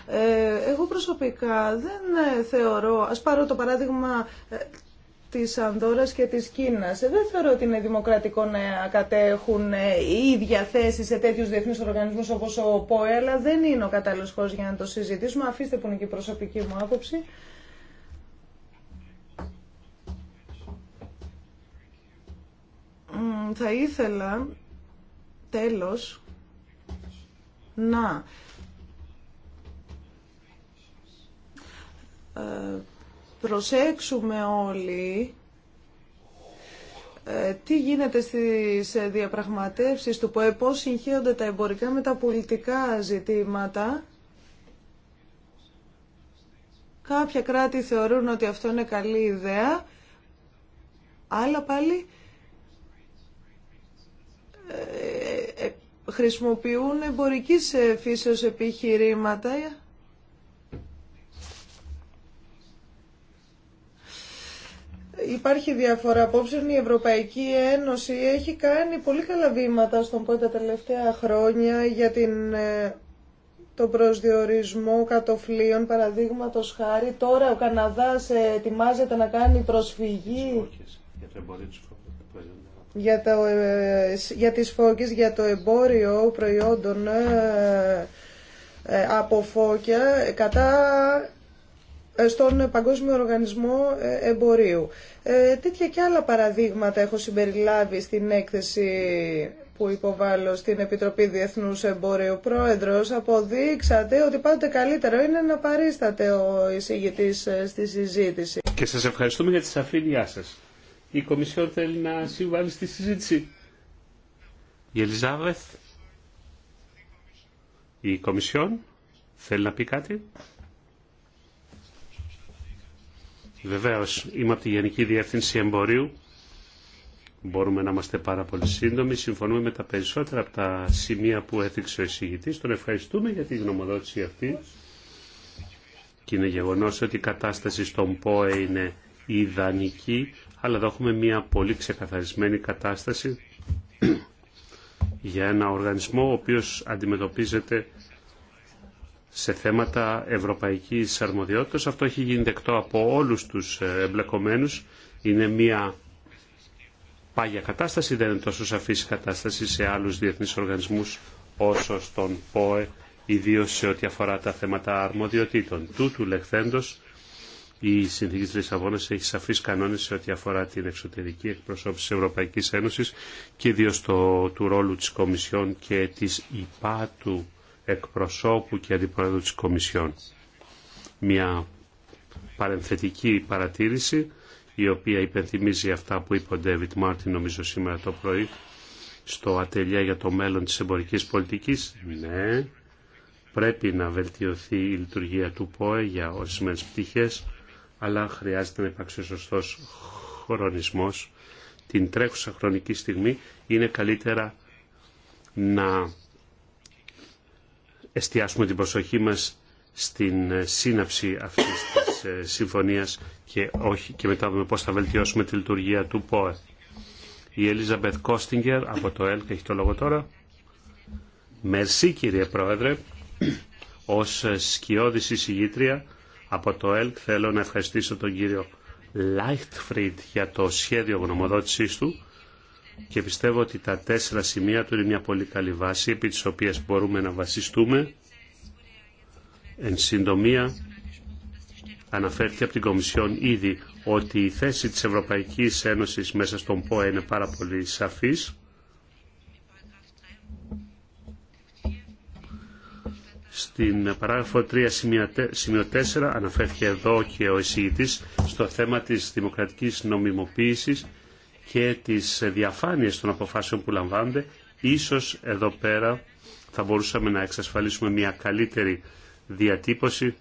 Ε, εγώ προσωπικά δεν θεωρώ, ας πάρω το παράδειγμα Τη ανδόρα και της Κίνας. Ε, δεν θεωρώ ότι είναι δημοκρατικό να κατέχουν ε, οι ίδια θέση σε τέτοιου διεθνεί οργανισμού όπω, ο ΠΟΕ, αλλά δεν είναι ο κατάλληλο χώρο για να το συζητήσουμε. Αφήστε που είναι και η προσωπική μου άποψη. Θα ήθελα τέλος να ε, προσέξουμε όλοι ε, τι γίνεται στις ε, διαπραγματεύσεις του ΠΟΕ, πώς συγχέονται τα εμπορικά με τα πολιτικά ζητήματα. Κάποια κράτη θεωρούν ότι αυτό είναι καλή ιδέα, άλλα πάλι ε, χρησιμοποιούν εμπορικής φύσεως επιχειρήματα υπάρχει διαφορά απόψεων. Η Ευρωπαϊκή Ένωση έχει κάνει πολύ καλά βήματα στον πω τα τελευταία χρόνια για την, ε, τον προσδιορισμό κατοφλίων, παραδείγματο χάρη. Τώρα ο Καναδάς ε, ετοιμάζεται να κάνει προσφυγή για, το, ε, για τις φώκες, για το εμπόριο προϊόντων από φώκια κατά ε, στον Παγκόσμιο Οργανισμό ε, Εμπορίου. Ε, τέτοια και άλλα παραδείγματα έχω συμπεριλάβει στην έκθεση που υποβάλλω στην Επιτροπή Διεθνούς Εμπορίου. Πρόεδρος, αποδείξατε ότι πάντοτε καλύτερο είναι να παρίσταται ο εισηγητής στη συζήτηση. Και σας ευχαριστούμε για τη σαφήνειά σας. Η Κομισιόν θέλει να συμβάλλει στη συζήτηση. Η Ελιζάβεθ, η Κομισιόν, θέλει να πει κάτι. Βεβαίω, είμαι από τη Γενική Διεύθυνση Εμπορίου. Μπορούμε να είμαστε πάρα πολύ σύντομοι. Συμφωνούμε με τα περισσότερα από τα σημεία που έθιξε ο εισηγητής. Τον ευχαριστούμε για τη γνωμοδότηση αυτή. Και είναι γεγονό ότι η κατάσταση στον ΠΟΕ είναι ιδανική, αλλά εδώ έχουμε μια πολύ ξεκαθαρισμένη κατάσταση για ένα οργανισμό ο οποίος αντιμετωπίζεται σε θέματα ευρωπαϊκής αρμοδιότητας. Αυτό έχει γίνει δεκτό από όλους τους ε, εμπλεκομένους. Είναι μια πάγια κατάσταση, δεν είναι τόσο σαφής κατάσταση σε άλλους διεθνείς οργανισμούς όσο στον ΠΟΕ, ιδίω σε ό,τι αφορά τα θέματα αρμοδιοτήτων. Τούτου λεχθέντος, η συνθήκη της Λισαβόνας έχει σαφείς κανόνες σε ό,τι αφορά την εξωτερική εκπροσώπηση της Ευρωπαϊκής Ένωσης και ιδίω του ρόλου της Κομισιόν και της Υπάτου. του εκπροσώπου και αντιπρόεδρου της Κομισιόν. Μια παρενθετική παρατήρηση η οποία υπενθυμίζει αυτά που είπε ο Ντέβιτ Μάρτιν νομίζω σήμερα το πρωί στο ατελία για το μέλλον της εμπορικής πολιτικής. Ναι, πρέπει να βελτιωθεί η λειτουργία του ΠΟΕ για ορισμένες πτυχές, αλλά χρειάζεται να υπάρξει ο σωστός Την τρέχουσα χρονική στιγμή είναι καλύτερα να εστιάσουμε την προσοχή μας στην ε, σύναψη αυτής της ε, συμφωνίας και, όχι, και μετά δούμε πώς θα βελτιώσουμε τη λειτουργία του ΠΟΕ. Η Ελίζαμπεθ Κόστιγκερ από το ΕΛΚ έχει το λόγο τώρα. Μερσή κύριε Πρόεδρε, ως ε, σκιώδης εισηγήτρια από το ΕΛΚ θέλω να ευχαριστήσω τον κύριο Λάιχτφριντ για το σχέδιο γνωμοδότησής του και πιστεύω ότι τα τέσσερα σημεία του είναι μια πολύ καλή βάση επί της οποίας μπορούμε να βασιστούμε. Εν συντομία, αναφέρθηκε από την Κομισιόν ήδη ότι η θέση της Ευρωπαϊκής Ένωσης μέσα στον ΠΟΕ είναι πάρα πολύ σαφής. Στην παράγραφο 3 σημείο 4 αναφέρθηκε εδώ και ο εισηγητής στο θέμα της δημοκρατικής νομιμοποίησης και τις διαφάνειες των αποφάσεων που λαμβάνονται, ίσως εδώ πέρα θα μπορούσαμε να εξασφαλίσουμε μια καλύτερη διατύπωση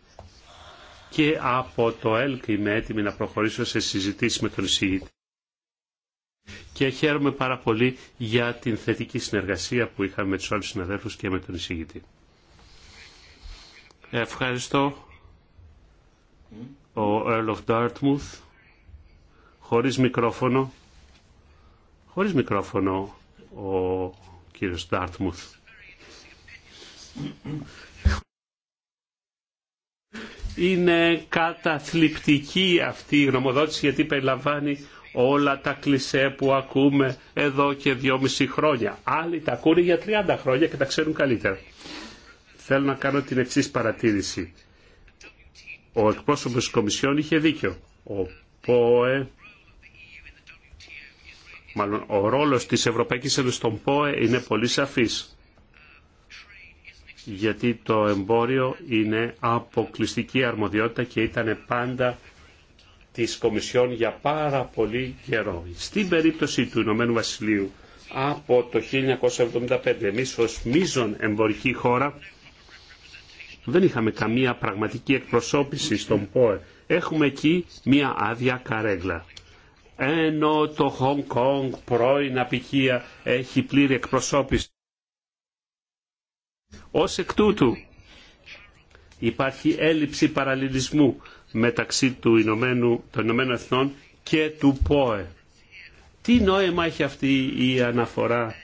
και από το ΕΛΚ είμαι έτοιμη να προχωρήσω σε συζητήσεις με τον εισηγητή. Και χαίρομαι πάρα πολύ για την θετική συνεργασία που είχαμε με τους άλλους συναδέλφους και με τον εισηγητή. Ευχαριστώ ο Earl of Dartmouth χωρίς μικρόφωνο. Χωρίς μικρόφωνο ο κύριος Ντάρτμουθ. Είναι καταθλιπτική αυτή η γνωμοδότηση γιατί περιλαμβάνει όλα τα κλισέ που ακούμε εδώ και δυόμιση χρόνια. Άλλοι τα ακούνε για 30 χρόνια και τα ξέρουν καλύτερα. Θέλω να κάνω την εξή παρατήρηση. Ο εκπρόσωπος της Κομισιόν είχε δίκιο. Ο ΠΟΕ μάλλον ο ρόλος της Ευρωπαϊκής Ένωσης στον ΠΟΕ είναι πολύ σαφής. Γιατί το εμπόριο είναι αποκλειστική αρμοδιότητα και ήταν πάντα της Κομισιόν για πάρα πολύ καιρό. Στην περίπτωση του Ηνωμένου Βασιλείου από το 1975 εμείς ως μείζον εμπορική χώρα δεν είχαμε καμία πραγματική εκπροσώπηση στον ΠΟΕ. Έχουμε εκεί μία άδεια καρέγλα ενώ το Χονγκ Κονγκ πρώην απικία έχει πλήρη εκπροσώπηση. Ως εκ τούτου υπάρχει έλλειψη παραλληλισμού μεταξύ του Ηνωμένου, των Ηνωμένων Εθνών και του ΠΟΕ. Τι νόημα έχει αυτή η αναφορά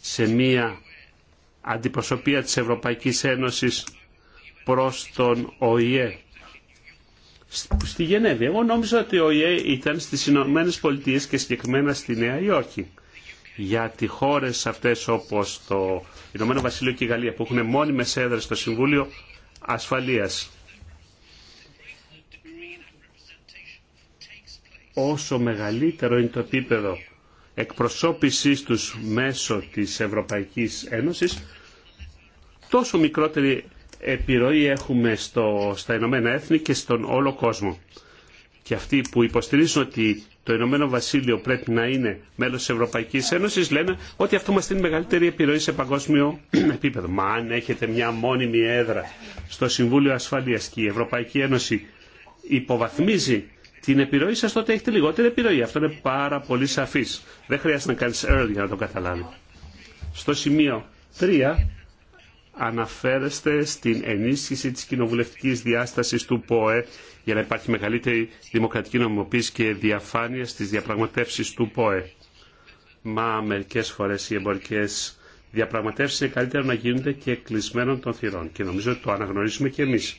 σε μία αντιπροσωπεία της Ευρωπαϊκής Ένωσης προς τον ΟΗΕ στη Γενέβη. Εγώ νόμιζα ότι ο ΙΕ ήταν στις Ηνωμένε Πολιτείε και συγκεκριμένα στη Νέα Υόρκη. Γιατί χώρες αυτές όπως το Ηνωμένο Βασίλειο και η Γαλλία που έχουν μόνιμες έδρε στο Συμβούλιο ασφαλεία. όσο μεγαλύτερο είναι το επίπεδο εκπροσώπησής τους μέσω της Ευρωπαϊκής Ένωσης, τόσο μικρότερη επιρροή έχουμε στο, στα Ηνωμένα Έθνη και στον όλο κόσμο. Και αυτοί που υποστηρίζουν ότι το Ηνωμένο Βασίλειο πρέπει να είναι μέλος της Ευρωπαϊκής Ένωσης λένε ότι αυτό μας δίνει μεγαλύτερη επιρροή σε παγκόσμιο επίπεδο. Μα αν έχετε μια μόνιμη έδρα στο Συμβούλιο Ασφαλείας και η Ευρωπαϊκή Ένωση υποβαθμίζει την επιρροή σας τότε έχετε λιγότερη επιρροή. Αυτό είναι πάρα πολύ σαφής. Δεν χρειάζεται να κάνεις early για να το καταλάβει. Στο σημείο 3 αναφέρεστε στην ενίσχυση της κοινοβουλευτικής διάστασης του ΠΟΕ για να υπάρχει μεγαλύτερη δημοκρατική νομιμοποίηση και διαφάνεια στις διαπραγματεύσεις του ΠΟΕ. Μα μερικές φορές οι εμπορικές διαπραγματεύσεις είναι καλύτερο να γίνονται και κλεισμένων των θυρών και νομίζω ότι το αναγνωρίζουμε και εμείς.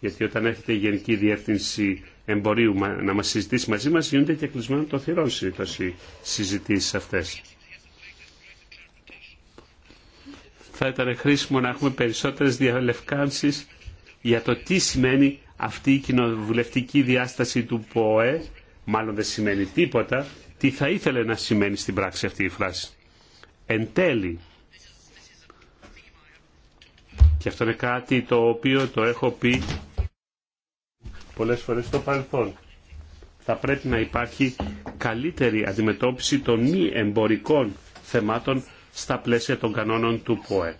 Γιατί όταν έρχεται η Γενική Διεύθυνση Εμπορίου να μας συζητήσει μαζί μας γίνονται και κλεισμένων των θυρών συνήθω συζητήσεις αυτές. θα ήταν χρήσιμο να έχουμε περισσότερες διαλευκάνσεις για το τι σημαίνει αυτή η κοινοβουλευτική διάσταση του ΠΟΕ, μάλλον δεν σημαίνει τίποτα, τι θα ήθελε να σημαίνει στην πράξη αυτή η φράση. Εν τέλει, και αυτό είναι κάτι το οποίο το έχω πει πολλές φορές στο παρελθόν, θα πρέπει να υπάρχει καλύτερη αντιμετώπιση των μη εμπορικών θεμάτων στα πλαίσια των κανόνων του ΠΟΕ.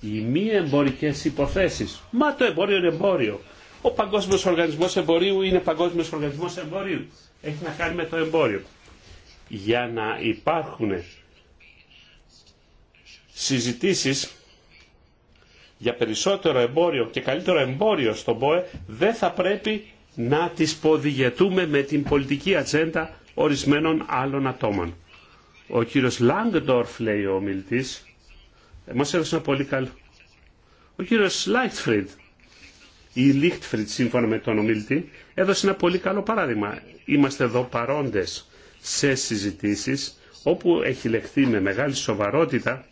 Οι μη εμπορικέ υποθέσει. Μα το εμπόριο είναι εμπόριο. Ο Παγκόσμιο Οργανισμό Εμπορίου είναι Παγκόσμιο Οργανισμό Εμπορίου. Έχει να κάνει με το εμπόριο. Για να υπάρχουν συζητήσεις για περισσότερο εμπόριο και καλύτερο εμπόριο στον ΠΟΕ δεν θα πρέπει να τις ποδηγετούμε με την πολιτική ατζέντα ορισμένων άλλων ατόμων. Ο κύριος Λάγκντορφ, λέει ο ομιλητής, μας έδωσε ένα πολύ καλό. Ο κύριος Λάιχτφριντ, η Λίχτφριντ σύμφωνα με τον ομιλητή, έδωσε ένα πολύ καλό παράδειγμα. Είμαστε εδώ παρόντες σε συζητήσεις όπου έχει λεχθεί με μεγάλη σοβαρότητα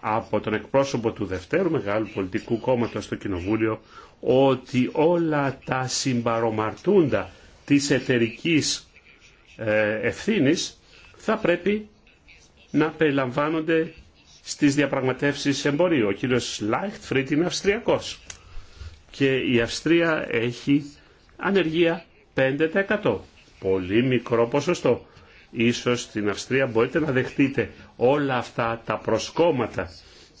από τον εκπρόσωπο του Δευτέρου Μεγάλου Πολιτικού Κόμματος στο Κοινοβούλιο ότι όλα τα συμπαρομαρτούντα της εταιρικής ε, ευθύνης θα πρέπει να περιλαμβάνονται στις διαπραγματεύσεις εμπορίου. Ο κύριος Λάιχτφριντ είναι Αυστριακός και η Αυστρία έχει ανεργία 5%. Πολύ μικρό ποσοστό. Ίσως στην Αυστρία μπορείτε να δεχτείτε όλα αυτά τα προσκόμματα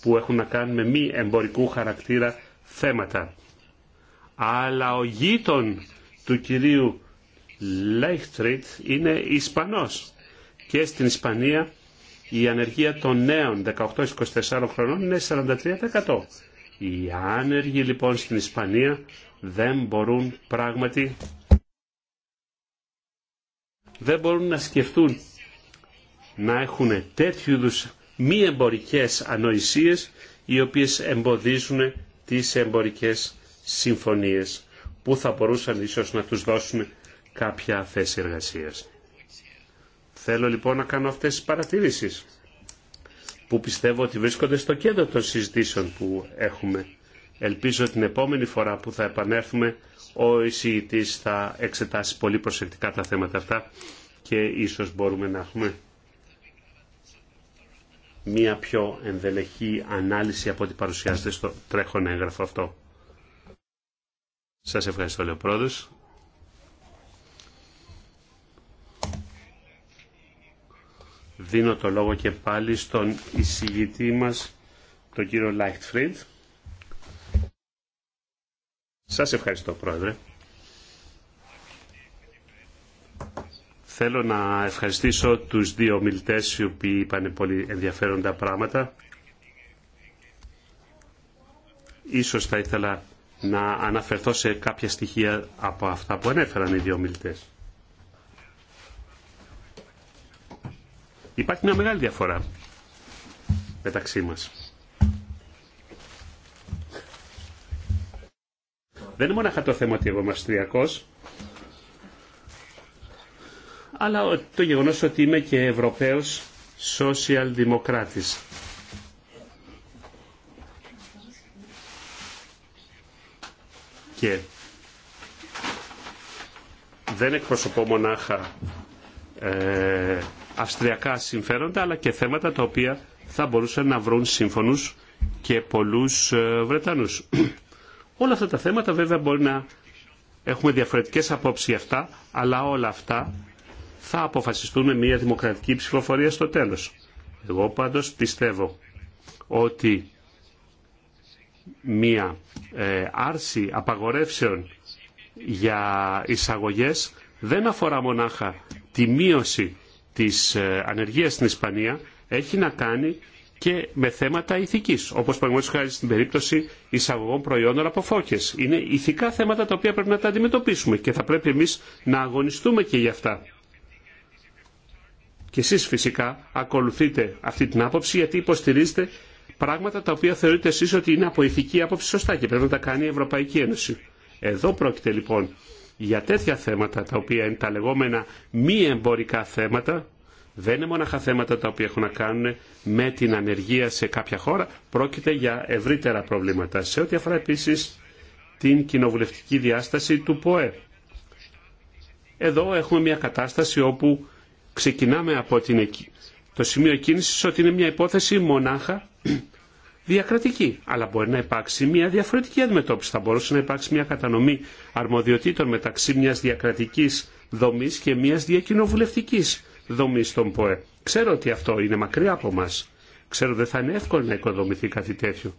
που έχουν να κάνουν με μη εμπορικού χαρακτήρα θέματα. Αλλά ο γείτον του κυρίου Λέιχτριτ είναι Ισπανός και στην Ισπανία η ανεργία των νέων 18-24 χρονών είναι 43%. Οι άνεργοι λοιπόν στην Ισπανία δεν μπορούν πράγματι δεν μπορούν να σκεφτούν να έχουν τέτοιου είδου μη εμπορικές ανοησίες οι οποίες εμποδίζουν τις εμπορικές συμφωνίες που θα μπορούσαν ίσως να τους δώσουν κάποια θέση εργασίας. Θέλω λοιπόν να κάνω αυτές τις παρατηρήσεις που πιστεύω ότι βρίσκονται στο κέντρο των συζητήσεων που έχουμε. Ελπίζω την επόμενη φορά που θα επανέλθουμε ο εισηγητής θα εξετάσει πολύ προσεκτικά τα θέματα αυτά και ίσως μπορούμε να έχουμε μία πιο ενδελεχή ανάλυση από ό,τι παρουσιάζεται στο τρέχον έγγραφο αυτό. Σας ευχαριστώ, Λεοπρόδος. Δίνω το λόγο και πάλι στον εισηγητή μας, τον κύριο Λάιχτφριντ. Σας ευχαριστώ, Πρόεδρε. Θέλω να ευχαριστήσω τους δύο μιλητές οι οποίοι είπαν πολύ ενδιαφέροντα πράγματα. Ίσως θα ήθελα να αναφερθώ σε κάποια στοιχεία από αυτά που ανέφεραν οι δύο μιλητές. Υπάρχει μια μεγάλη διαφορά μεταξύ μας. Δεν είναι μόνο το θέμα ότι εγώ είμαι Αυστριακός, αλλά το γεγονός ότι είμαι και Ευρωπαίος Σοσιαλδημοκράτης. Και δεν εκπροσωπώ μονάχα ε, αυστριακά συμφέροντα αλλά και θέματα τα οποία θα μπορούσαν να βρουν σύμφωνους και πολλούς ε, Βρετανούς. όλα αυτά τα θέματα βέβαια μπορεί να έχουμε διαφορετικές απόψεις για αυτά, αλλά όλα αυτά θα αποφασιστούν με μια δημοκρατική ψηφοφορία στο τέλος. Εγώ πάντως πιστεύω ότι μια ε, άρση απαγορεύσεων για εισαγωγές δεν αφορά μονάχα τη μείωση της ε, ανεργίας στην Ισπανία έχει να κάνει και με θέματα ηθικής, όπως παραδείγματος χάρη στην περίπτωση εισαγωγών προϊόντων από φώκες. Είναι ηθικά θέματα τα οποία πρέπει να τα αντιμετωπίσουμε και θα πρέπει εμείς να αγωνιστούμε και για αυτά. Και εσείς φυσικά ακολουθείτε αυτή την άποψη γιατί υποστηρίζετε πράγματα τα οποία θεωρείτε εσείς ότι είναι από ηθική άποψη σωστά και πρέπει να τα κάνει η Ευρωπαϊκή Ένωση. Εδώ πρόκειται λοιπόν για τέτοια θέματα τα οποία είναι τα λεγόμενα μη εμπορικά θέματα δεν είναι μόναχα θέματα τα οποία έχουν να κάνουν με την ανεργία σε κάποια χώρα. Πρόκειται για ευρύτερα προβλήματα. Σε ό,τι αφορά επίσης την κοινοβουλευτική διάσταση του ΠΟΕ. Εδώ έχουμε μια κατάσταση όπου ξεκινάμε από την, το σημείο κίνησης ότι είναι μια υπόθεση μονάχα διακρατική. Αλλά μπορεί να υπάρξει μια διαφορετική αντιμετώπιση. Θα μπορούσε να υπάρξει μια κατανομή αρμοδιοτήτων μεταξύ μια διακρατική δομή και μια διακοινοβουλευτική δομή των ΠΟΕ. Ξέρω ότι αυτό είναι μακριά από εμά. Ξέρω ότι δεν θα είναι εύκολο να οικοδομηθεί κάτι τέτοιο.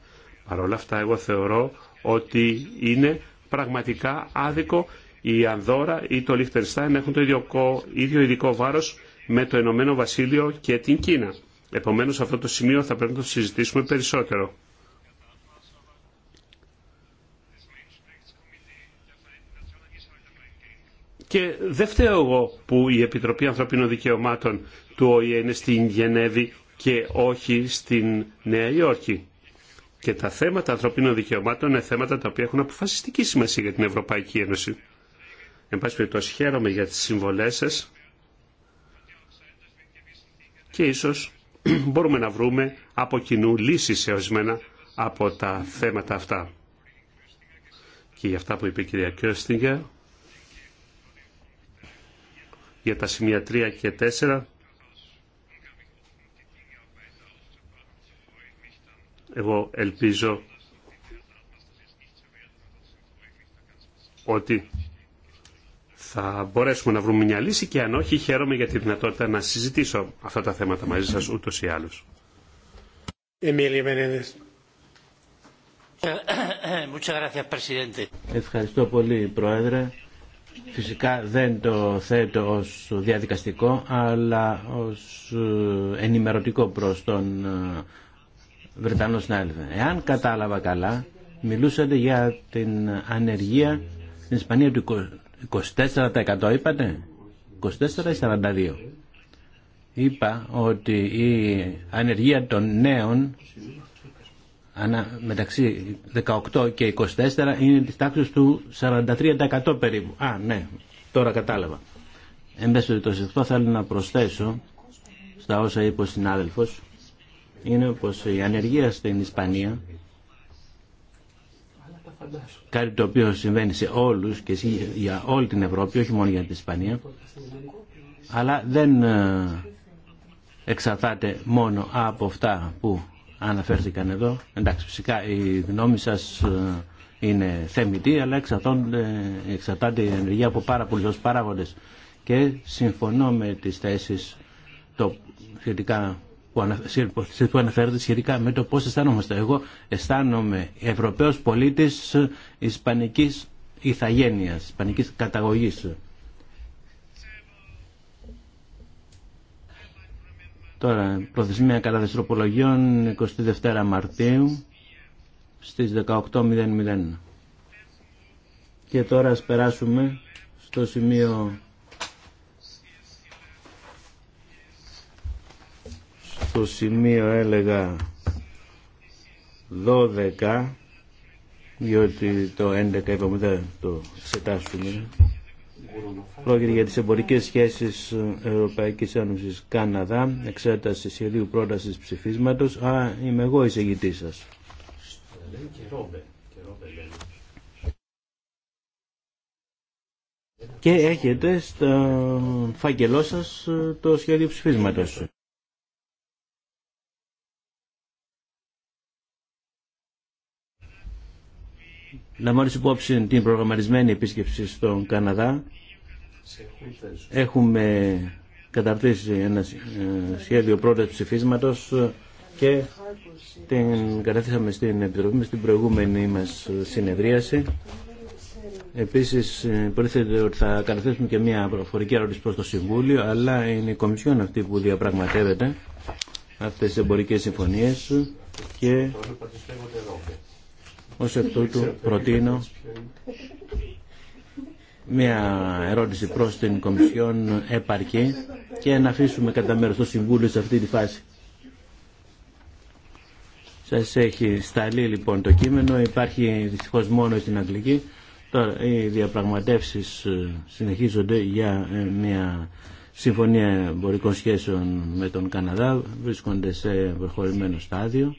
Παρ' όλα αυτά, εγώ θεωρώ ότι είναι πραγματικά άδικο η Ανδόρα ή το Λιχτενστάιν να έχουν το ίδιο, ίδιο ειδικό βάρος με το Ηνωμένο Βασίλειο και την Κίνα. Επομένως αυτό το σημείο θα πρέπει να το συζητήσουμε περισσότερο. Και δεν φταίω εγώ που η Επιτροπή Ανθρωπίνων Δικαιωμάτων του ΟΗΕ είναι στην Γενέβη και όχι στην Νέα Υόρκη. Και τα θέματα ανθρωπίνων δικαιωμάτων είναι θέματα τα οποία έχουν αποφασιστική σημασία για την Ευρωπαϊκή Ένωση. Εν πάση περιπτώσει χαίρομαι για τις συμβολές σας και ίσως μπορούμε να βρούμε από κοινού λύσεις σε ορισμένα από τα θέματα αυτά. Και για αυτά που είπε η κυρία Κιώστιγκερ, για τα σημεία 3 και 4, εγώ ελπίζω ότι θα μπορέσουμε να βρούμε μια λύση και αν όχι χαίρομαι για τη δυνατότητα να συζητήσω αυτά τα θέματα μαζί σας ούτως ή άλλως. Ευχαριστώ πολύ Πρόεδρε. Φυσικά δεν το θέτω ως διαδικαστικό αλλά ως ε, ενημερωτικό προς τον ε, Βρετανό συνάδελφο. Εάν κατάλαβα καλά μιλούσατε για την ανεργία στην Ισπανία του 24% είπατε. 24 ή 42. Είπα ότι η ανεργία των νέων μεταξύ 18 και 24 είναι της τάξης του 43% περίπου. Α, ναι, τώρα κατάλαβα. Εν το το θέλω να προσθέσω στα όσα είπε ο συνάδελφος είναι πως η ανεργία στην Ισπανία κάτι το οποίο συμβαίνει σε όλους και για όλη την Ευρώπη, όχι μόνο για την Ισπανία, αλλά δεν ε, εξαρτάται μόνο από αυτά που αναφέρθηκαν εδώ. Εντάξει, φυσικά η γνώμη σας ε, είναι θεμητή, αλλά εξαρτάται η ενεργεία από πάρα πολλούς παράγοντες. Και συμφωνώ με τις θέσεις το, σχετικά που αναφέρετε σχετικά με το πώς αισθάνομαστε. Εγώ αισθάνομαι Ευρωπαίος πολίτης Ισπανικής ηθαγένειας, Ισπανικής καταγωγής. Τώρα, προθεσμία καταδεστροπολογιών 22 Μαρτίου στις 18.00. Και τώρα ας περάσουμε στο σημείο στο σημείο έλεγα 12 διότι το 11 είπαμε δεν το εξετάσουμε πρόκειται για τις εμπορικές σχέσεις Ευρωπαϊκής Ένωσης Καναδά εξέταση σχεδίου πρότασης ψηφίσματος α είμαι εγώ εισηγητής σας και έχετε στο φάκελό σας το σχέδιο ψηφίσματος λαμβάνεις υπόψη την προγραμματισμένη επίσκεψη στον Καναδά, έχουμε καταρτήσει ένα ε, σχέδιο πρώτα ψηφίσματο και την καταθέσαμε στην Επιτροπή μας στην προηγούμενη μας συνεδρίαση. Επίσης, ε, προήθεται ότι θα καταθέσουμε και μια προφορική ερώτηση προς το Συμβούλιο, αλλά είναι η Κομισιόν αυτή που διαπραγματεύεται αυτές τις εμπορικές συμφωνίες και ως εκ τούτου προτείνω μια ερώτηση προς την Κομισιόν επαρκή και να αφήσουμε κατά μέρος το Συμβούλιο σε αυτή τη φάση. Σας έχει σταλεί λοιπόν το κείμενο, υπάρχει δυστυχώς μόνο στην Αγγλική. Τώρα οι διαπραγματεύσεις ε, συνεχίζονται για ε, μια συμφωνία εμπορικών σχέσεων με τον Καναδά, βρίσκονται σε προχωρημένο στάδιο.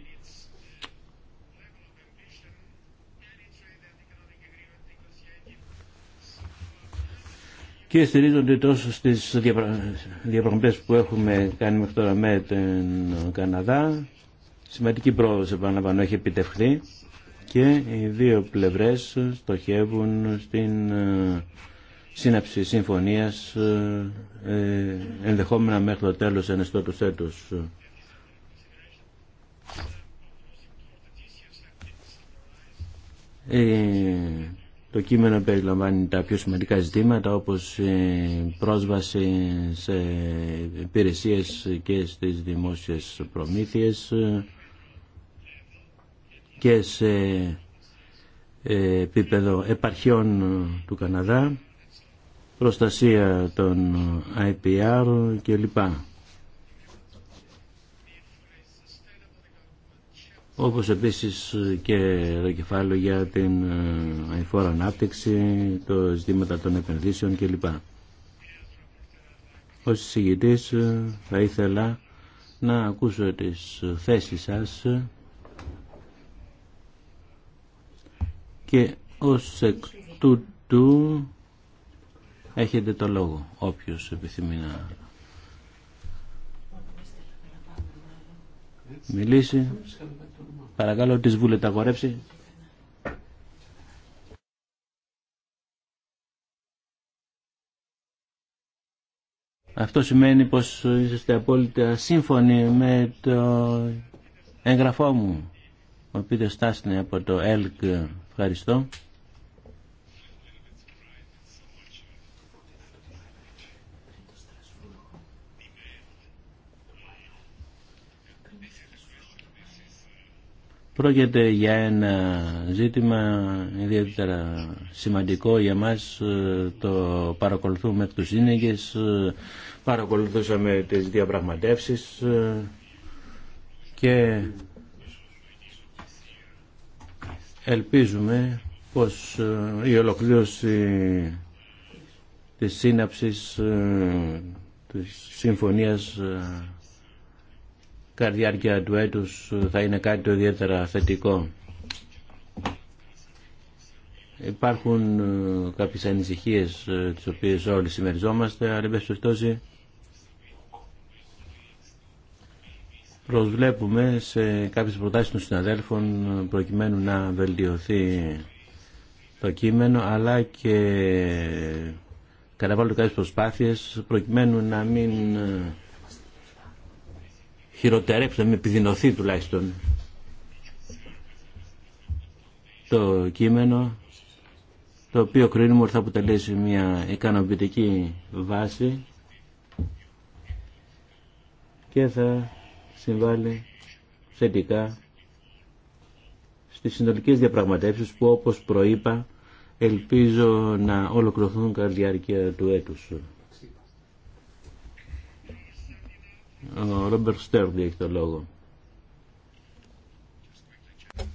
και στηρίζονται τόσο στις διαπραγματεύσεις που έχουμε κάνει μέχρι τώρα με τον Καναδά. Σημαντική πρόοδος επαναλαμβάνω έχει επιτευχθεί και οι δύο πλευρές στοχεύουν στην ε, σύναψη συμφωνίας ε, ενδεχόμενα μέχρι το τέλος ενός τότους έτους. Ε, το κείμενο περιλαμβάνει τα πιο σημαντικά ζητήματα όπως πρόσβαση σε υπηρεσίες και στις δημόσιες προμήθειες και σε ε, επίπεδο επαρχιών του Καναδά, προστασία των IPR κλπ. όπως επίσης και το κεφάλαιο για την ε, αηφόρα ανάπτυξη, το ζητήματα των επενδύσεων κλπ. Ως συγητής ε, θα ήθελα να ακούσω τις θέσεις σας και ως εκ τούτου έχετε το λόγο όποιος επιθυμεί να μιλήσει. Παρακαλώ τις βούλετε αγορέψει. Αυτό σημαίνει πως είστε απόλυτα σύμφωνοι με το έγγραφό μου. Ο Πίτερ από το ΕΛΚ. Ευχαριστώ. Πρόκειται για ένα ζήτημα ιδιαίτερα σημαντικό για μας. Το παρακολουθούμε εκ του σύνεγγες, παρακολουθούσαμε τις διαπραγματεύσεις και ελπίζουμε πως η ολοκλήρωση της σύναψης ε, της συμφωνίας ε, κατά του έτους ε, θα είναι κάτι το ιδιαίτερα θετικό. Υπάρχουν ε, κάποιες ανησυχίες ε, τις οποίες όλοι συμμεριζόμαστε, αλλά προσβλέπουμε σε κάποιες προτάσεις των συναδέλφων προκειμένου να βελτιωθεί το κείμενο αλλά και καταβάλλονται κάποιες προσπάθειες προκειμένου να μην χειροτερέψει, να μην επιδεινωθεί τουλάχιστον το κείμενο το οποίο κρίνουμε ότι θα αποτελέσει μια ικανοποιητική βάση και θα συμβάλλει θετικά στις συνολικές διαπραγματεύσεις που όπως προείπα ελπίζω να ολοκληρωθούν κατά τη διάρκεια του έτους. Ο Ρόμπερ έχει το λόγο.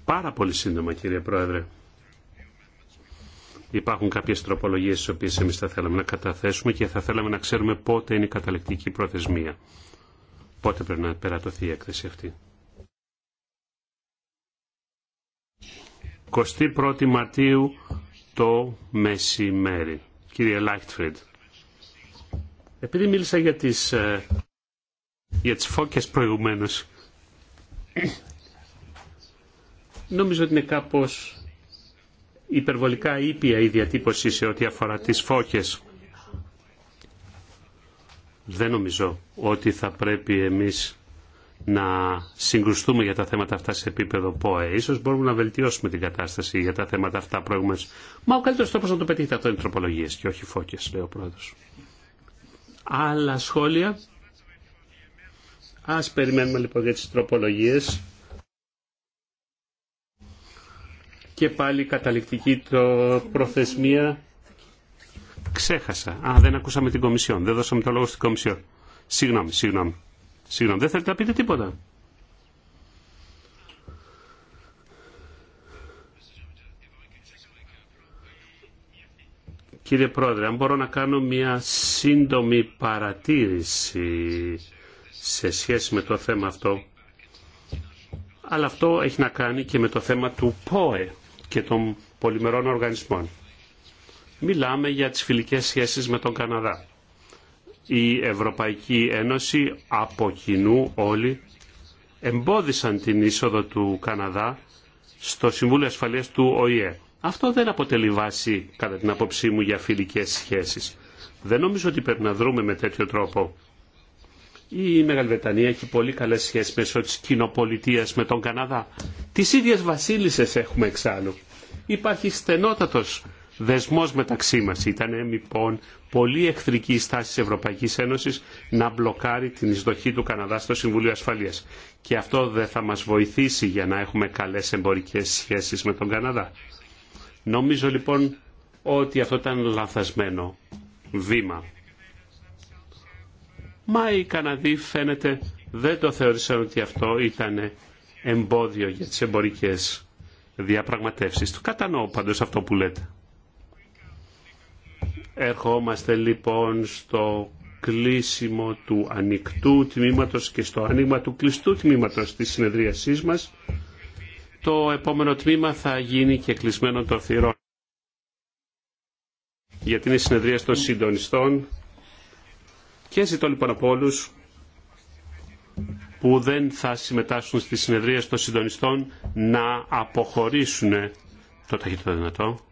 Πάρα πολύ σύντομα κύριε Πρόεδρε. Υπάρχουν κάποιε τροπολογίε τι οποίε εμεί θα θέλαμε να καταθέσουμε και θα θέλαμε να ξέρουμε πότε είναι η καταληκτική προθεσμία. Πότε πρέπει να περατωθεί η έκθεση αυτή. 21η Μαρτίου το μεσημέρι. Κύριε Λάιχτφριντ, επειδή μίλησα για τις ε, για τις φώκες προηγουμένως. Νομίζω ότι είναι κάπως υπερβολικά ήπια η διατύπωση σε ό,τι αφορά τις φώκες. Δεν νομίζω ότι θα πρέπει εμείς να συγκρουστούμε για τα θέματα αυτά σε επίπεδο ΠΟΕ. Ίσως μπορούμε να βελτιώσουμε την κατάσταση για τα θέματα αυτά προηγουμένως. Μα ο καλύτερος τρόπος να το πετύχετε αυτό είναι τροπολογίες και όχι φώκες, λέει ο πρόεδρος. Άλλα σχόλια. Ας περιμένουμε λοιπόν για τις τροπολογίες. Και πάλι καταληκτική το προθεσμία. Ξέχασα. Α, δεν ακούσαμε την Κομισιόν. Δεν δώσαμε το λόγο στην Κομισιόν. Συγγνώμη, συγγνώμη. Συγγνώμη, δεν θέλετε να πείτε τίποτα. Κύριε Πρόεδρε, αν μπορώ να κάνω μια σύντομη παρατήρηση σε σχέση με το θέμα αυτό. Αλλά αυτό έχει να κάνει και με το θέμα του ΠΟΕ και των πολυμερών οργανισμών. Μιλάμε για τις φιλικές σχέσεις με τον Καναδά. Η Ευρωπαϊκή Ένωση από κοινού όλοι εμπόδισαν την είσοδο του Καναδά στο Συμβούλιο Ασφαλείας του ΟΗΕ. Αυτό δεν αποτελεί βάση, κατά την άποψή μου, για φιλικές σχέσεις. Δεν νομίζω ότι πρέπει να δρούμε με τέτοιο τρόπο. Η Μεγάλη Βρετανία έχει πολύ καλές σχέσεις μέσω της κοινοπολιτείας με τον Καναδά. Τις ίδιες βασίλισσες έχουμε εξάλλου. Υπάρχει στενότατος δεσμός μεταξύ μας. Ήταν λοιπόν πολύ εχθρική η στάση της Ευρωπαϊκής Ένωσης να μπλοκάρει την εισδοχή του Καναδά στο Συμβουλίο Ασφαλείας. Και αυτό δεν θα μας βοηθήσει για να έχουμε καλές εμπορικές σχέσεις με τον Καναδά. Νομίζω λοιπόν ότι αυτό ήταν λανθασμένο βήμα. Μα οι Καναδοί φαίνεται δεν το θεώρησαν ότι αυτό ήταν εμπόδιο για τις εμπορικές διαπραγματεύσεις του. Κατανοώ πάντως αυτό που λέτε. Ερχόμαστε λοιπόν στο κλείσιμο του ανοιχτού τμήματος και στο άνοιγμα του κλειστού τμήματος της συνεδρίασής μας. Το επόμενο τμήμα θα γίνει και κλεισμένο το θηρό Γιατί είναι συνεδρία των συντονιστών. Και ζητώ λοιπόν από όλου που δεν θα συμμετάσχουν στις συνεδρίες των συντονιστών να αποχωρήσουν το ταχύτερο δυνατό.